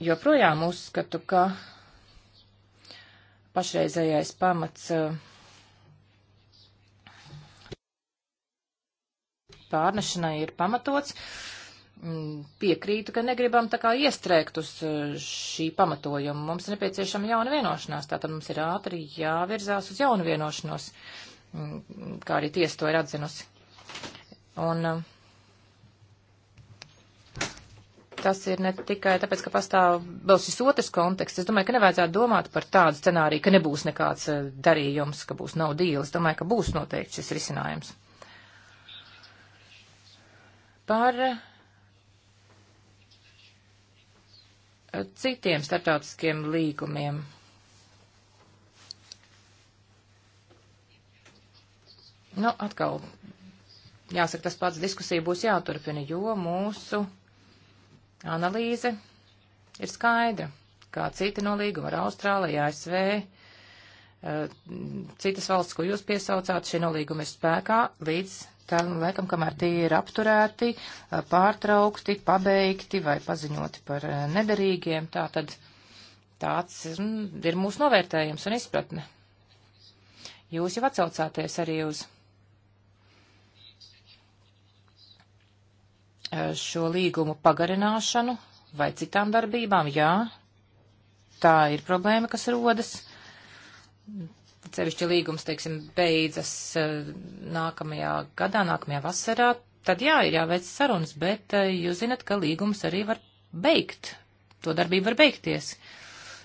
joprojām uzskatu, ka pašreizējais pamats eh, pārnešanai ir pamatots. Mm, piekrītu, ka negribam tā kā iestrēgt uz eh, šī pamatojuma. Mums ir nepieciešama jauna vienošanās, tātad mums ir ātri jāvirzās uz jaunu vienošanos, mm, kā arī tiesa to ir atzinusi. Un uh, tas ir ne tikai tāpēc, ka pastāv vēl šis otrs konteksts. Es domāju, ka nevajadzētu domāt par tādu scenāriju, ka nebūs nekāds eh, darījums, ka būs nav dīles. Domāju, ka būs noteikti šis risinājums. Par eh, citiem starptautiskiem līgumiem. Nu, atkal, jāsaka, tas pats diskusija būs jāturpina, jo mūsu analīze ir skaidra, kā citi nolīgumi ar Austrāliju, ASV, eh, citas valsts, ko jūs piesaucāt, šie nolīgumi ir spēkā līdz tam laikam, kamēr tie ir apturēti, eh, pārtraukti, pabeigti vai paziņoti par eh, nederīgiem. Tā tad tāds mm, ir mūsu novērtējums un izpratne. Jūs jau atsaucāties arī uz šo līgumu pagarināšanu vai citām darbībām, jā, tā ir problēma, kas rodas. Cevišķi līgums, teiksim, beidzas nākamajā gadā, nākamajā vasarā, tad jā, ir jāveic sarunas, bet jūs zinat, ka līgums arī var beigt, to darbību var beigties.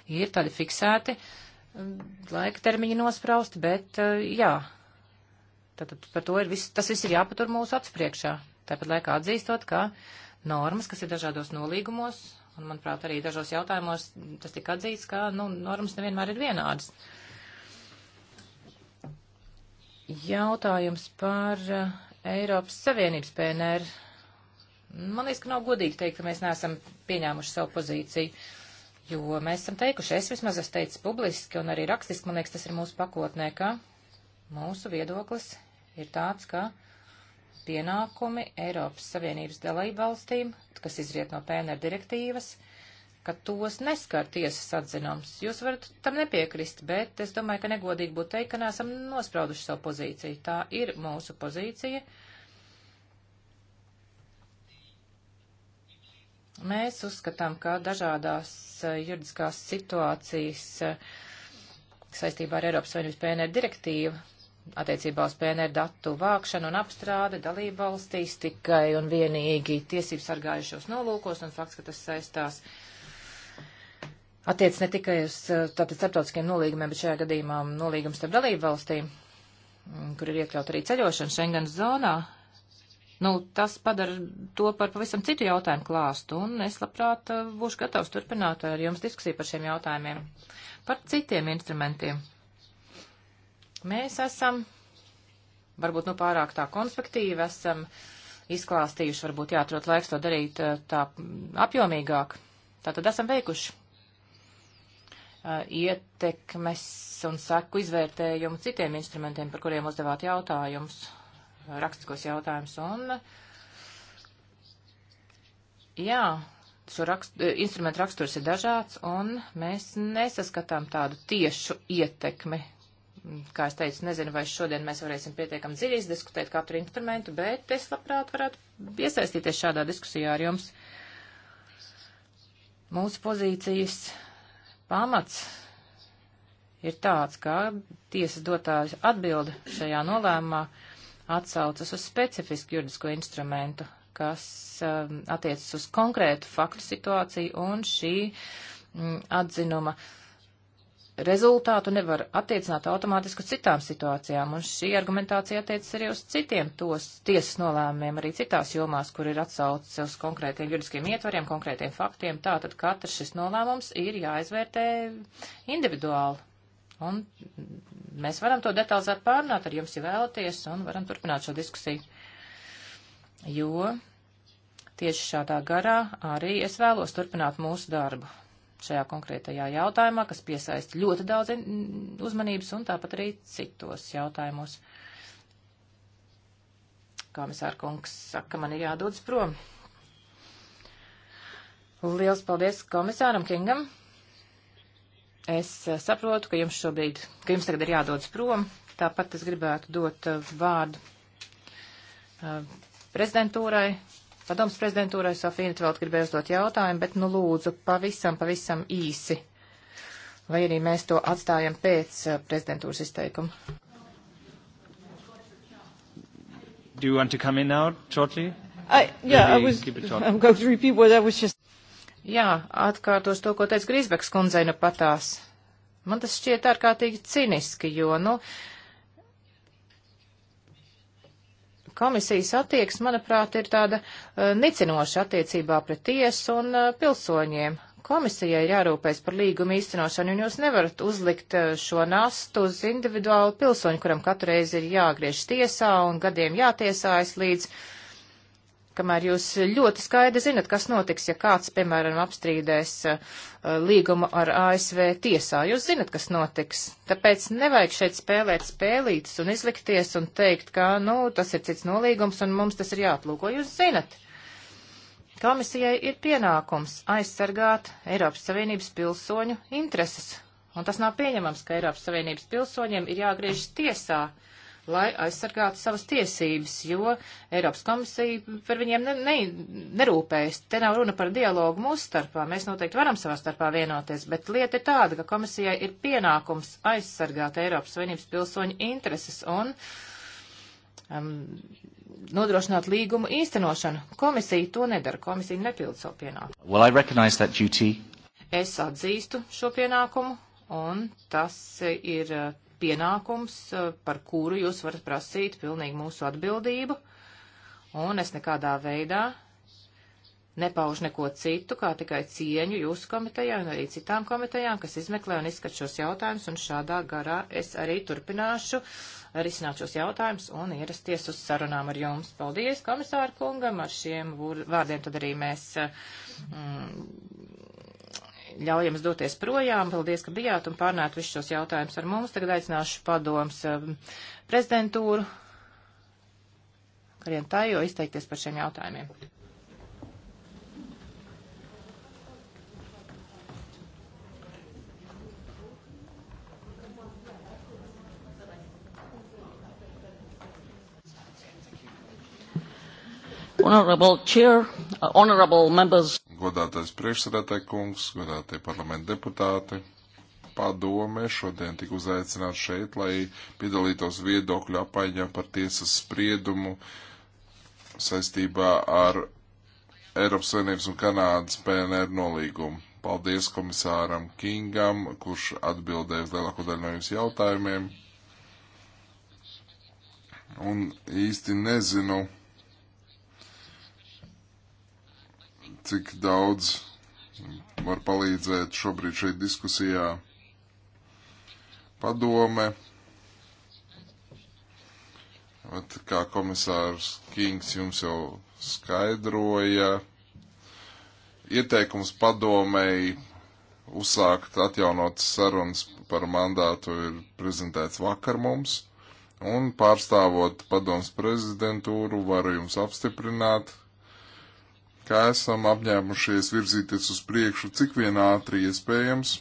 Ir tādi fiksēti laika termiņi nosprausti, bet jā, tātad par to ir viss, tas viss ir jāpatur mūsu atspriekšā. Tāpat laikā atzīstot, ka normas, kas ir dažādos nolīgumos, un, manuprāt, arī dažos jautājumos tas tika atzīts, ka nu, normas nevienmēr ir vienādas. Jautājums par eh, Eiropas Savienības PNR. Man liekas, ka nav godīgi teikt, ka mēs neesam pieņēmuši savu pozīciju. Jo mēs esam teikuši, es vismaz esmu teicis publiski un arī rakstiski, man liekas, tas ir mūsu pakotnē, ka mūsu viedoklis ir tāds, ka pienākumi Eiropas Savienības dalību valstīm, kas izriet no PNR direktīvas, ka tos neskar tiesas atzinums. Jūs varat tam nepiekrist, bet es domāju, ka negodīgi būtu teikt, ka neesam nosprauduši savu pozīciju. Tā ir mūsu pozīcija. Mēs uzskatām, ka dažādās eh, juridiskās situācijas eh, saistībā ar Eiropas Savienības PNR direktīvu attiecībā uz PNR datu vākšanu un apstrādi dalību valstīs tikai un vienīgi tiesību sargājušos nolūkos un fakts, ka tas saistās attiec ne tikai uz eh, tātad starptautiskiem nolīgumiem, bet šajā gadījumā nolīgums starp dalību valstīm, mm, kur ir iekļaut arī ceļošana Schengen zonā, nu, tas padara to par pavisam citu jautājumu klāstu, un es labprāt eh, būšu gatavs turpināt ar jums diskusiju par šiem jautājumiem, par citiem instrumentiem Mēs esam, varbūt nu pārāk tā konspektīvi, esam izklāstījuši, varbūt jāatrot laiks to darīt eh, tā apjomīgāk. Tātad esam veikuši eh, ietekmes un seku izvērtējumu citiem instrumentiem, par kuriem uzdevāt jautājumus, rakstiskos jautājumus. Un, jā, šo rakst, eh, instrumentu raksturs ir dažāds, un mēs nesaskatām tādu tiešu ietekmi, kā es teicu, nezinu, vai šodien mēs varēsim pietiekam dziļi izdiskutēt katru instrumentu, bet es labprāt varētu iesaistīties šādā diskusijā ar jums. Mūsu pozīcijas pamats ir tāds, ka tiesas dotās atbilde šajā nolēmumā atsaucas uz specifisku juridisko instrumentu, kas um, attiecas uz konkrētu faktu situāciju un šī mm, atzinuma uh, rezultātu nevar attiecināt automātiski uz citām situācijām, un šī argumentācija attiecas arī uz citiem tos tiesas nolēmumiem, arī citās jomās, kur ir atsaucis uz konkrētiem juridiskiem ietvariem, konkrētiem faktiem. Tātad katrs šis nolēmums ir jāizvērtē individuāli. Un mēs varam to detalizēt pārnāt ar jums, ja vēlaties, un varam turpināt šo diskusiju. Jo tieši šādā garā arī es vēlos turpināt mūsu darbu šajā konkrētajā jautājumā, kas piesaista ļoti daudz uzmanības un tāpat arī citos jautājumos. Komisāra kungs saka, man ir jādodas prom. Liels paldies komisāram Kingam. Es saprotu, ka jums šobrīd, ka jums tagad ir jādodas prom. Tāpat es gribētu dot uh, vārdu uh, prezidentūrai Padoms prezidentūrai Sofija vēl gribēja uzdot jautājumu, bet nu lūdzu pavisam, pavisam īsi. Vai arī mēs to atstājam pēc uh, prezidentūras izteikuma? Do you want to come in now shortly? I, yeah, Maybe I was, keep it short. I'm going to repeat what I was just. Jā, atkārtos to, ko teica Grīsbeks kundzei nu patās. Man tas šķiet ārkārtīgi ciniski, jo, nu, uh, komisijas attieksme, manuprāt, ir tāda uh, nicinoša attiecībā pret tiesu un uh, pilsoņiem. Komisijai jārūpēs par līgumu īstenošanu, un jūs nevarat uzlikt uh, šo nastu uz individuālu pilsoņu, kuram katru reizi ir jāgriež tiesā un gadiem jātiesājas līdz uh, kamēr jūs ļoti skaidri zinat, kas notiks, ja kāds, piemēram, apstrīdēs uh, līgumu ar ASV tiesā. Jūs zinat, kas notiks. Tāpēc nevajag šeit spēlēt spēlītas un izlikties un teikt, ka, nu, tas ir cits nolīgums un mums tas ir jāaplūko. Jūs zinat. Komisijai ir pienākums aizsargāt Eiropas Savienības pilsoņu intereses. Un tas nav pieņemams, ka Eiropas Savienības pilsoņiem ir jāgriežas tiesā uh, lai aizsargātu savas tiesības, jo Eiropas komisija par viņiem ne, ne, nerūpējas. Te nav runa par dialogu mūsu starpā. Mēs noteikti varam savā starpā vienoties, bet lieta ir tāda, ka komisijai ir pienākums aizsargāt Eiropas Savienības pilsoņu intereses un um, nodrošināt līgumu īstenošanu. Komisija to nedara, komisija nepild savu pienākumu. Well, es atzīstu šo pienākumu, un tas ir pienākums, eh, par kuru jūs varat prasīt pilnīgi mūsu atbildību, un es nekādā veidā nepauž neko citu, kā tikai cieņu jūsu komitejā un arī citām komitejām, kas izmeklē un izskat šos jautājumus, un šādā garā es arī turpināšu risināt šos jautājumus un ierasties uz sarunām ar jums. Paldies komisāru kungam, ar šiem vārdiem tad arī mēs eh, mm, ļauj jums doties projām. Paldies, ka bijāt un pārnāt visus šos jautājumus ar mums. Tagad aicināšu padoms um, prezidentūru Karientājo izteikties par šiem jautājumiem. Honorable Chair, uh, honorable members godātais priekšsēdētāji kungs, godātie parlamenta deputāti. Padome šodien tika uzaicināta šeit, lai piedalītos viedokļu apmaiņā par tiesas spriedumu saistībā ar Eiropas Savienības un Kanādas PNR nolīgumu. Paldies komisāram Kingam, kurš atbildēja uz lielāko daļu no jūsu jautājumiem. Un īsti nezinu, cik daudz var palīdzēt šobrīd šeit diskusijā padome. Bet, kā komisārs Kings jums jau skaidroja, ieteikums padomēji uzsākt atjaunot sarunas par mandātu ir prezentēts vakar mums, un pārstāvot padoms prezidentūru varu jums apstiprināt, ka esam apņēmušies virzīties uz priekšu cik vien ātri iespējams.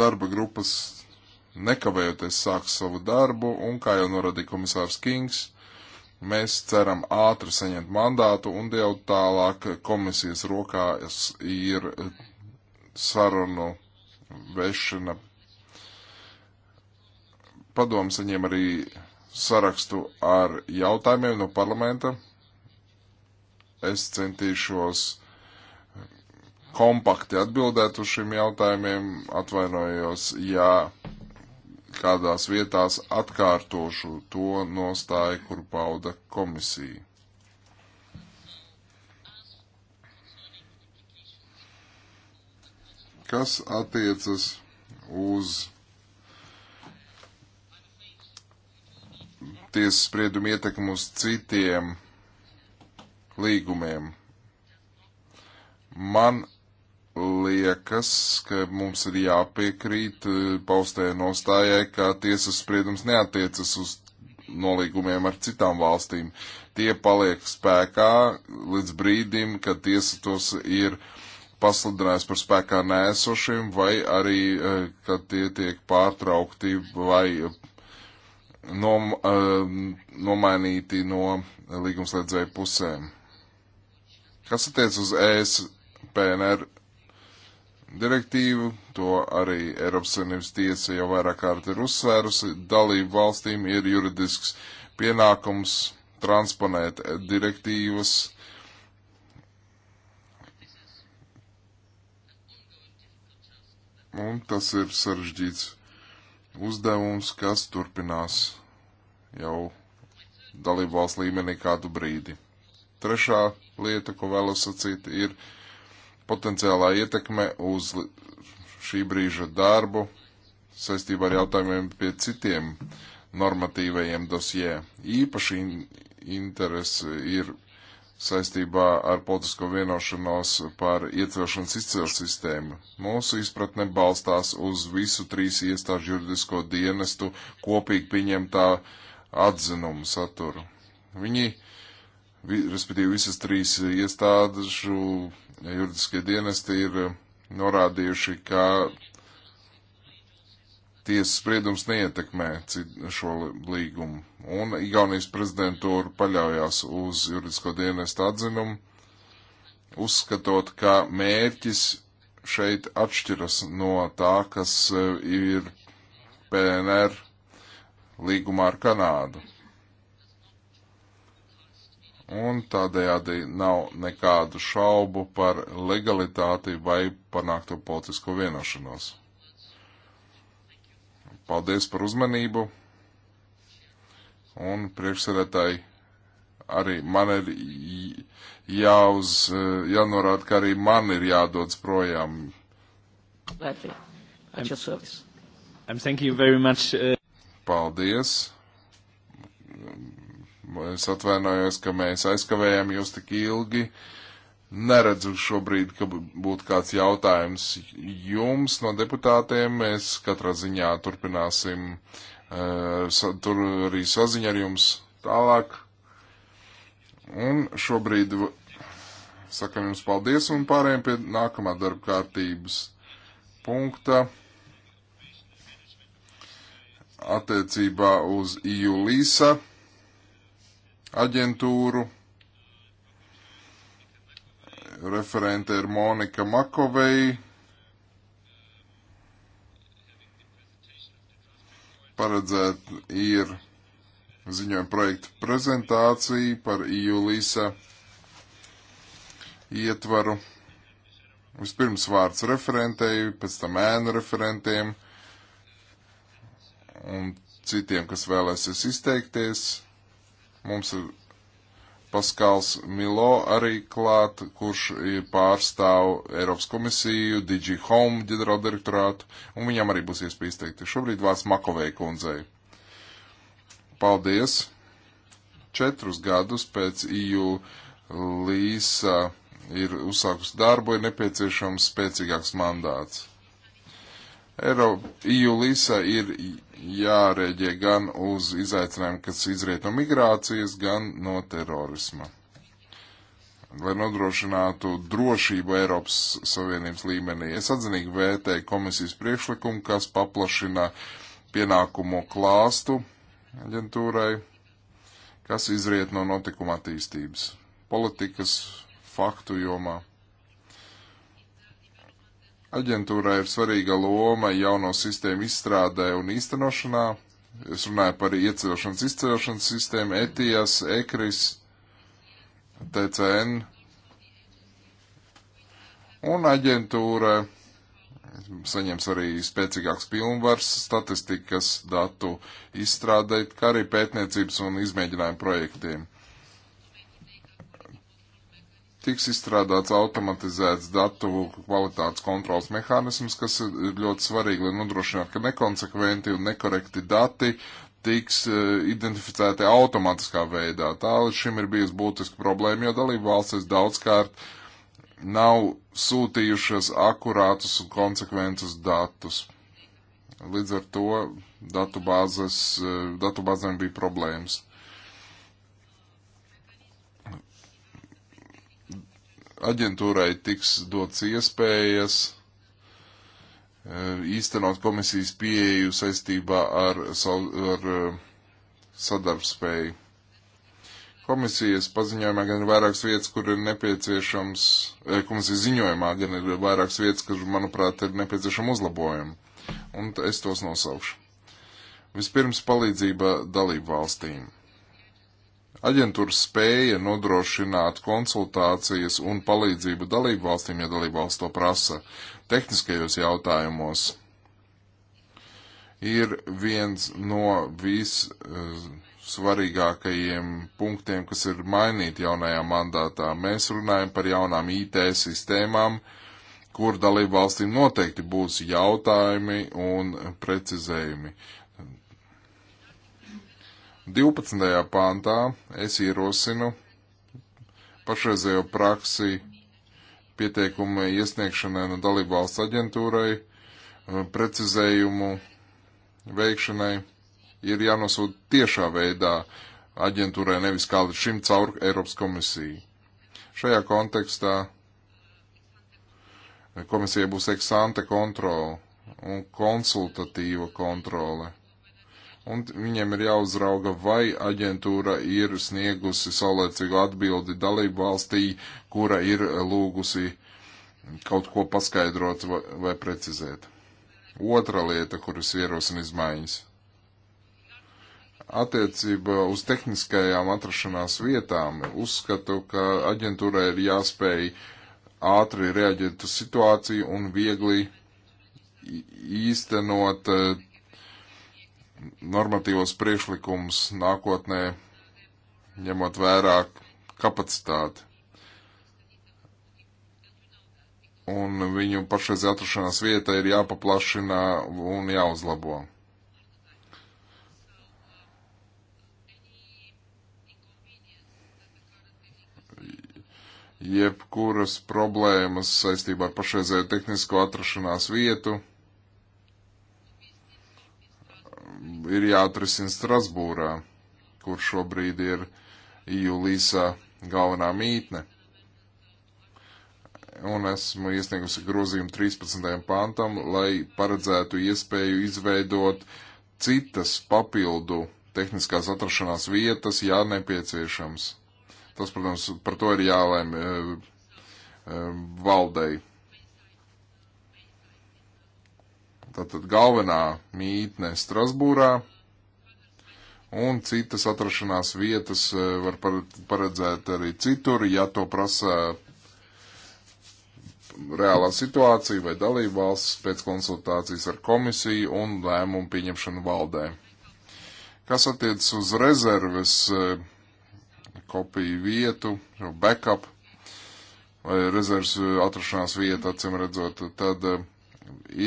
Darba grupas nekavējoties sāks savu darbu, un, kā jau norādīja komisārs Kings, mēs ceram ātri saņemt mandātu, un jau tālāk komisijas rokās ir sarunu vešana. Padomu saņem arī sarakstu ar jautājumiem no parlamenta. Es centīšos kompakti atbildēt uz šiem jautājumiem, atvainojos, ja kādās vietās atkārtošu to nostāju, kur pauda komisija. Kas attiecas uz tiesas spriedumu ietekmu uz citiem līgumiem. Man liekas, ka mums ir jāpiekrīt e, paustējai nostājai, ka tiesas spriedums neatiecas uz nolīgumiem ar citām valstīm. Tie paliek spēkā līdz brīdim, kad tiesa tos ir pasludinājis par spēkā nēsošiem, vai arī, e, kad tie tiek pārtraukti vai e, nom, nomainīti no līgumslēdzēju pusēm. Kas attiec uz ES PNR direktīvu, to arī Eiropas Savienības tiesa jau vairāk kārt ir uzsvērusi, dalību valstīm ir juridisks pienākums transponēt direktīvas un tas ir sarežģīts uzdevums, kas turpinās jau dalībvalsts līmenī kādu brīdi. Trešā lieta, ko vēlos sacīt, ir potenciālā ietekme uz šī brīža darbu saistībā ar jautājumiem pie citiem normatīvajiem dosjē. Īpaši interesi ir saistībā ar politisko vienošanos par ietveršanas izcēlu sistēmu. Mūsu izpratne balstās uz visu trīs iestāžu juridisko dienestu kopīgi pieņemtā atzinumu saturu. Viņi respektīvi visas trīs iestādes juridiskie dienesti ir eh, norādījuši, ka tiesas spriedums neietekmē šo līgumu. Un Igaunijas prezidentūra paļaujās uz juridisko dienestu atzinumu, uzskatot, ka mērķis šeit atšķiras no tā, kas eh, ir PNR līgumā ar Kanādu un tādējādi nav nekādu šaubu par legalitāti vai panākto politisko vienošanos. Paldies par uzmanību, un priekšsēdētāji arī man ir jāuz, jānorāda, ka arī man ir jādodas projām. Uh, Paldies! Es atvainojos, ka mēs aizkavējam jūs tik ilgi. Neredzu šobrīd, ka būtu kāds jautājums jums no deputātiem. Mēs katrā ziņā turpināsim eh, tur arī saziņu ar jums tālāk. Un šobrīd sakam jums paldies un pārējiem pie nākamā darba kārtības punkta attiecībā uz EU Līsa aģentūru. Referente ir Monika Makovei. Paredzēt ir ziņojuma projekta prezentācija par EU Lisa ietvaru. Vispirms vārds referentei, pēc tam ēnu referentiem un citiem, kas vēlēsies izteikties. Mums ir Paskals Milo arī klāt, kurš pārstāv Eiropas komisiju, DG Home ģenerāldirektorātu, un viņam arī būs iespēja izteikti. Šobrīd vārds Makovei kundzei. Paldies! Četrus gadus pēc EU Līsa ir uzsākusi darbu, ir nepieciešams spēcīgāks mandāts. Eirolīsa e ir jārēģē gan uz izaicinājumu, kas izriet no migrācijas, gan no terorisma. Lai nodrošinātu drošību Eiropas Savienības līmenī, es atzinīgi vērtēju komisijas priekšlikumu, kas paplašina pienākumu klāstu aģentūrai, kas izriet no notikuma attīstības, politikas, faktu jomā. Aģentūrai ir svarīga loma jauno sistēmu izstrādē un īstenošanā. Es runāju par ieceļošanas, izceļošanas sistēmu, ETIAS, ECRIS, TCN. Un aģentūra saņems arī spēcīgāks pilnvars statistikas datu izstrādēt, kā arī pētniecības un izmēģinājumu projektiem tiks izstrādāts automatizēts datu kvalitātes kontrols mehānisms, kas ir ļoti svarīgi, lai nodrošinātu, ka nekonsekventi un nekorekti dati tiks e, identificēti automātiskā veidā. Tā līdz šim ir bijusi būtiska problēma, jo dalību valstis daudzkārt nav sūtījušas akurātus un konsekventus datus. Līdz ar to datu bāzes, e, datu bāzēm bija problēmas. aģentūrai tiks dots iespējas e, īstenot komisijas pieeju saistībā ar, ar e, sadarbspēju. Komisijas paziņojumā gan ir vairākas vietas, kur ir nepieciešams, e, komisijas ziņojumā gan ir vairākas vietas, kur, manuprāt, ir nepieciešama uzlabojuma. Un es tos nosaukšu. Vispirms palīdzība dalību valstīm. Aģentūra spēja nodrošināt konsultācijas un palīdzību dalību valstīm, ja dalību valsts to prasa, tehniskajos jautājumos. Ir viens no vis svarīgākajiem punktiem, kas ir mainīti jaunajā mandātā. Mēs runājam par jaunām IT sistēmām, kur dalībvalstīm noteikti būs jautājumi un precizējumi. 12. pāntā es ierosinu pašreizējo praksi pieteikuma iesniegšanai no dalībvalsts aģentūrai, eh, precizējumu veikšanai ir jānosūta tiešā veidā aģentūrai, nevis kā līdz šim caur Eiropas komisiju. Šajā kontekstā komisija būs eksante kontrola un konsultatīva kontrole un viņiem ir jāuzrauga, vai aģentūra ir sniegusi saulēcīgu atbildi dalību valstī, kura ir lūgusi kaut ko paskaidrot vai, vai precizēt. Otra lieta, kuras ierosina izmaiņas. Attiecībā uz tehniskajām atrašanās vietām uzskatu, ka aģentūrai ir jāspēj ātri reaģēt uz situāciju un viegli īstenot eh, normatīvos priekšlikumus nākotnē, ņemot vērā kapacitāti un viņu pašreiz atrašanās vieta ir jāpaplašina un jāuzlabo. Jebkuras problēmas saistībā ar pašreizēju tehnisko atrašanās vietu ir jāatrisina Strasbūrā, kur šobrīd ir Jūlīsā galvenā mītne. Un esmu iesniegusi grozījumu 13. pantam, lai paredzētu iespēju izveidot citas papildu tehniskās atrašanās vietas, ja nepieciešams. Tas, protams, par to ir jālēm eh, eh, valdei. tātad galvenā mītne Strasbūrā, un citas atrašanās vietas e, var paredzēt arī citur, ja to prasa reālā situācija vai dalība valsts pēc konsultācijas ar komisiju un lēmumu pieņemšanu valdē. Kas attiecas uz rezerves e, kopiju vietu, backup vai rezerves e, atrašanās vietu, acim redzot, tad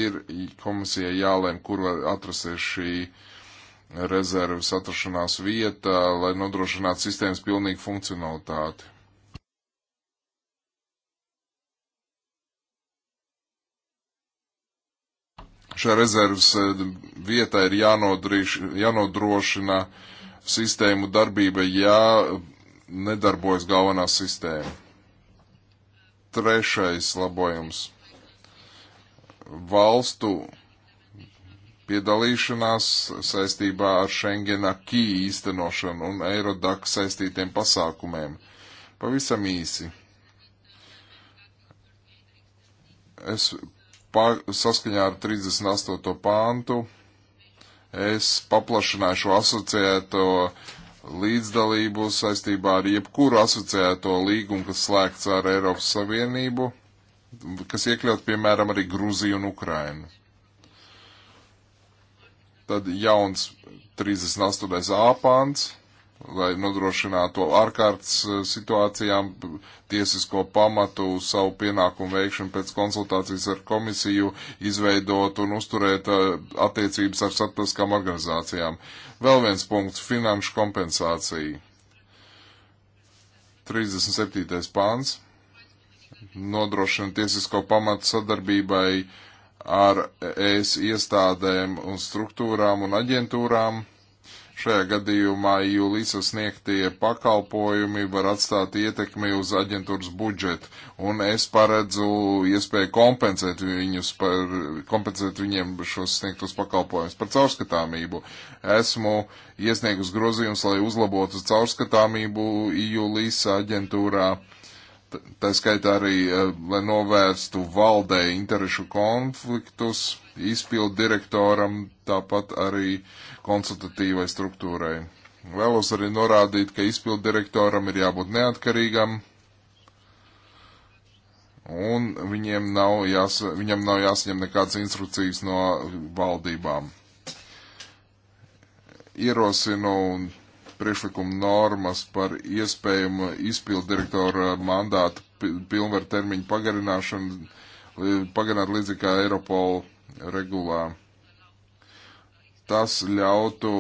ir komisijai jālēm, kur var atrasties šī rezerves atrašanās vieta, lai nodrošinātu sistēmas pilnīgu funkcionalitāti. Šai rezerves eh, vietai ir jānodrošina sistēmu darbība, ja nedarbojas galvenā sistēma. Trešais labojums valstu piedalīšanās saistībā ar Schengena kī īstenošanu un Eirodak saistītiem pasākumiem. Pavisam īsi. Es pār, saskaņā ar 38. pāntu es paplašināju šo asociēto līdzdalību saistībā ar jebkuru asociēto līgumu, kas slēgts ar Eiropas Savienību kas iekļaut, piemēram, arī Grūziju un Ukrainu. Tad jauns 38. āpāns, lai nodrošinātu ārkārtas eh, situācijām tiesisko pamatu savu pienākumu veikšanu pēc konsultācijas ar komisiju, izveidot un uzturēt eh, attiecības ar starptautiskām organizācijām. Vēl viens punkts - finanšu kompensācija. 37. pāns nodrošina tiesisko pamatu sadarbībai ar ES iestādēm un struktūrām un aģentūrām. Šajā gadījumā jūlijas sniegtie pakalpojumi var atstāt ietekmi uz aģentūras budžetu, un es paredzu iespēju kompensēt, viņus par, kompensēt viņiem šos sniegtos pakalpojumus par caurskatāmību. Esmu iesniegus grozījums, lai uzlabotu caurskatāmību jūlijas aģentūrā. Uh, Tā skaitā arī, eh, lai novērstu valdē interešu konfliktus, izpildu direktoram, tāpat arī konsultatīvai struktūrai. Vēlos arī norādīt, ka izpildu direktoram ir jābūt neatkarīgam, un viņiem nav jās, viņam nav jāsaņem nekādas instrukcijas no valdībām. Ierosinu un priekšlikuma normas par iespējumu izpildu direktora mandātu pilnvaru termiņu pagarināšanu, pagarināt līdzīgi kā Eiropola regulā. Tas ļautu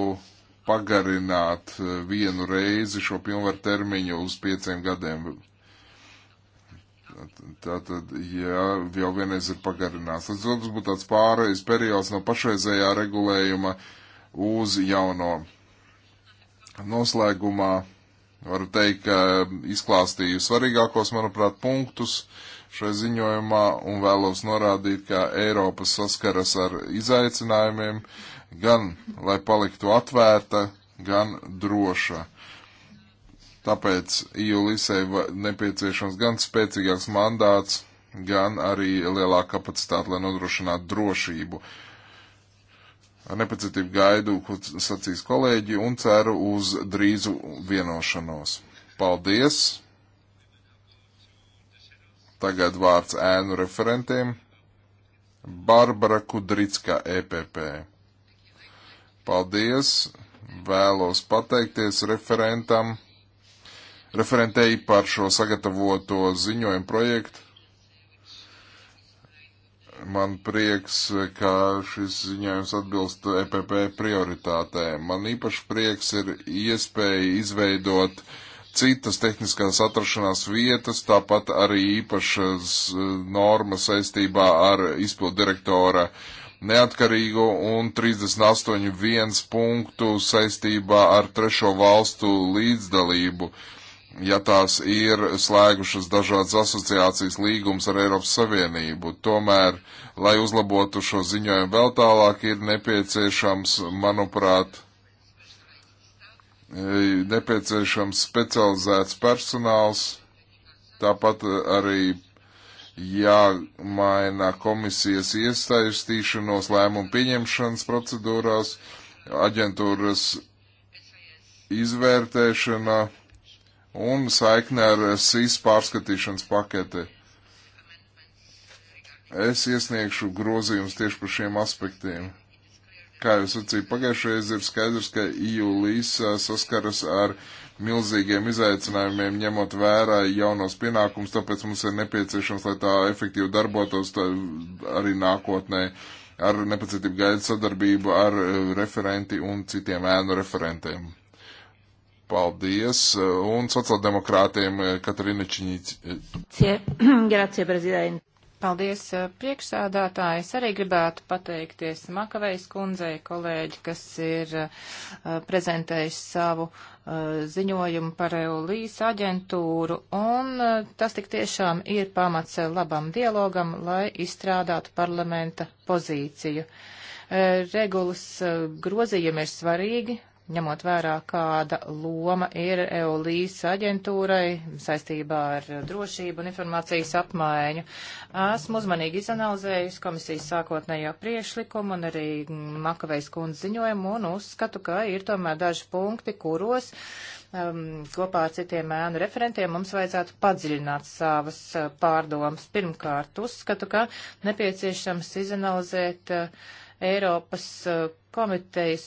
pagarināt eh, vienu reizi šo pilnvaru termiņu uz pieciem gadiem. Tātad, ja jau vienreiz ir pagarināts, tad tas būtu tāds pārējais periods no pašreizējā regulējuma uz jauno Noslēgumā varu teikt, ka izklāstīju svarīgākos, manuprāt, punktus šai ziņojumā un vēlos norādīt, ka Eiropas saskaras ar izaicinājumiem gan, lai paliktu atvērta, gan droša. Tāpēc IULISEI e nepieciešams gan spēcīgāks mandāts, gan arī lielāka kapacitāte, lai nodrošinātu drošību. Uh, Ar nepacietību gaidu, ko sacīs kolēģi, un ceru uz drīzu vienošanos. Paldies! Tagad vārds ēnu referentiem. Barbara Kudricka, EPP. Paldies! Vēlos pateikties referentam, referentei par šo sagatavoto ziņojumu projektu Man prieks, ka šis ziņojums atbilst EPP prioritātēm. Man īpaši prieks ir iespēja izveidot citas tehniskās atrašanās vietas, tāpat arī īpašas eh, normas saistībā ar izpildu direktora neatkarīgo un 38.1 punktu saistībā ar trešo valstu līdzdalību ja tās ir slēgušas dažādas asociācijas līgums ar Eiropas Savienību. Tomēr, lai uzlabotu šo ziņojumu vēl tālāk, ir nepieciešams, manuprāt, e, nepieciešams specializēts personāls, tāpat arī jāmaina komisijas iesaistīšanos lēmumu pieņemšanas procedūrās, aģentūras izvērtēšana un saikne ar SIS pārskatīšanas paketi. Es iesniegšu grozījumus tieši par šiem aspektiem. Kā jau sacīju, pagājušajā ir skaidrs, ka EU līsa uh, saskaras ar milzīgiem izaicinājumiem, ņemot vērā jaunos pienākumus, tāpēc mums ir nepieciešams, lai tā efektīvi darbotos tā arī nākotnē ar nepacietību gaidu sadarbību ar uh, referenti un citiem ēnu referentiem. Paldies, un sociāldemokrātiem eh, Katarina Čiņīci. Eh. Paldies, eh, priekšsādātāji. Es arī gribētu pateikties Makavejas kundzei, kolēģi, kas ir uh, prezentējis savu uh, ziņojumu par EULīs aģentūru, un uh, tas tik tiešām ir pamats labam dialogam, lai izstrādātu parlamenta pozīciju. Regulas grozījumi ir svarīgi, ņemot vērā, kāda loma ir EOLīs aģentūrai saistībā ar drošību un informācijas apmaiņu. Esmu uzmanīgi izanalizējusi komisijas sākotnējo priešlikumu un arī Makavejas kundz ziņojumu un uzskatu, ka ir tomēr daži punkti, kuros um, kopā ar citiem ēnu referentiem mums vajadzētu padziļināt savas uh, pārdomas. Pirmkārt, uzskatu, ka nepieciešams izanalizēt uh, Eiropas eh, komitejas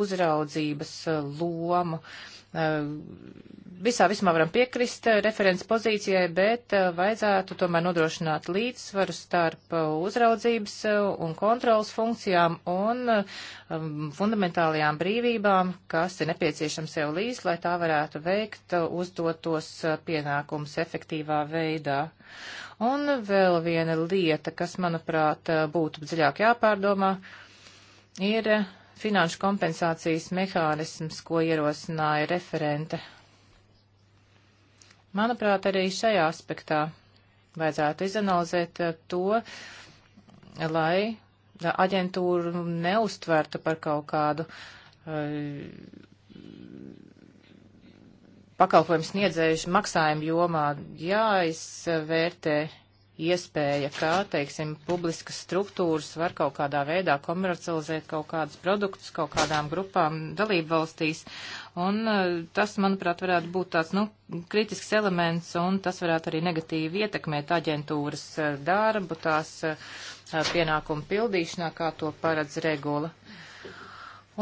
uzraudzības eh, lomu. Uh, Eh, visā vismā varam piekrist eh, referents pozīcijai, bet eh, vajadzētu tomēr nodrošināt līdzsvaru starp uzraudzības un kontrolas funkcijām un um, fundamentālajām brīvībām, kas ir nepieciešams sev līdz, lai tā varētu veikt uzdotos pienākumus efektīvā veidā. Un vēl viena lieta, kas, manuprāt, būtu dziļāk jāpārdomā, ir finanšu kompensācijas mehānisms, ko ierosināja referente. Manuprāt, arī šajā aspektā vajadzētu izanalizēt eh, to, lai eh, aģentūru neustvertu par kaut kādu uh, pakalpojumu sniedzējuši maksājumu jomā jāizvērtē. Uh, iespēja, kā, teiksim, publiskas struktūras var kaut kādā veidā komercializēt kaut kādus produktus kaut kādām grupām dalību valstīs. Un e, tas, manuprāt, varētu būt tāds, nu, kritisks elements, un tas varētu arī negatīvi ietekmēt aģentūras e, darbu, tās e, pienākumu pildīšanā, kā to paredz regula.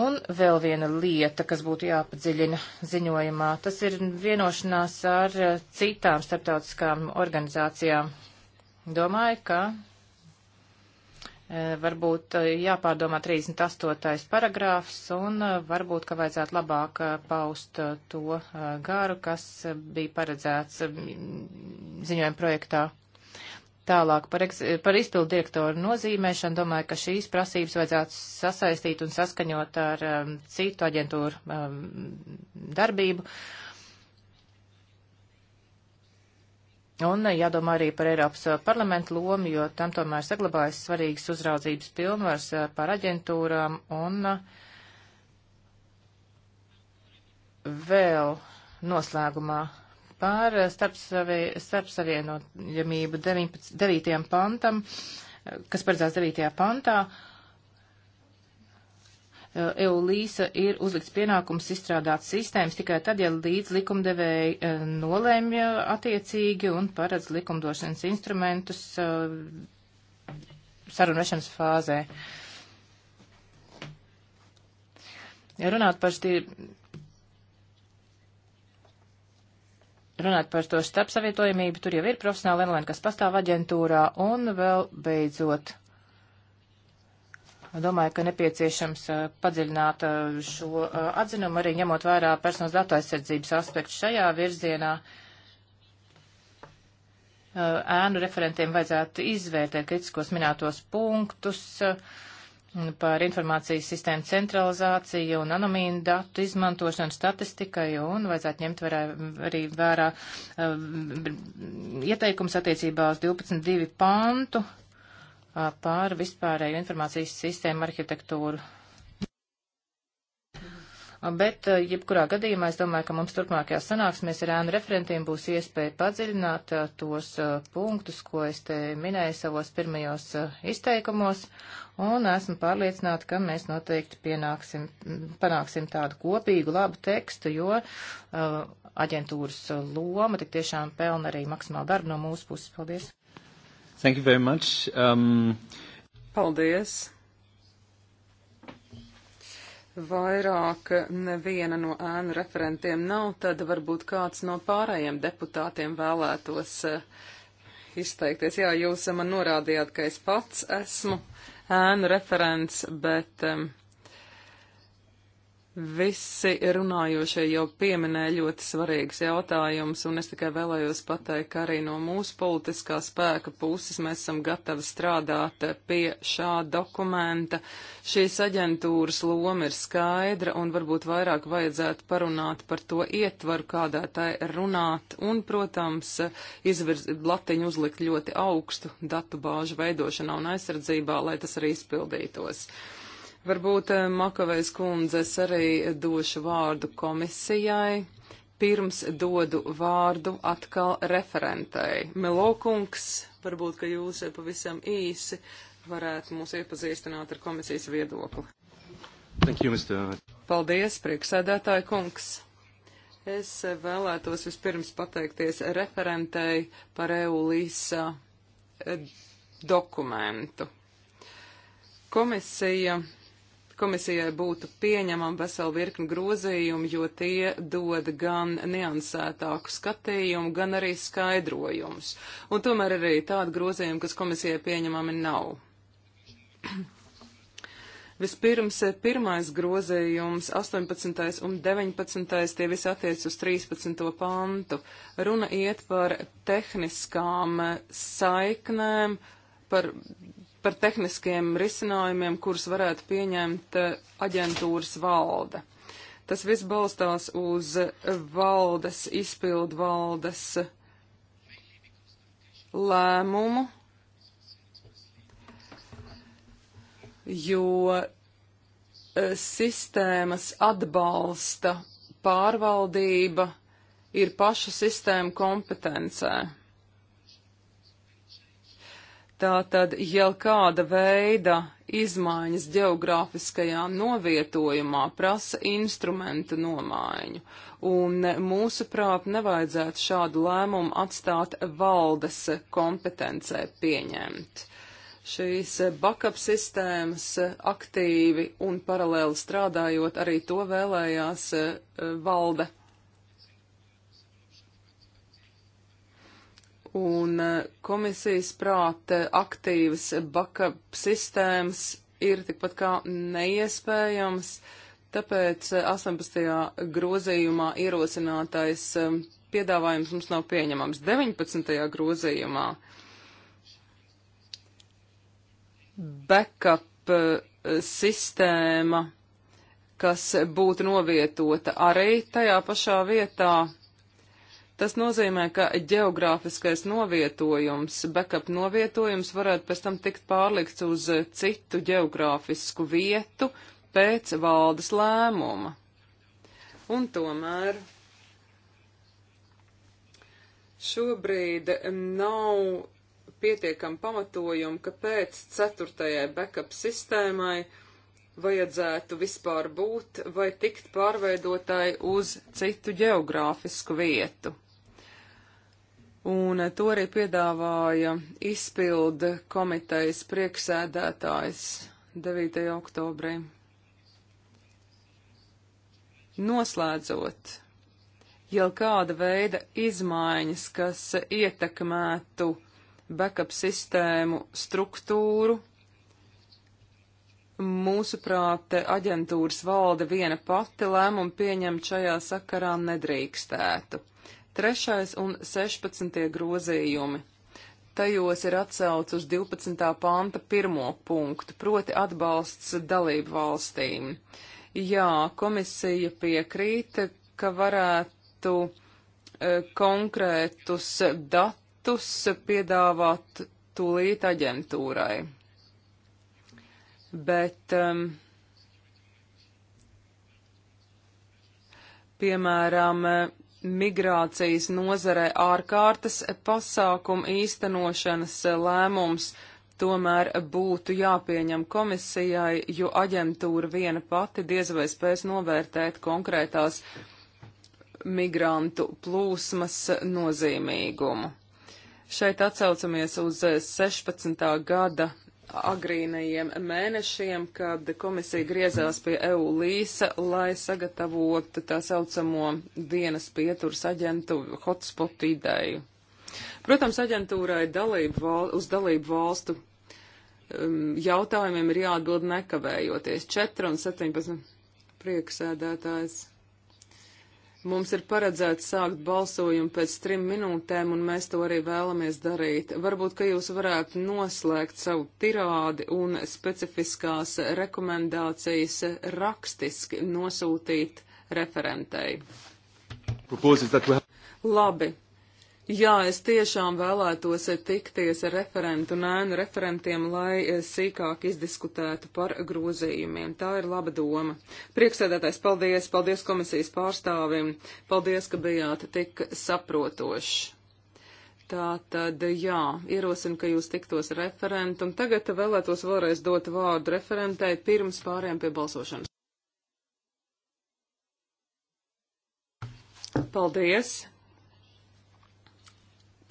Un vēl viena lieta, kas būtu jāpadziļina ziņojumā, tas ir vienošanās ar citām starptautiskām organizācijām Domāju, ka e, varbūt e, jāpārdomā 38. paragrāfs un e, varbūt, ka vajadzētu labāk paust to garu, kas bija paredzēts ziņojuma projektā. Tālāk par, par izpildu direktoru nozīmēšanu domāju, ka šīs prasības vajadzētu sasaistīt un saskaņot ar um, citu aģentūru um, darbību. Uh, Un jādomā arī par Eiropas uh, parlamentu lomu, jo tam tomēr saglabājas svarīgas uzraudzības pilnvars uh, par aģentūrām un uh, vēl noslēgumā par starpsavienojamību starp 9. pantam, kas paredzēts 9. pantā. Eh, EULISA ir uzlikts pienākums izstrādāt sistēmas tikai tad, ja līdz likumdevēji eh, nolēmja attiecīgi un paredz likumdošanas instrumentus eh, sarunvešanas fāzē. Ja runāt par šī. Runāt par to starpsavietojamību, tur jau ir profesionāli online, kas pastāv aģentūrā, un vēl beidzot Domāju, ka nepieciešams uh, padziļināt uh, šo uh, atzinumu, arī ņemot vērā personas datu aizsardzības aspektu šajā virzienā. Ēnu referentiem vajadzētu izvērtēt kritiskos minētos punktus par informācijas sistēmu centralizāciju un anonīmu datu izmantošanu statistikai un vajadzētu ņemt vērā, arī vērā ieteikums attiecībā uz 12.2 pantu, pār vispārēju informācijas sistēmu arhitektūru. Bet, jebkurā gadījumā, es domāju, ka mums turpmākajā sanāksmēs ar ēnu referentiem būs iespēja padziļināt tos punktus, ko es te minēju savos pirmajos izteikumos, un esmu pārliecināta, ka mēs noteikti pienāksim, panāksim tādu kopīgu labu tekstu, jo aģentūras loma tik tiešām pelna arī maksimālu darbu no mūsu puses. Paldies! Thank you very much. Um... Paldies. Vairāk neviena no ēnu referentiem nav, tad varbūt kāds no pārējiem deputātiem vēlētos eh, izteikties. Jā, jūs man norādījāt, ka es pats esmu ēnu referents, bet um, Visi runājošie jau pieminēja ļoti svarīgus jautājumus, un es tikai vēlējos pateikt, ka arī no mūsu politiskā spēka puses mēs esam gatavi strādāt pie šā dokumenta. Šīs aģentūras loma ir skaidra, un varbūt vairāk vajadzētu parunāt par to ietvaru, kādā tai runāt, un, protams, izvirz, latiņu uzlikt ļoti augstu datu bāžu veidošanā un aizsardzībā, lai tas arī izpildītos. Varbūt eh, Makavejs kundzes arī došu vārdu komisijai. Pirms dodu vārdu atkal referentei. Melokungs, varbūt, ka jūs pavisam īsi varētu mūs iepazīstināt ar komisijas viedokli. Thank you, Mr. Paldies, prieksēdētāji kungs. Es vēlētos vispirms pateikties referentei par EU-LISA eh, dokumentu. Komisija Komisijai būtu pieņemama vesela virkni grozījumu, jo tie dod gan niansētāku skatījumu, gan arī skaidrojumus. Un tomēr arī tādi grozījumi, kas komisijai pieņemami nav. Vispirms pirmais grozījums, 18. un 19. tie visi attiec uz 13. pantu. Runa iet par tehniskām saiknēm, par par tehniskiem risinājumiem, kurus varētu pieņemt eh, aģentūras valde. Tas viss balstās uz valdes, izpildu valdes lēmumu, jo eh, sistēmas atbalsta pārvaldība ir paša sistēma kompetencē. Tātad, ja kāda veida izmaiņas geogrāfiskajā novietojumā prasa instrumentu nomaiņu, un mūsuprāt nevajadzētu šādu lēmumu atstāt valdes kompetencē pieņemt. Šīs backup sistēmas aktīvi un paralēli strādājot, arī to vēlējās eh, valde un eh, komisijas prāta eh, aktīvas backup sistēmas ir tikpat kā neiespējams, tāpēc 18. Eh, grozījumā ierosinātais piedāvājums mums nav pieņemams. 19. grozījumā backup sistēma, kas būtu novietota arī tajā pašā vietā, Tas nozīmē, ka geogrāfiskais novietojums, backup novietojums varētu pēc tam tikt pārlikts uz citu geogrāfisku vietu pēc valdes lēmuma. Un tomēr šobrīd nav pietiekam pamatojumu, ka pēc ceturtajai backup sistēmai vajadzētu vispār būt vai tikt pārveidotāji uz citu geogrāfisku vietu un to arī piedāvāja izpilda komitejas prieksēdētājs 9. oktobrī. Noslēdzot, jau kāda veida izmaiņas, kas ietekmētu backup sistēmu struktūru, mūsuprāt, aģentūras valde viena pati lēmumu pieņemt šajā sakarā nedrīkstētu. 3. un 16. grozījumi. Tajos ir atsauc uz 12. panta pirmo punktu, proti atbalsts dalību valstīm. Jā, komisija piekrīt, ka varētu e, konkrētus datus piedāvāt tūlīt aģentūrai. Bet, um, piemēram, migrācijas nozarē ārkārtas pasākumu īstenošanas lēmums tomēr būtu jāpieņem komisijai, jo aģentūra viena pati diez vai spēs novērtēt konkrētās migrantu plūsmas nozīmīgumu. Šeit atsaucamies uz 16. gada agrīnajiem mēnešiem, kad komisija griezās pie EU līsa, lai sagatavotu tā saucamo dienas pieturas aģentu hotspot ideju. Protams, aģentūrai dalību val, uz dalību valstu um, jautājumiem ir jāatbild nekavējoties. 4 un 17 prieksēdētājs. Mums ir paredzēts sākt balsojumu pēc trim minūtēm, un mēs to arī vēlamies darīt. Varbūt, ka jūs varētu noslēgt savu tirādi un specifiskās rekomendācijas rakstiski nosūtīt referentei. Labi, Jā, es tiešām vēlētos eh, tikties ar referentu un ēnu referentiem, lai eh, sīkāk izdiskutētu par grozījumiem. Tā ir laba doma. Prieksēdētais, paldies, paldies komisijas pārstāvim, paldies, ka bijāt tik saprotoši. Tā tad, jā, ierosinu, ka jūs tiktos referentu, un tagad vēlētos vēlreiz dot vārdu referentai pirms pārējām pie balsošanas. Paldies!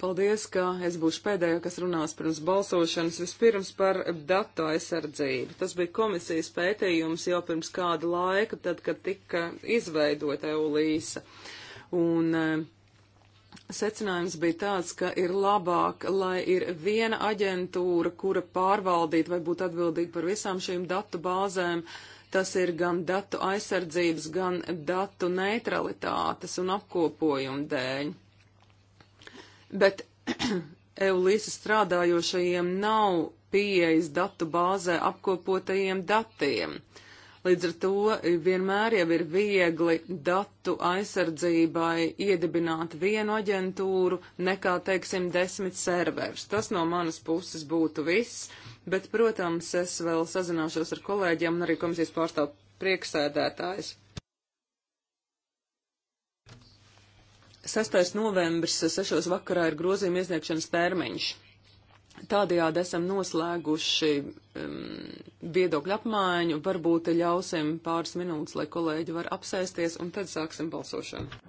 Paldies, ka es būšu pēdējā, kas runās pirms balsošanas vispirms par datu aizsardzību. Tas bija komisijas pētījums jau pirms kāda laika, tad, kad tika izveidota Eulīsa. Un e, secinājums bija tāds, ka ir labāk, lai ir viena aģentūra, kura pārvaldīt vai būt atbildīga par visām šīm datu bāzēm. Tas ir gan datu aizsardzības, gan datu neutralitātes un apkopojuma dēļ bet Eulīsa strādājošajiem nav pieejas datu bāzē apkopotajiem datiem. Līdz ar to vienmēr jau ir viegli datu aizsardzībai iedibināt vienu aģentūru nekā, teiksim, desmit serverus. Tas no manas puses būtu viss, bet, protams, es vēl sazināšos ar kolēģiem un arī komisijas pārstāvu prieksēdētājs. 6. novembris 6. vakarā ir grozījuma iesniegšanas termiņš. Tādējādi esam noslēguši um, viedokļu apmaiņu, varbūt ļausim pāris minūtes, lai kolēģi var apsēsties, un tad sāksim balsošanu.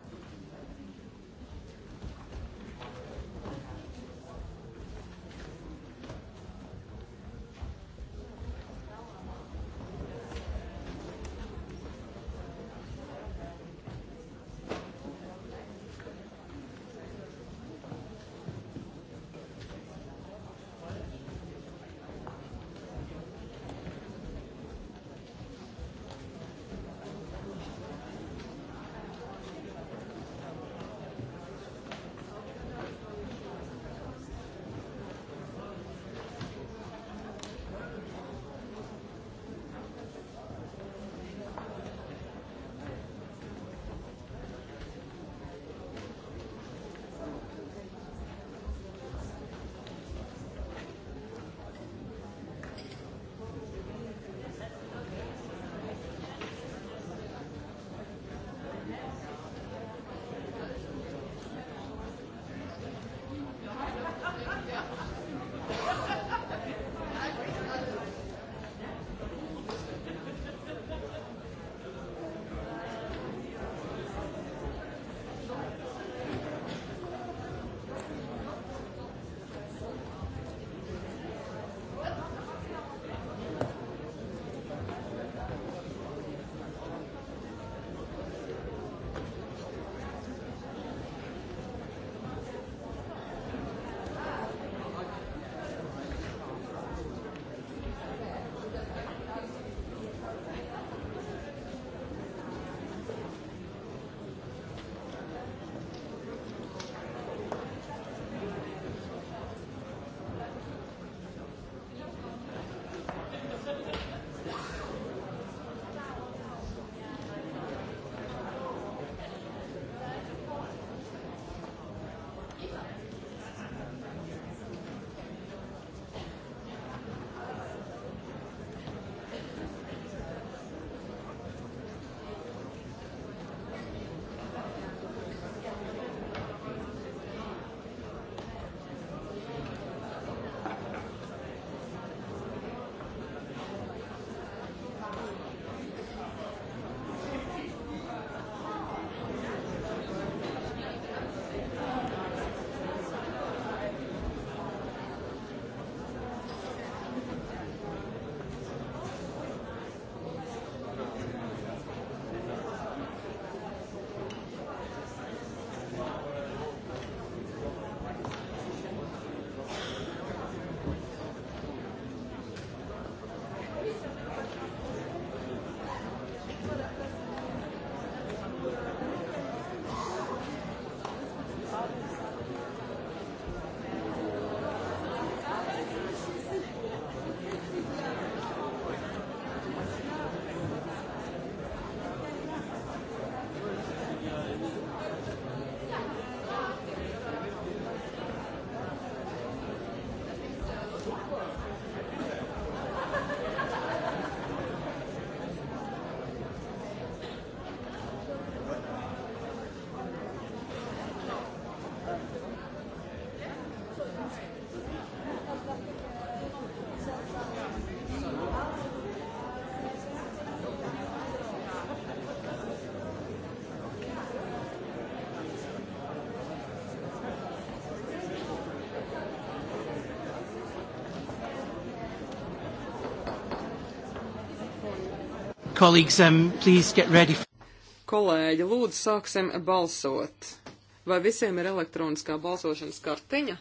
colleagues, um, please get ready. Kolēģi, lūdzu, sāksim balsot. Vai visiem ir elektroniskā balsošanas kartiņa?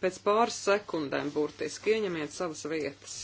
Pēc pāris sekundēm burtiski ieņemiet savas vietas.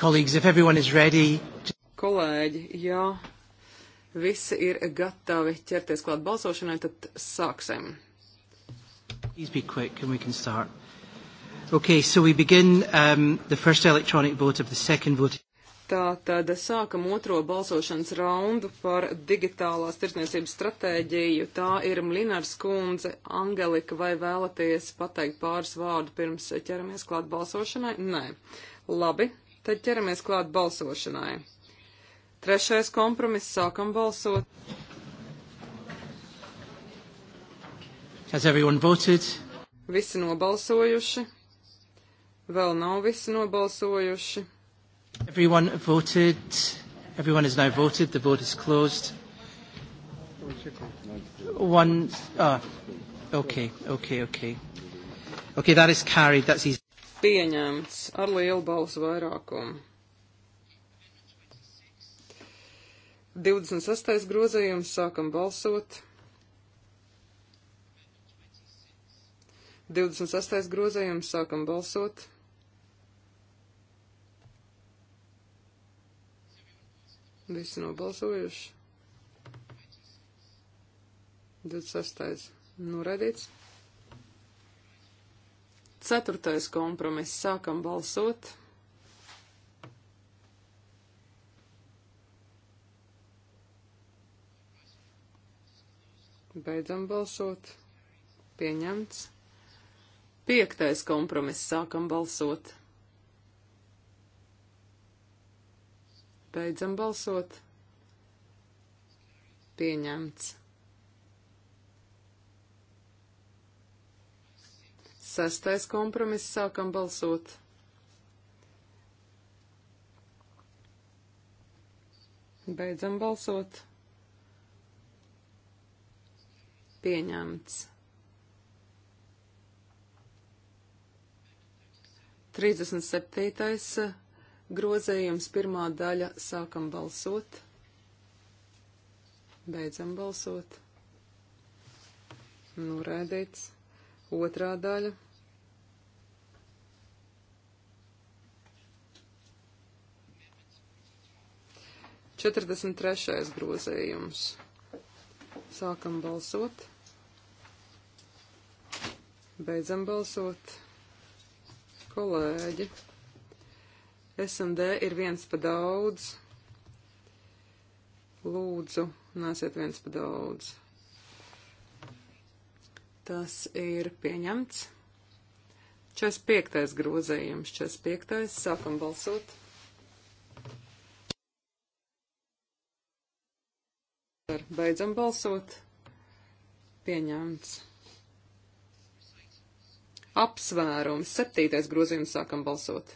Colleagues, if everyone is ready. Kolēģi, ja visi ir gatavi ķerties klāt balsošanai, tad sāksim. Please be quick and we can start. Okay, so we begin um, the first electronic vote of the second vote. Tātad sākam otro balsošanas raundu par digitālās tirsniecības stratēģiju. Tā ir Mlinars kundze. Angelika, vai vēlaties pateikt pāris vārdu pirms ķeramies klāt balsošanai? Nē. Labi, Tad ķeramies klāt balsošanai. Trešais kompromiss sākam balsot. Has everyone voted? Visi nobalsojuši. Vēl nav visi nobalsojuši. Everyone voted. Everyone has now voted. The vote is closed. One. Ah, okay, okay, okay. Okay, that is carried. That's easy pieņemts ar lielu balsu vairākumu. 26. grozījums sākam balsot. 26. grozījums sākam balsot. Visi nobalsojuši. 26. Noraidīts. Ceturtais kompromiss. Sākam balsot. Beidzam balsot. Pieņemts. Piektais kompromiss. Sākam balsot. Beidzam balsot. Pieņemts. Sestais kompromiss sākam balsot. Beidzam balsot. Pieņemts. 37. Uh, grozējums pirmā daļa sākam balsot. Beidzam balsot. Noraidīts. Otrā daļa. Četrdesmit trešais grozījums. Sākam balsot. Beidzam balsot. Kolēģi. SMD ir viens pa daudz. Lūdzu, nāsiet viens pa daudz. Tas ir pieņemts. 45. grozījums. 45. sākam balsot. Beidzam balsot. Pieņemts. Apsvērums. 7. grozījums sākam balsot.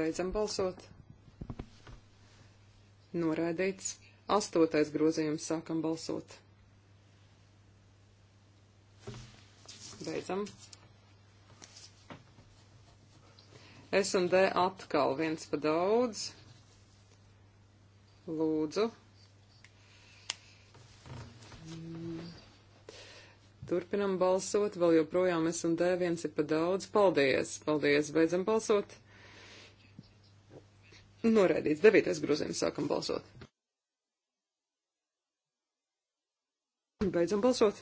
Beidzam balsot. Noraidīts. Astotais grozījums sākam balsot. Beidzam. S un D atkal viens pa daudz. Lūdzu. Turpinam balsot, vēl joprojām es un D viens ir pa daudz. Paldies, paldies, beidzam balsot. Noraidīts, devītais grozījums, sākam balsot. Beidzam balsot.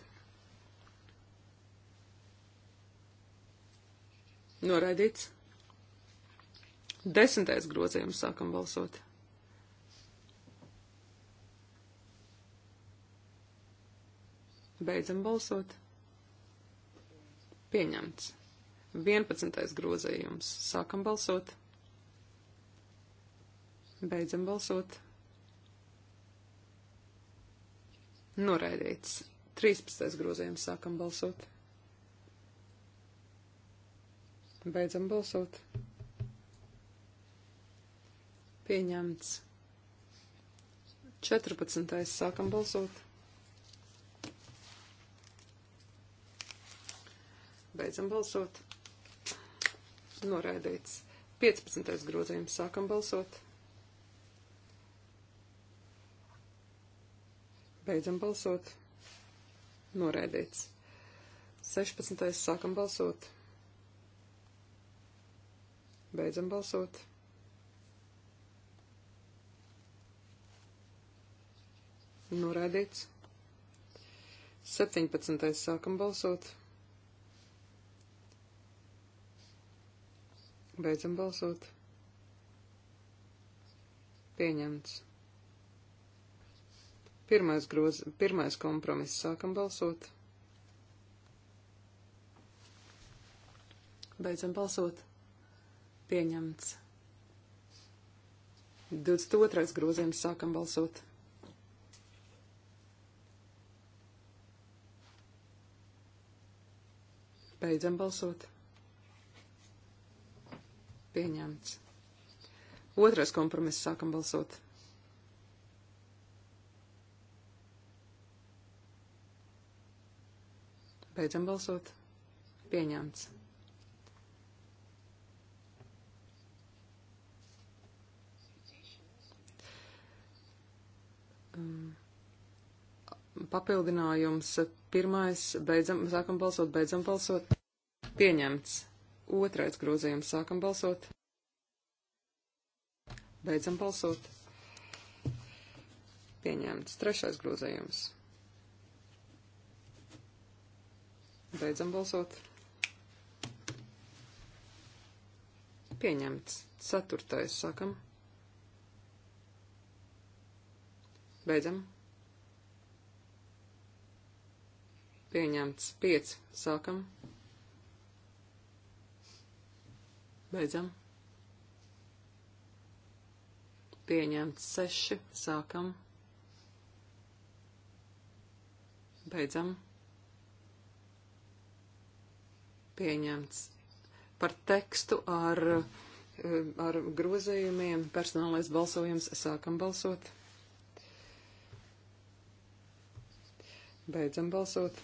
Noraidīts. Desmitais grozījums sākam balsot. Beidzam balsot. Pieņemts. 11. grozījums. Sākam balsot. Beidzam balsot. Noraidīts. 13. grozījums sākam balsot. Beidzam balsot. Pieņemts. 14. sākam balsot. Beidzam balsot. Noraidīts. 15. grozījums sākam balsot. Beidzam balsot. Noraidīts. 16. sākam balsot. Beidzam balsot. Noraidīts. 17. sākam balsot. Beidzam balsot. Pieņemts. Pirmais, groz, pirmais kompromiss. Sākam balsot. Beidzam balsot. Pieņemts. 22. grozījums. Sākam balsot. Beidzam balsot. Pieņemts. Otrais kompromiss. Sākam balsot. Beidzam balsot. Pieņemts. Mm. Papildinājums pirmais, beidzam, sākam balsot, beidzam balsot. Pieņemts. Otrais grozījums, sākam balsot. Beidzam balsot. Pieņemts. Trešais grozījums. Beidzam balsot. Pieņemts. Ceturtais sākam. Beidzam. Pieņemts. Piec sākam. Beidzam. Pieņemts. Seši sākam. Beidzam. pieņemts. Par tekstu ar, eh, ar grozījumiem personālais balsojums sākam balsot. Beidzam balsot.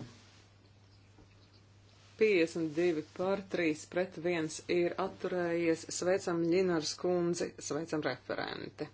52 pār 3 pret 1 ir atturējies. Sveicam Ļinaru skundzi, sveicam referenti.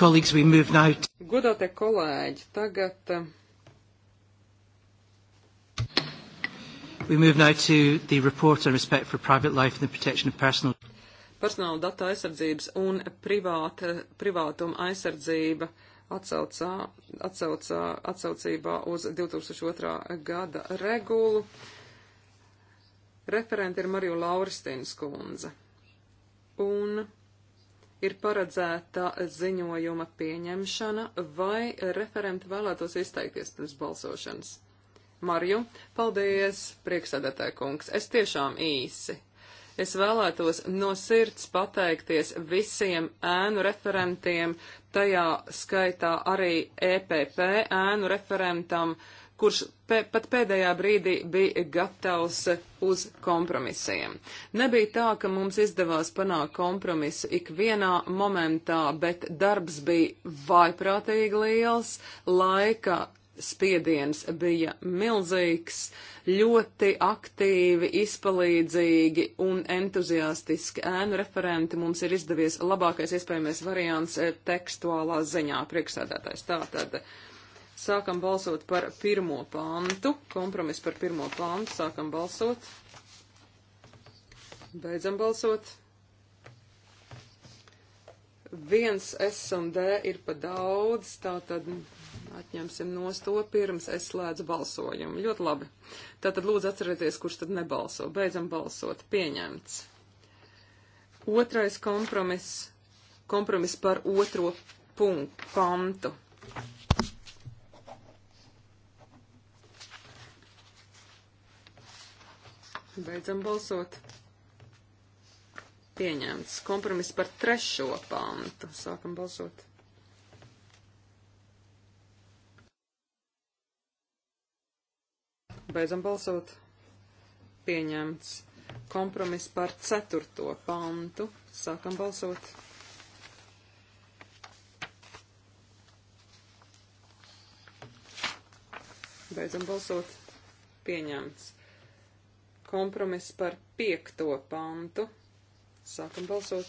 colleagues, we move now. Godātie kolēģi, tagad. Eh, we move now to the report on respect for private life and the protection of personal. Personāla data aizsardzības un privāta, privātuma aizsardzība atsaucā, atsaucā, atsaucībā uz 2002. gada regulu. Referenti ir Marija Lauristīnas kundze. Un ir paredzēta ziņojuma pieņemšana, vai referenti vēlētos izteikties pirms balsošanas? Marju, paldies, prieksēdētāja kungs, es tiešām īsi. Es vēlētos no sirds pateikties visiem ēnu referentiem, tajā skaitā arī EPP ēnu referentam, kurš pē, pat pēdējā brīdī bija gatavs uz kompromisiem. Nebija tā, ka mums izdevās panākt kompromisu ikvienā momentā, bet darbs bija vaiprātīgi liels, laika spiediens bija milzīgs, ļoti aktīvi, izpalīdzīgi un entuziastiski ēnu referenti mums ir izdevies labākais iespējamais variants eh, tekstuālā ziņā priekšsēdētājs. Tātad Sākam balsot par pirmo pantu. Kompromis par pirmo pantu. Sākam balsot. Beidzam balsot. Viens S un D ir pa daudz, tā tad atņemsim nost to pirms es slēdzu balsojumu. Ļoti labi. Tātad lūdzu atcerieties, kurš tad nebalso. Beidzam balsot. Pieņemts. Otrais kompromiss. Kompromiss par otro punktu, pantu. Beidzam balsot. Pieņemts. Kompromiss par trešo pantu. Sākam balsot. Beidzam balsot. Pieņemts. Kompromiss par ceturto pantu. Sākam balsot. Beidzam balsot. Pieņemts. Kompromiss par piekto pantu. Sākam balsot.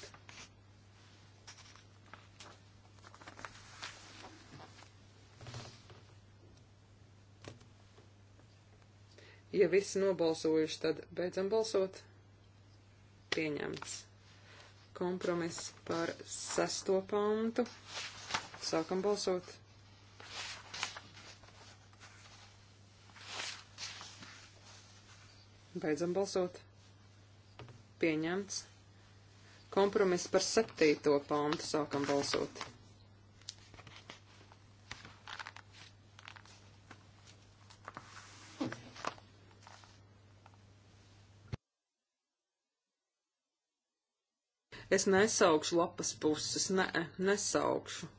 Ja visi nobalsojuši, tad beidzam balsot. Pieņemts. Kompromiss par sesto pantu. Sākam balsot. Beidzam balsot. Pieņemts. Kompromiss par septīto pāntu sākam balsot. Es nesaukšu lapas puses, nē, ne, nesaukšu.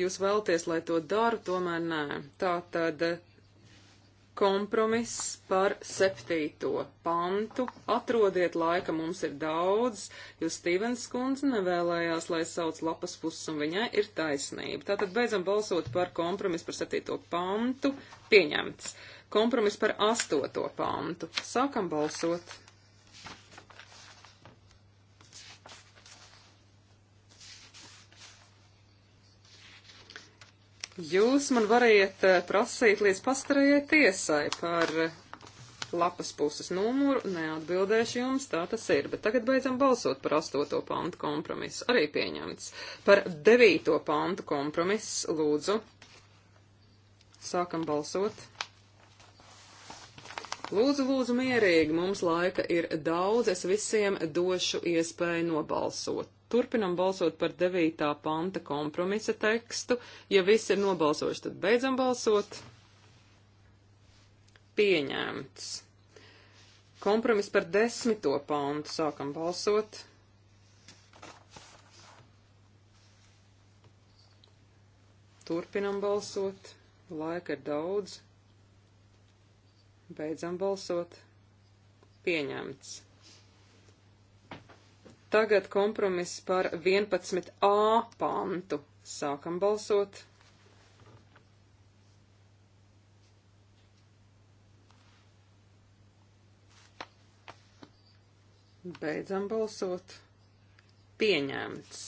Jūs vēlties, lai to daru, tomēr nē. Tā tad Kompromiss par septīto pantu. Atrodiet laika, mums ir daudz, jo Stīvens kundze nevēlējās, lai sauc lapas puses, un viņai ir taisnība. Tātad beidzam balsot par kompromisu par septīto pantu. Pieņemts. Kompromiss par astoto pantu. Sākam balsot. Jūs man variet eh, prasīt līdz pastarajai tiesai par eh, lapas puses numuru, neatbildēšu jums, tā tas ir, bet tagad beidzam balsot par 8. pantu kompromisu, arī pieņemts. Par 9. pantu kompromisu lūdzu. Sākam balsot. Lūdzu, lūdzu, mierīgi, mums laika ir daudz, es visiem došu iespēju nobalsot turpinam balsot par 9. panta kompromisa tekstu. Ja viss ir nobalsojuši, tad beidzam balsot. Pieņemts. Kompromis par 10. pantu sākam balsot. Turpinam balsot. Laika ir daudz. Beidzam balsot. Pieņemts. Tagad kompromiss par 11a pantu. Sākam balsot. Beidzam balsot. Pieņemts.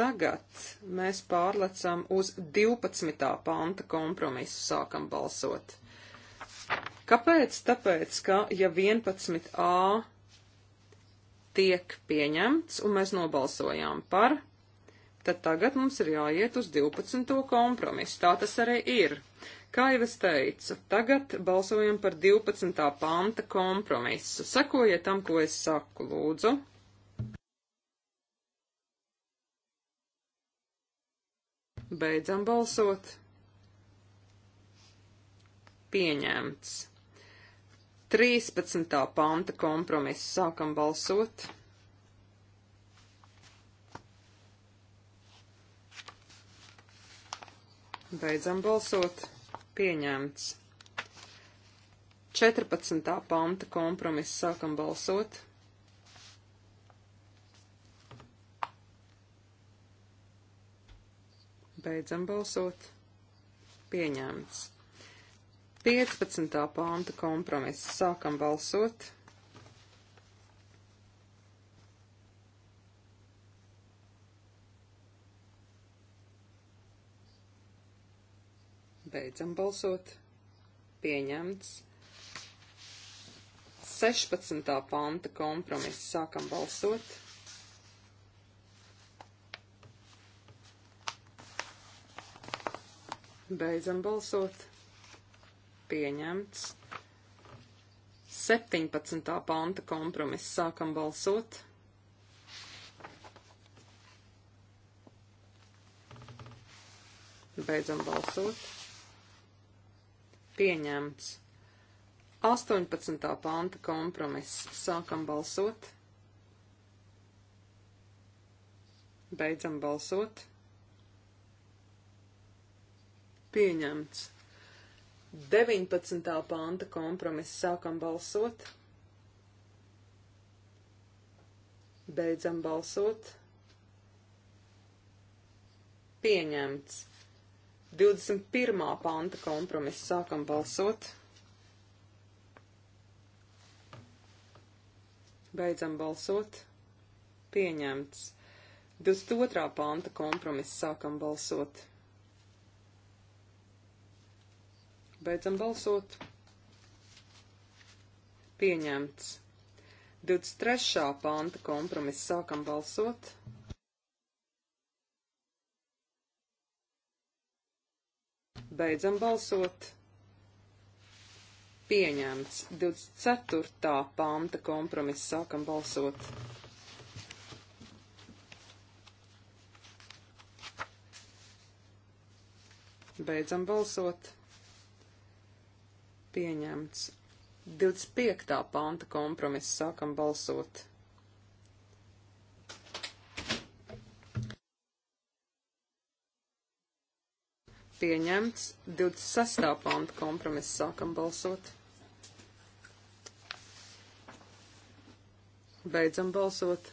Tagad mēs pārlecam uz 12. panta kompromisu, sākam balsot. Kāpēc? Tāpēc, ka ja 11a tiek pieņemts, un mēs nobalsojām par, tad tagad mums ir jāiet uz 12. kompromisu. Tā tas arī ir. Kā jau es teicu, tagad balsojam par 12. panta kompromisu. Sekojiet tam, ko es saku, lūdzu. Beidzam balsot. Pieņemts. 13. panta kompromiss. Sākam balsot. Beidzam balsot. Pieņemts. 14. panta kompromiss. Sākam balsot. Beidzam balsot. Pieņemts. 15. pānta kompromiss. Sākam balsot. Beidzam balsot. Pieņemts. 16. panta kompromiss. Sākam balsot. Beidzam balsot pieņemts. 17. panta kompromiss sākam balsot. Beidzam balsot. Pieņemts. 18. panta kompromiss. Sākam balsot. Beidzam balsot. Pieņemts. 19. panta kompromiss sākam balsot. Beidzam balsot. Pieņemts. 21. panta kompromiss sākam balsot. Beidzam balsot. Pieņemts. 22. panta kompromiss sākam balsot. Beidzam balsot. Pieņemts. 23. panta kompromiss. Sākam balsot. Beidzam balsot. Pieņemts. 24. panta kompromiss. Sākam balsot. Beidzam balsot pieņemts. 25. panta kompromiss sākam balsot. Pieņemts. 26. panta kompromiss sākam balsot. Beidzam balsot.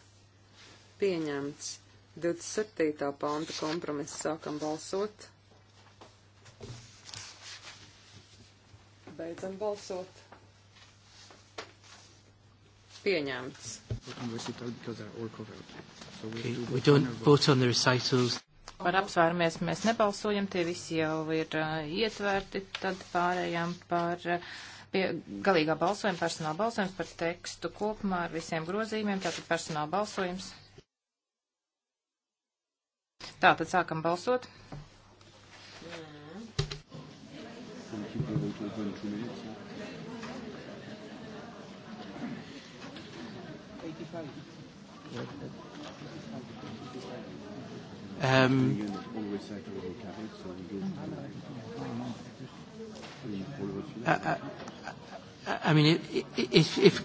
Pieņemts. 27. panta kompromiss sākam balsot. Beidzam balsot. Pieņemts. Okay, we don't vote on the recitals. Par apsvērmies mēs nebalsojam, tie visi jau ir uh, ietvērti, tad pārējām par uh, pie galīgā balsojuma, personāla balsojums par tekstu kopumā ar visiem grozījumiem, tātad personāla balsojums. Tātad sākam balsot. keep the vote open two minutes. Yeah. Um, I, I, uh, uh, uh, I mean, if, if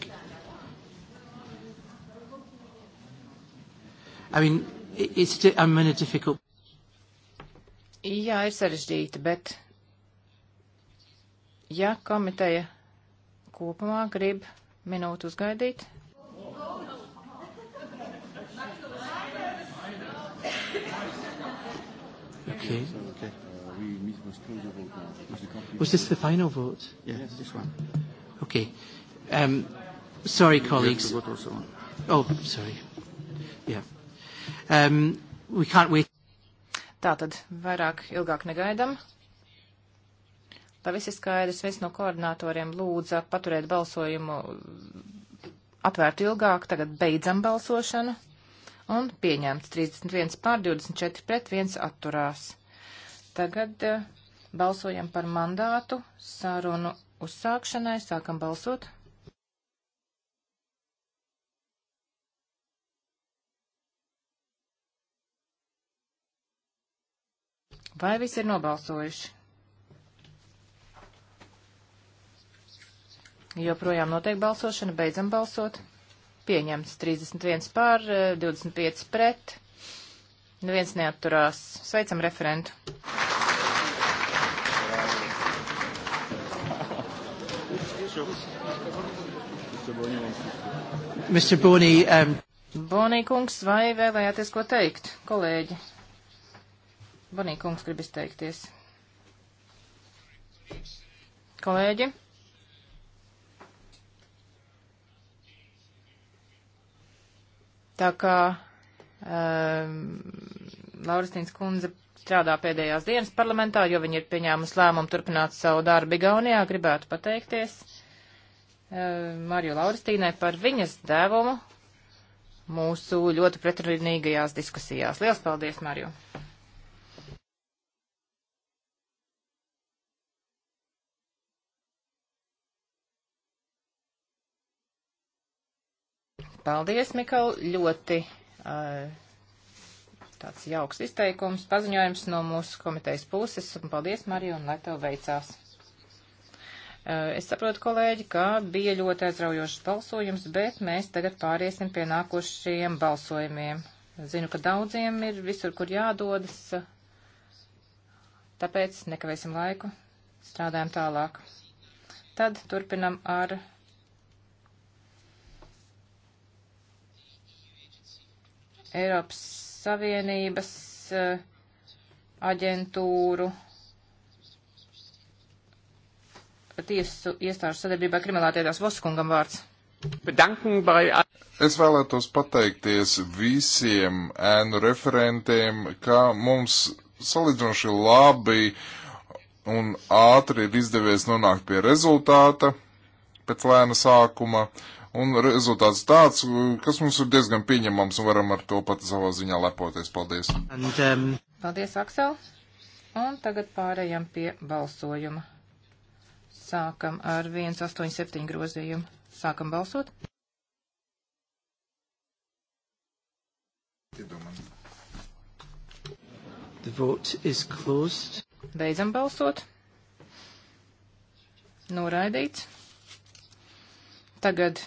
I mean, it's, I'm in a difficult. Jā, ir sarežģīti, bet ja komiteja kopumā grib minūtu uzgaidīt. Okay. okay. Was this the final vote? Yeah, this one. Okay. Um, sorry, colleagues. You have to vote also on. Oh, sorry. Yeah. Um, we can't wait. Tātad vairāk ilgāk negaidam. Lai viss ir skaidrs, viens no koordinatoriem lūdza paturēt balsojumu atvērtu ilgāk, tagad beidzam balsošanu un pieņemts 31 pār 24 pret 1 atturās. Tagad uh, balsojam par mandātu sarunu uzsākšanai, sākam balsot. Vai visi ir nobalsojuši? Joprojām notiek balsošana, beidzam balsot. Pieņemts 31 pār, 25 pret. Neviens neatturās. Sveicam referentu. Mr. Bonī, um... Bonī kungs, vai vēlējāties ko teikt, kolēģi? Bonī kungs grib izteikties. Kolēģi? Tā kā um, ehm, Lauristīns kundze strādā pēdējās dienas parlamentā, jo viņi ir pieņēmusi lēmumu turpināt savu darbu Igaunijā, gribētu pateikties um, Mariju Lauristīnai par viņas devumu mūsu ļoti pretrunīgajās diskusijās. Lielas paldies, Mariju! Paldies, Mikal, ļoti uh, tāds jauks izteikums, paziņojums no mūsu komitejas puses, un paldies, Marija, un lai tev veicās. Uh, es saprotu, kolēģi, ka bija ļoti aizraujošs balsojums, bet mēs tagad pāriesim pie nākošajiem balsojumiem. Zinu, ka daudziem ir visur, kur jādodas, tāpēc nekavēsim laiku, strādājam tālāk. Tad turpinam ar Eiropas Savienības eh, aģentūru tiesu iestāžu sadarbībā kriminālātietās Voskungam vārds. Es vēlētos pateikties visiem ēnu referentiem, ka mums salīdzinoši labi un ātri ir izdevies nonākt pie rezultāta pēc lēna sākuma. Uh, Un rezultāts tāds, kas mums ir diezgan pieņemams un varam ar to pat savā ziņā lepoties. Paldies! And, um... Paldies, Aksel! Un tagad pārējām pie balsojuma. Sākam ar 187 grozījumu. Sākam balsot. The vote is closed. Beidzam balsot. Noraidīts. Tagad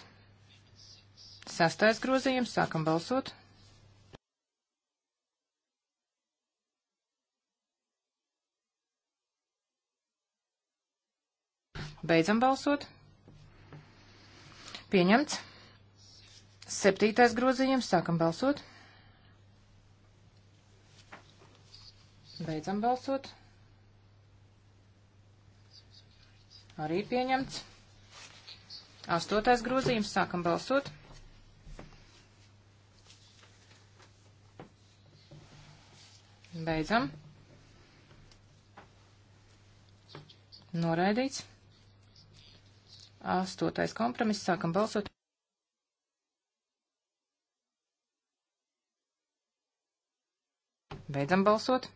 Sastais grozījums. Sākam balsot. Beidzam balsot. Pieņemts. Septītais grozījums. Sākam balsot. Beidzam balsot. Arī pieņemts. Astotais grozījums. Sākam balsot. Beidzam. Noraidīts. Astotais kompromiss. Sākam balsot. Beidzam balsot.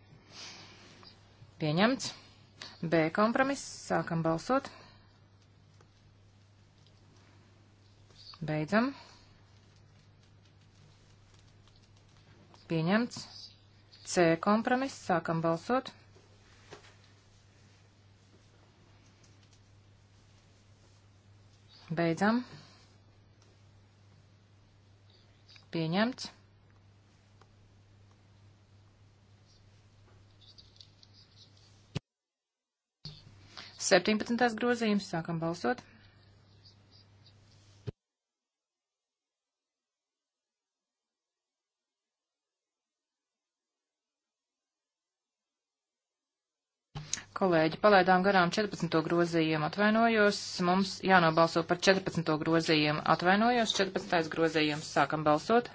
Pieņemts. B kompromiss. Sākam balsot. Beidzam. Pieņemts. C kompromiss. Sākam balsot. Beidzam. Pieņemts. Septiņpadsmitais grozījums. Sākam balsot. Kolēģi, palaidām garām 14. grozījumu, atvainojos, mums jānobalso par 14. grozījumu, atvainojos, 14. grozījums, sākam balsot.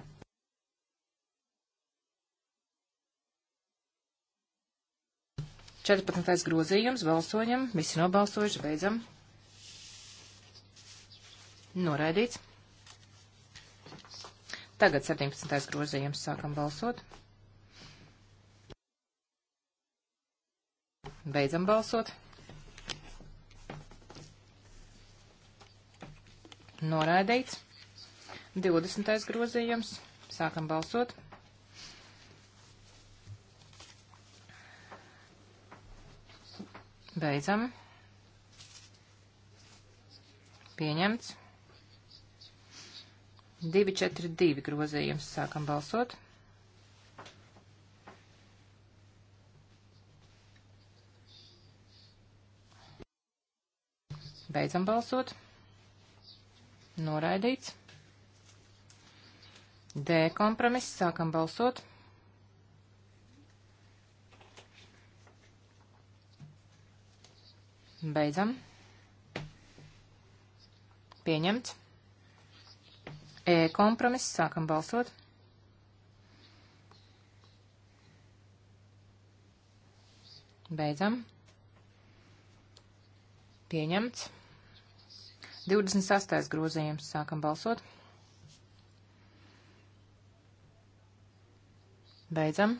Četrpadsmitais grozījums, balsojam, visi nobalsojuši, beidzam. Noraidīts. Tagad 17. grozījums, sākam balsot. Beidzam balsot. Noraidīts. 20. grozījums. Sākam balsot. Beidzam. Pieņemts. 242 grozījums. Sākam balsot. Beidzam balsot. Noraidīts. D kompromiss. Sākam balsot. Beidzam. Pieņemts. E kompromiss. Sākam balsot. Beidzam. Pieņemts. 28. grozījums. Sākam balsot. Beidzam.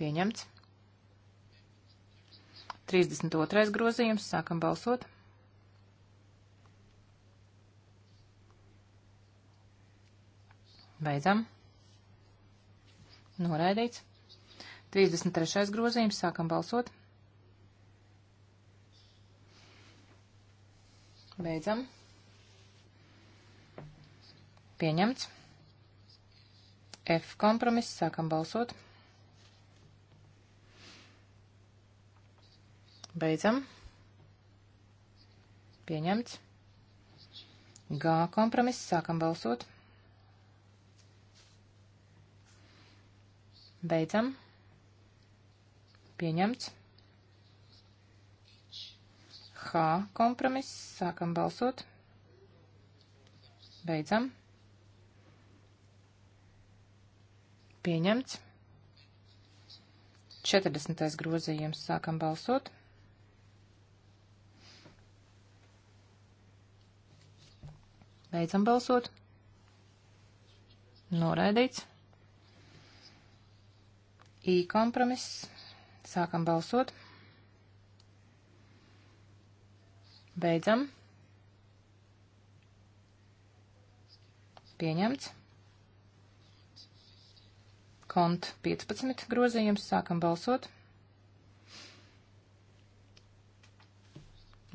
Pieņemts. 32. grozījums. Sākam balsot. Beidzam. Noraidīts. 33. grozījums. Sākam balsot. Beidzam. Pieņemts. F kompromiss. Sākam balsot. Beidzam. Pieņemts. G kompromiss. Sākam balsot. Beidzam. Pieņemts. H kompromiss. Sākam balsot. Beidzam. Pieņemts. 40. grozījums. Sākam balsot. Beidzam balsot. Noraidīts. I kompromiss. Sākam balsot. Beidzam. Pieņemts. Kont 15 grozījums. Sākam balsot.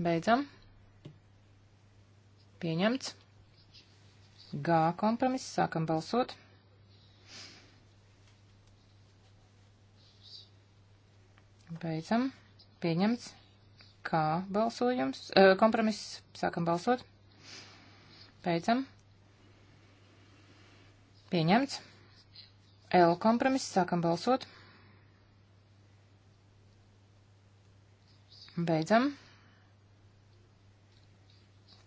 Beidzam. Pieņemts. G kompromiss. Sākam balsot. Beidzam. Pieņemts kā balsojums, kompromiss, sākam balsot, beidzam, pieņemts, L kompromiss, sākam balsot, beidzam,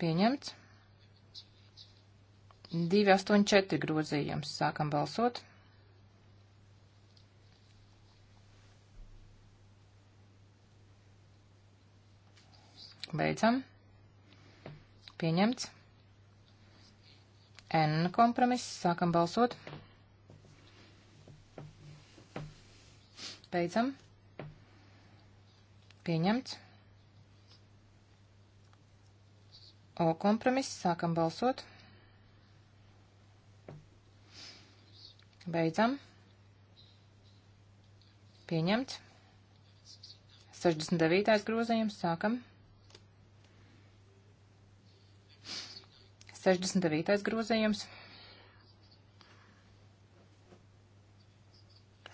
pieņemts, 284 grozījums, sākam balsot, Beidzam. Pieņemts. N kompromiss. Sākam balsot. Beidzam. Pieņemts. O kompromiss. Sākam balsot. Beidzam. Pieņemts. 69. grozījums. Sākam. Beidzam. 69. grozījums.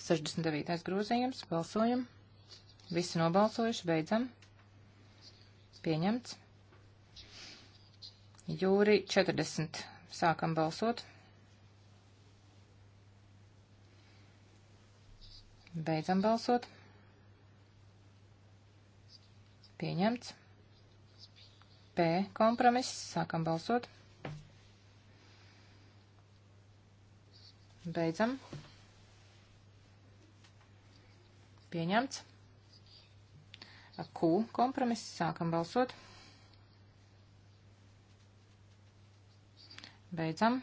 69. grozījums. Balsojam. Visi nobalsojuši. Beidzam. Pieņemts. Jūri 40. Sākam balsot. Beidzam balsot. Pieņemts. P kompromiss. Sākam balsot. Beidzam. Pieņemts. Q kompromiss. Sākam balsot. Beidzam.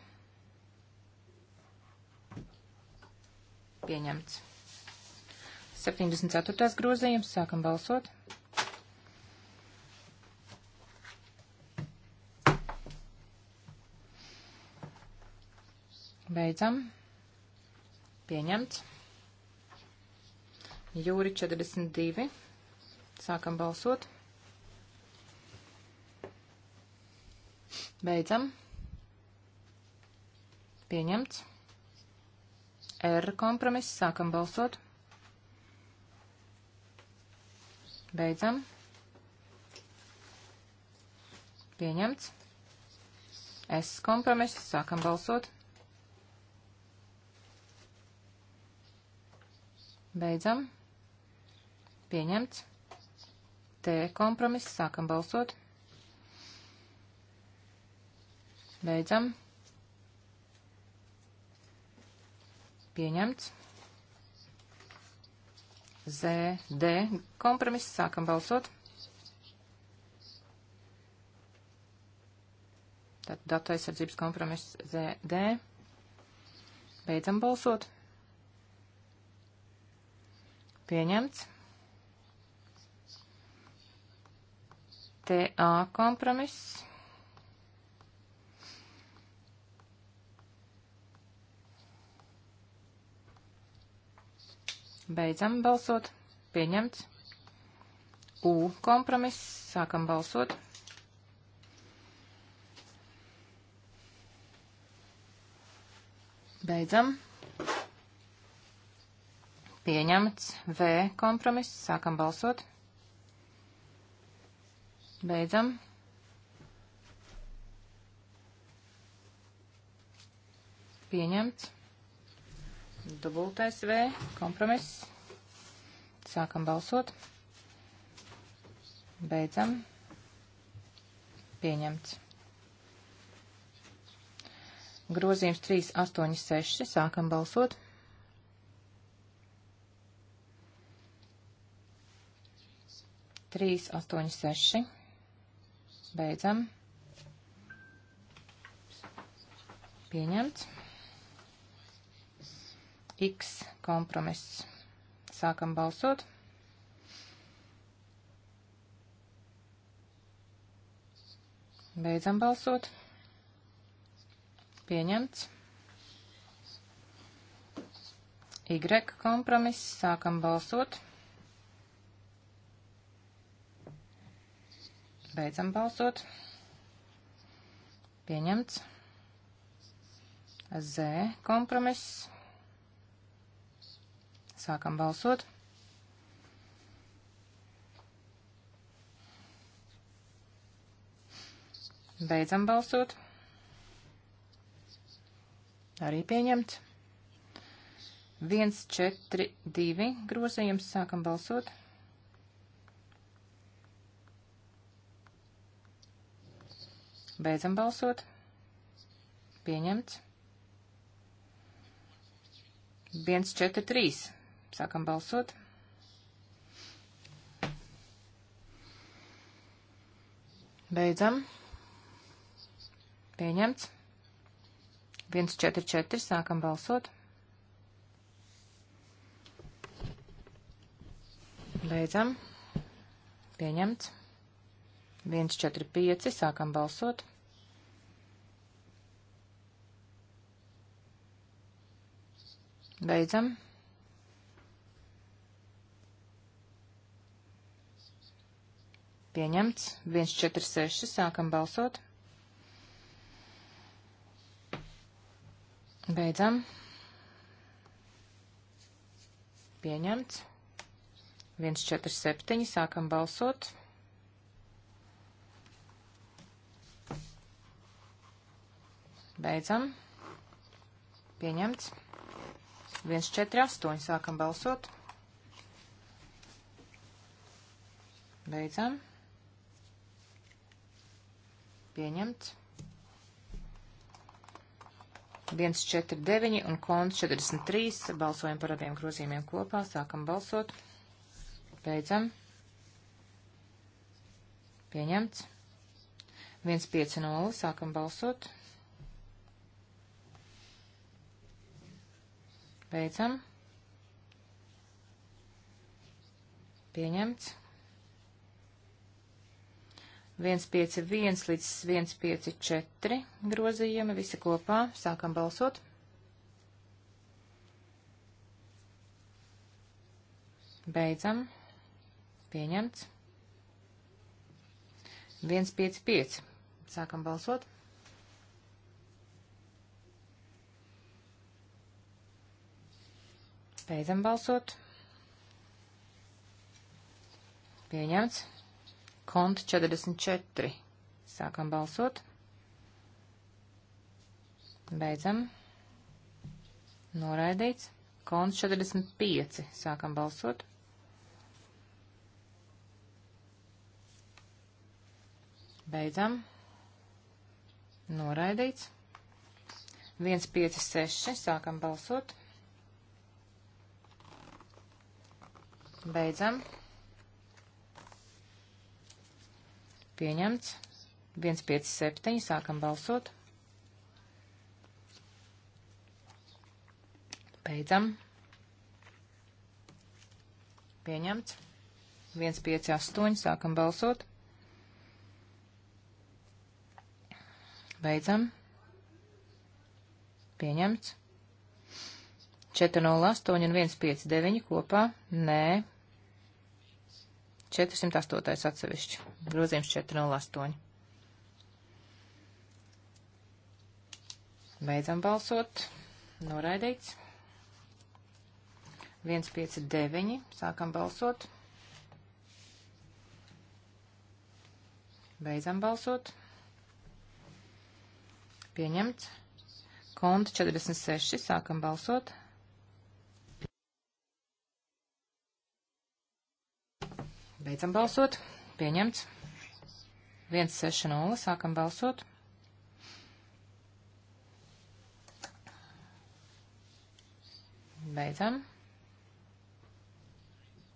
Pieņemts. 74. grozījums. Sākam balsot. Beidzam. Pieņemts. Jūri 42. Sākam balsot. Beidzam. Pieņemts. R kompromiss. Sākam balsot. Beidzam. Pieņemts. S kompromiss. Sākam balsot. Beidzam. Pieņemts. T kompromiss. Sākam balsot. Beidzam. Pieņemts. Z, D kompromiss. Sākam balsot. Tad datu aizsardzības kompromiss Z, D. Beidzam balsot pieņemts. TA kompromiss. Beidzam balsot. Pieņemts. U kompromiss. Sākam balsot. Beidzam pieņemts. V kompromiss. Sākam balsot. Beidzam. Pieņemts. Dubultais V kompromiss. Sākam balsot. Beidzam. Pieņemts. Grozījums 386. Sākam balsot. Beidzam. 386. Beidzam. Pieņemts. X kompromiss. Sākam balsot. Beidzam balsot. Pieņemts. Y kompromiss. Sākam balsot. Beidzam balsot. Pieņemts. Z kompromiss. Sākam balsot. Beidzam balsot. Arī pieņemts. 1, 4, 2 grozījums. Sākam balsot. 1, 4, 2. Beidzam balsot. Pieņemts. 1, 4, 3. Sākam balsot. Beidzam. Pieņemts. 1, 4, 4. Sākam balsot. Beidzam. Pieņemts. 1, 4, 5. Sākam balsot. Beidzam. Pieņemts. 146. Sākam balsot. Beidzam. Pieņemts. 147. Sākam balsot. Beidzam. Pieņemts. 148. Sākam balsot. Beidzam. Pieņemts. 149 un konts 43. Balsojam par abiem grozījumiem kopā. Sākam balsot. Beidzam. Pieņemts. 150. Sākam balsot. Beidzam. Pieņemts. 151 līdz 154 grozījumi visi kopā. Sākam balsot. Beidzam. Pieņemts. 155. Sākam balsot. Beidzam balsot. Pieņemts. Kont 44. Sākam balsot. Beidzam. Noraidīts. Kont 45. Sākam balsot. Beidzam. Noraidīts. 1, 5, 6. Sākam balsot. Beidzam. Pieņemts. 157. Sākam balsot. Beidzam. Pieņemts. 158. Sākam balsot. Beidzam. Pieņemts. 408 un 159 kopā. Nē, 408. atsevišķi. Grozījums 408. Beidzam balsot. Noraidīts. 159. Sākam balsot. Beidzam balsot. Pieņemts. Konta 46. Sākam balsot. Beidzam balsot. Pieņemts. 160. Sākam balsot. Beidzam.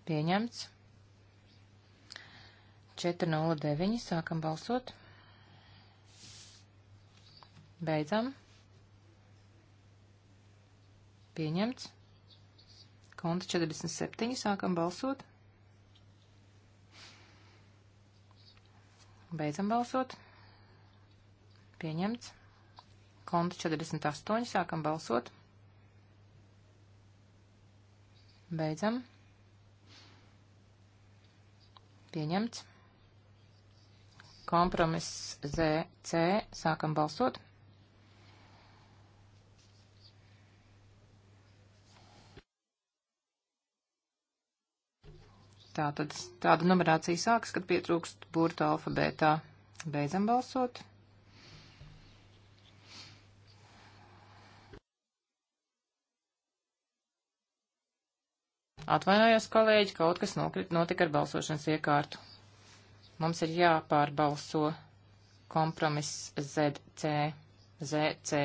Pieņemts. 409. Sākam balsot. Beidzam. Pieņemts. Konta 47. Sākam balsot. Beidzam balsot. Pieņemts. Konta 48. Sākam balsot. Beidzam. Pieņemts. Kompromiss ZC. Sākam balsot. Tātad tāda numerācija sākas, kad pietrūkst burta alfabētā. Beidzam balsot. Atvainojos, kolēģi, kaut kas nokrit, notika ar balsošanas iekārtu. Mums ir jāpārbalso kompromiss ZC, ZC,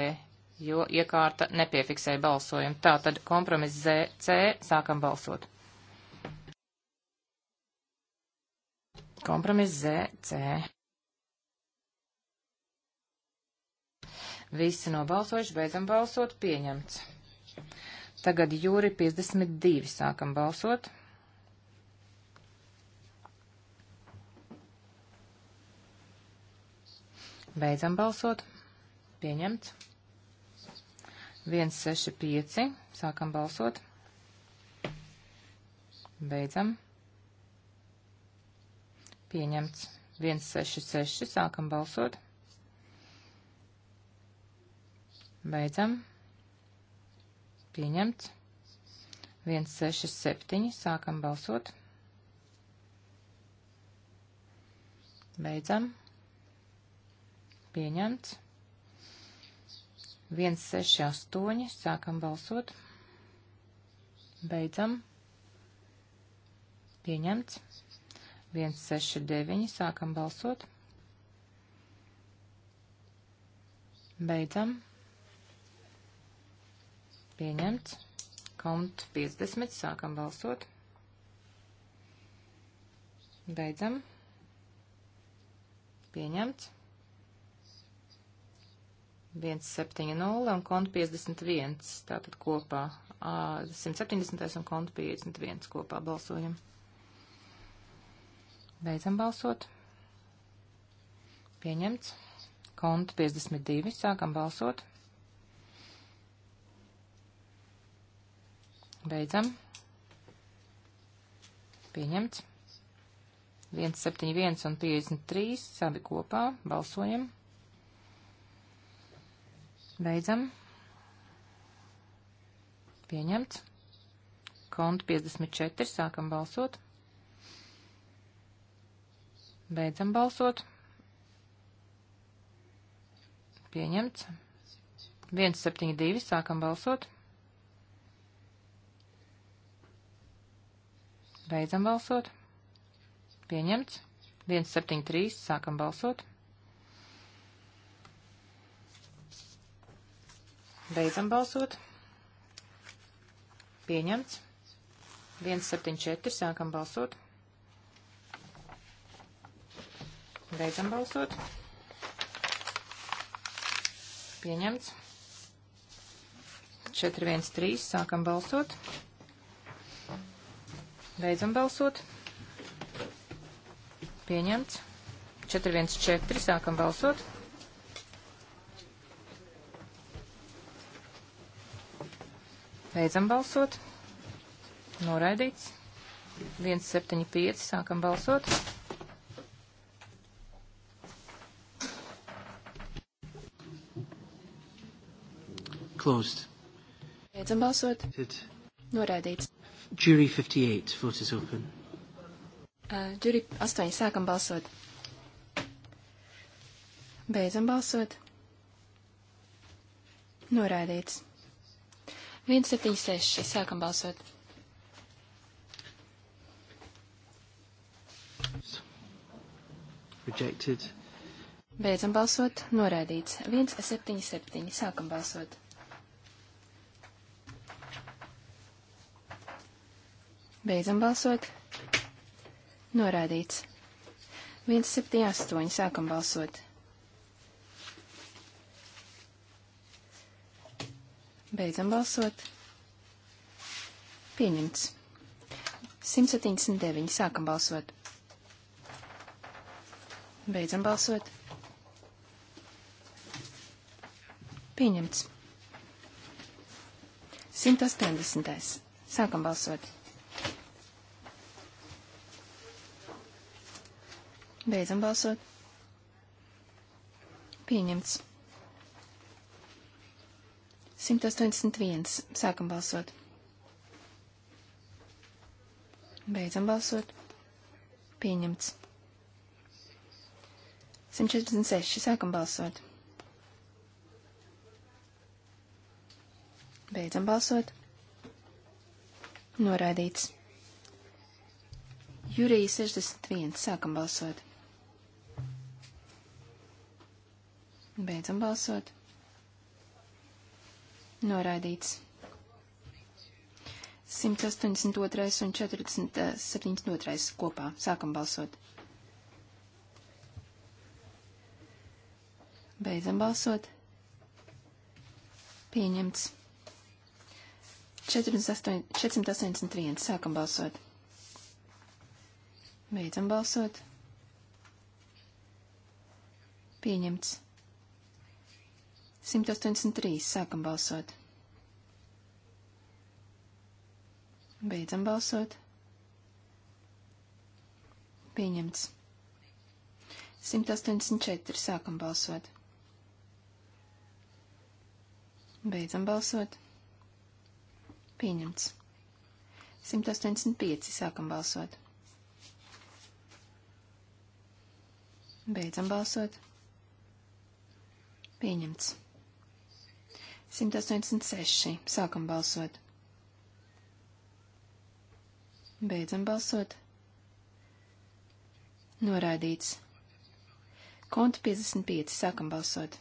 jo iekārta nepiefiksēja balsojumu. Tātad kompromiss ZC, sākam balsot. Kompromiss ZC. Visi nobalsojuši, beidzam balsot, pieņemts. Tagad jūri 52 sākam balsot. Beidzam balsot. Pieņemts. 165. Sākam balsot. Beidzam. Pieņemts. 166. Sākam balsot. Beidzam. Pieņemts. 167. Sākam balsot. Beidzam. Pieņemts. 168. Sākam balsot. Beidzam. Pieņemts. 169. Sākam balsot. Beidzam. Pieņemts. Kont 50. Sākam balsot. Beidzam. Pieņemts. 170 un kont 51. Tātad kopā. 170 un kont 51 kopā balsojam. Beidzam balsot. Pieņemts. Konta 52. Sākam balsot. Beidzam. Pieņemts. 171 un 53. Abi kopā. Balsojam. Beidzam. Pieņemts. Konta 54. Sākam balsot. Beidzam balsot. Pieņemts. 172. Sākam balsot. Beidzam balsot. Pieņemts. 173. Sākam balsot. Beidzam balsot. Pieņemts. 174. Sākam balsot. Beidzam balsot. Pieņemts. 413. Sākam balsot. Beidzam balsot. Pieņemts. 414. Sākam balsot. Beidzam balsot. Noraidīts. 175. Sākam balsot. Closed. Beidzam balsot. Norādīts. Jury 58. Vote is open. Uh, jury 8. Sākam balsot. Beidzam balsot. Norādīts. 176. Sākam balsot. Rejected. Beidzam balsot. Norādīts. 177. Sākam balsot. Beidzam balsot. Norādīts. 178. Sākam balsot. Beidzam balsot. Pieņemts. 179. Sākam balsot. Beidzam balsot. Pieņemts. 180. Sākam balsot. Beidzam balsot. Pieņemts. 181. Sākam balsot. Beidzam balsot. Pieņemts. 146. Sākam balsot. Beidzam balsot. Noraidīts. Jūrija 61. Sākam balsot. Beidzam balsot. Noraidīts. 182 un 472 kopā. Sākam balsot. Beidzam balsot. Pieņemts. 48, 481. Sākam balsot. Beidzam balsot. Pieņemts. 183. Sākam balsot. Beidzam balsot. Pieņemts. 184. Sākam balsot. Beidzam balsot. Pieņemts. 185. Sākam balsot. Beidzam balsot. Pieņemts. 186. Sākam balsot. Beidzam balsot. Noraidīts. Konta 55. Sākam balsot.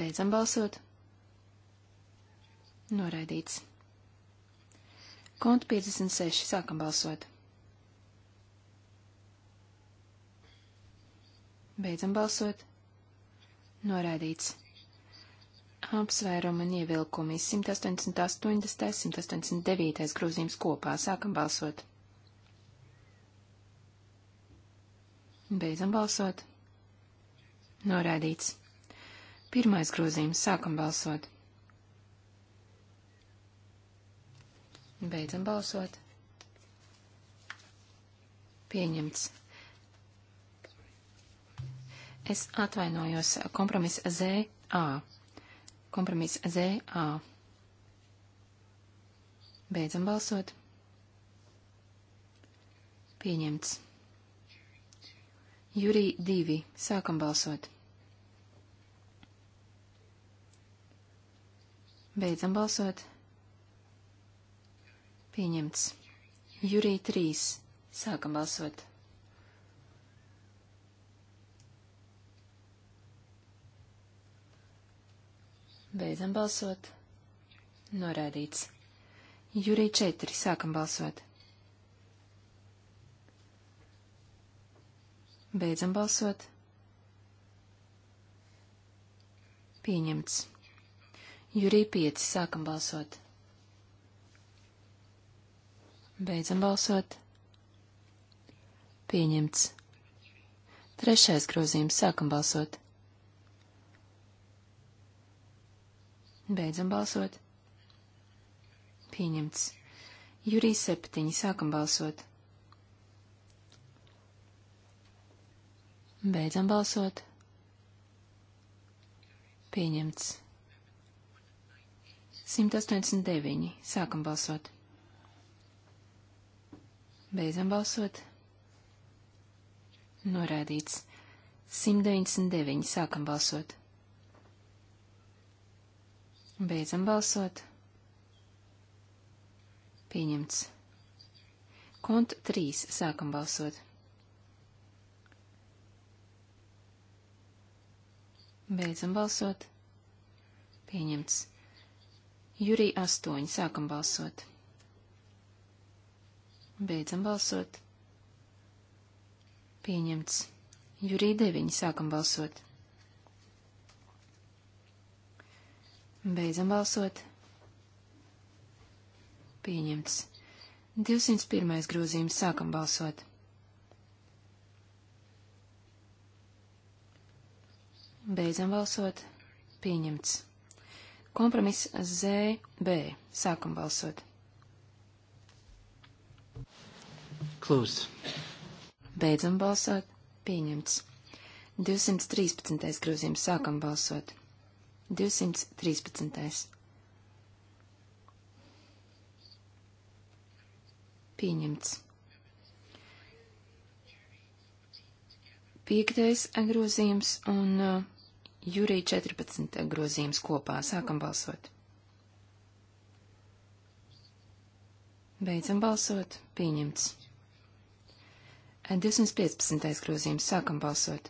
Beidzam balsot. Noraidīts. Konta 56. Sākam balsot. Beidzam balsot. Norādīts. Apsvērumi un ievilkumi 188, 189 grozījums kopā. Sākam balsot. Beidzam balsot. Norādīts. Pirmais grozījums. Sākam balsot. Beidzam balsot. Pieņemts. Es atvainojos. Kompromiss ZA. Kompromiss ZA. Beidzam balsot. Pieņemts. Jurī 2. Sākam balsot. Beidzam balsot. Pieņemts. Jurī 3. Sākam balsot. Beidzam balsot. Norādīts. Jurī 4. Sākam balsot. Beidzam balsot. Pieņemts. Jurī 5. Sākam balsot. Beidzam balsot. Pieņemts. Trešais grozījums. Sākam balsot. Beidzam balsot. Pieņemts. Jurija septiņi. Sākam balsot. Beidzam balsot. Pieņemts. 189. Sākam balsot. Beidzam balsot. Norādīts. 199. Sākam balsot. Beidzam balsot. Pieņemts. Kont 3. Sākam balsot. Beidzam balsot. Pieņemts. Jurī 8. Sākam balsot. Beidzam balsot. Pieņemts. Jurī 9. Sākam balsot. Beidzam balsot. Pieņemts. 201. grozījums sākam balsot. Beidzam balsot. Pieņemts. Kompromiss ZB. Sākam balsot. Closed. Beidzam balsot. Pieņemts. 213. grozījums. Sākam balsot. 213. Pieņemts. Piektais grozījums un uh, jūrī 14 grozījums kopā. Sākam balsot. Beidzam balsot. Pieņemts. 215. grozījums. Sākam balsot.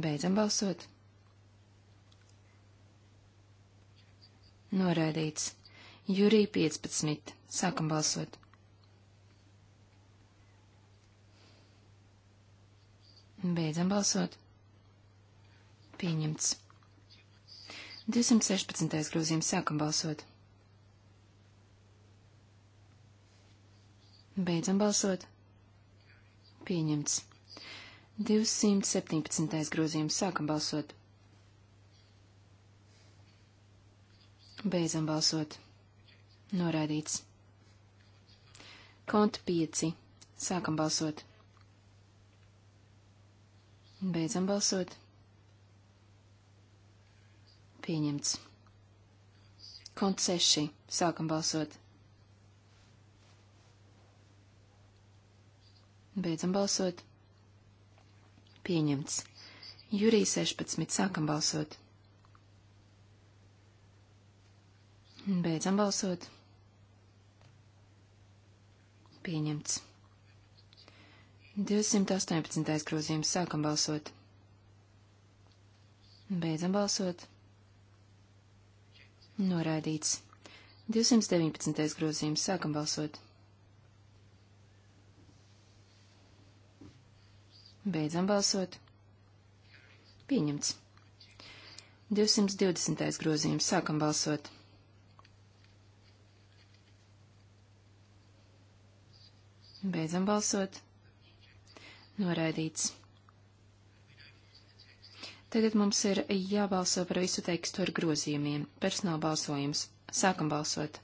Beidzam balsot. Noraidīts. Jurija 15. Sākam balsot. Beidzam balsot. Pieņemts. 216. grozījums sākam balsot. Beidzam balsot. Pieņemts. 217. grozījums sākam balsot. Beidzam balsot. Norādīts. Kont 5. Sākam balsot. Beidzam balsot. Pieņemts. Kont 6. Sākam balsot. Beidzam balsot. Pieņemts. Jurija 16. Sākam balsot. Beidzam balsot. Pieņemts. 218. grozījums. Sākam balsot. Beidzam balsot. Noraidīts. 219. grozījums. Sākam balsot. Beidzam balsot. Pieņemts. 220. grozījums. Sākam balsot. Beidzam balsot. Noraidīts. Tagad mums ir jābalso par visu tekstu ar grozījumiem. Personāla balsojums. Sākam balsot.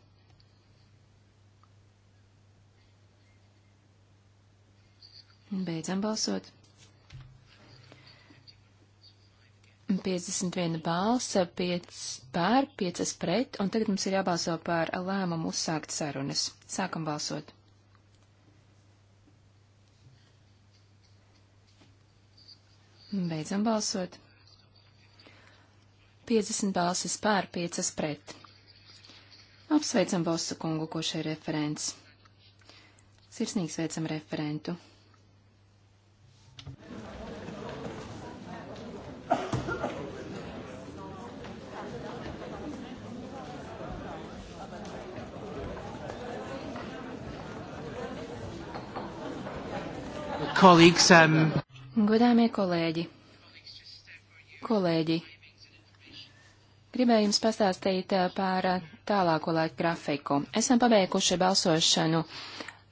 Beidzam balsot. 51 balsa, 5 pār, 5 pret, un tagad mums ir jābalso par lēmumu uzsākt sarunas. Sākam balsot. Beidzam balsot. 50 balsis pār, 5 pret. Apsveicam Bosu kungu, kurš ir referents. Sirsnīgi sveicam referentu. Colleagues, um... Godāmie kolēģi, kolēģi, gribēju jums pastāstīt uh, par uh, tālāko laiku grafiku. Esam pabeiguši balsošanu uh,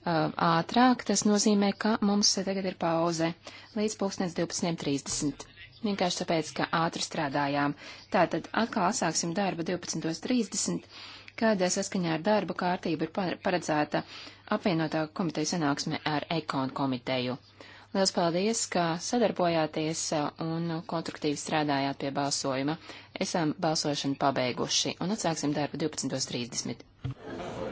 ātrāk, tas nozīmē, ka mums tagad ir pauze līdz 12.30. Vienkārši tāpēc, ka ātri strādājām. Tātad atkal sāksim darbu 12.30, kad uh, saskaņā ar darba kārtību ir paredzēta apvienotā komiteja sanāksme ar ekonu komiteju. Liels paldies, ka sadarbojāties uh, un konstruktīvi strādājāt pie balsojuma. Esam balsošanu pabeiguši un atsāksim darbu 12.30.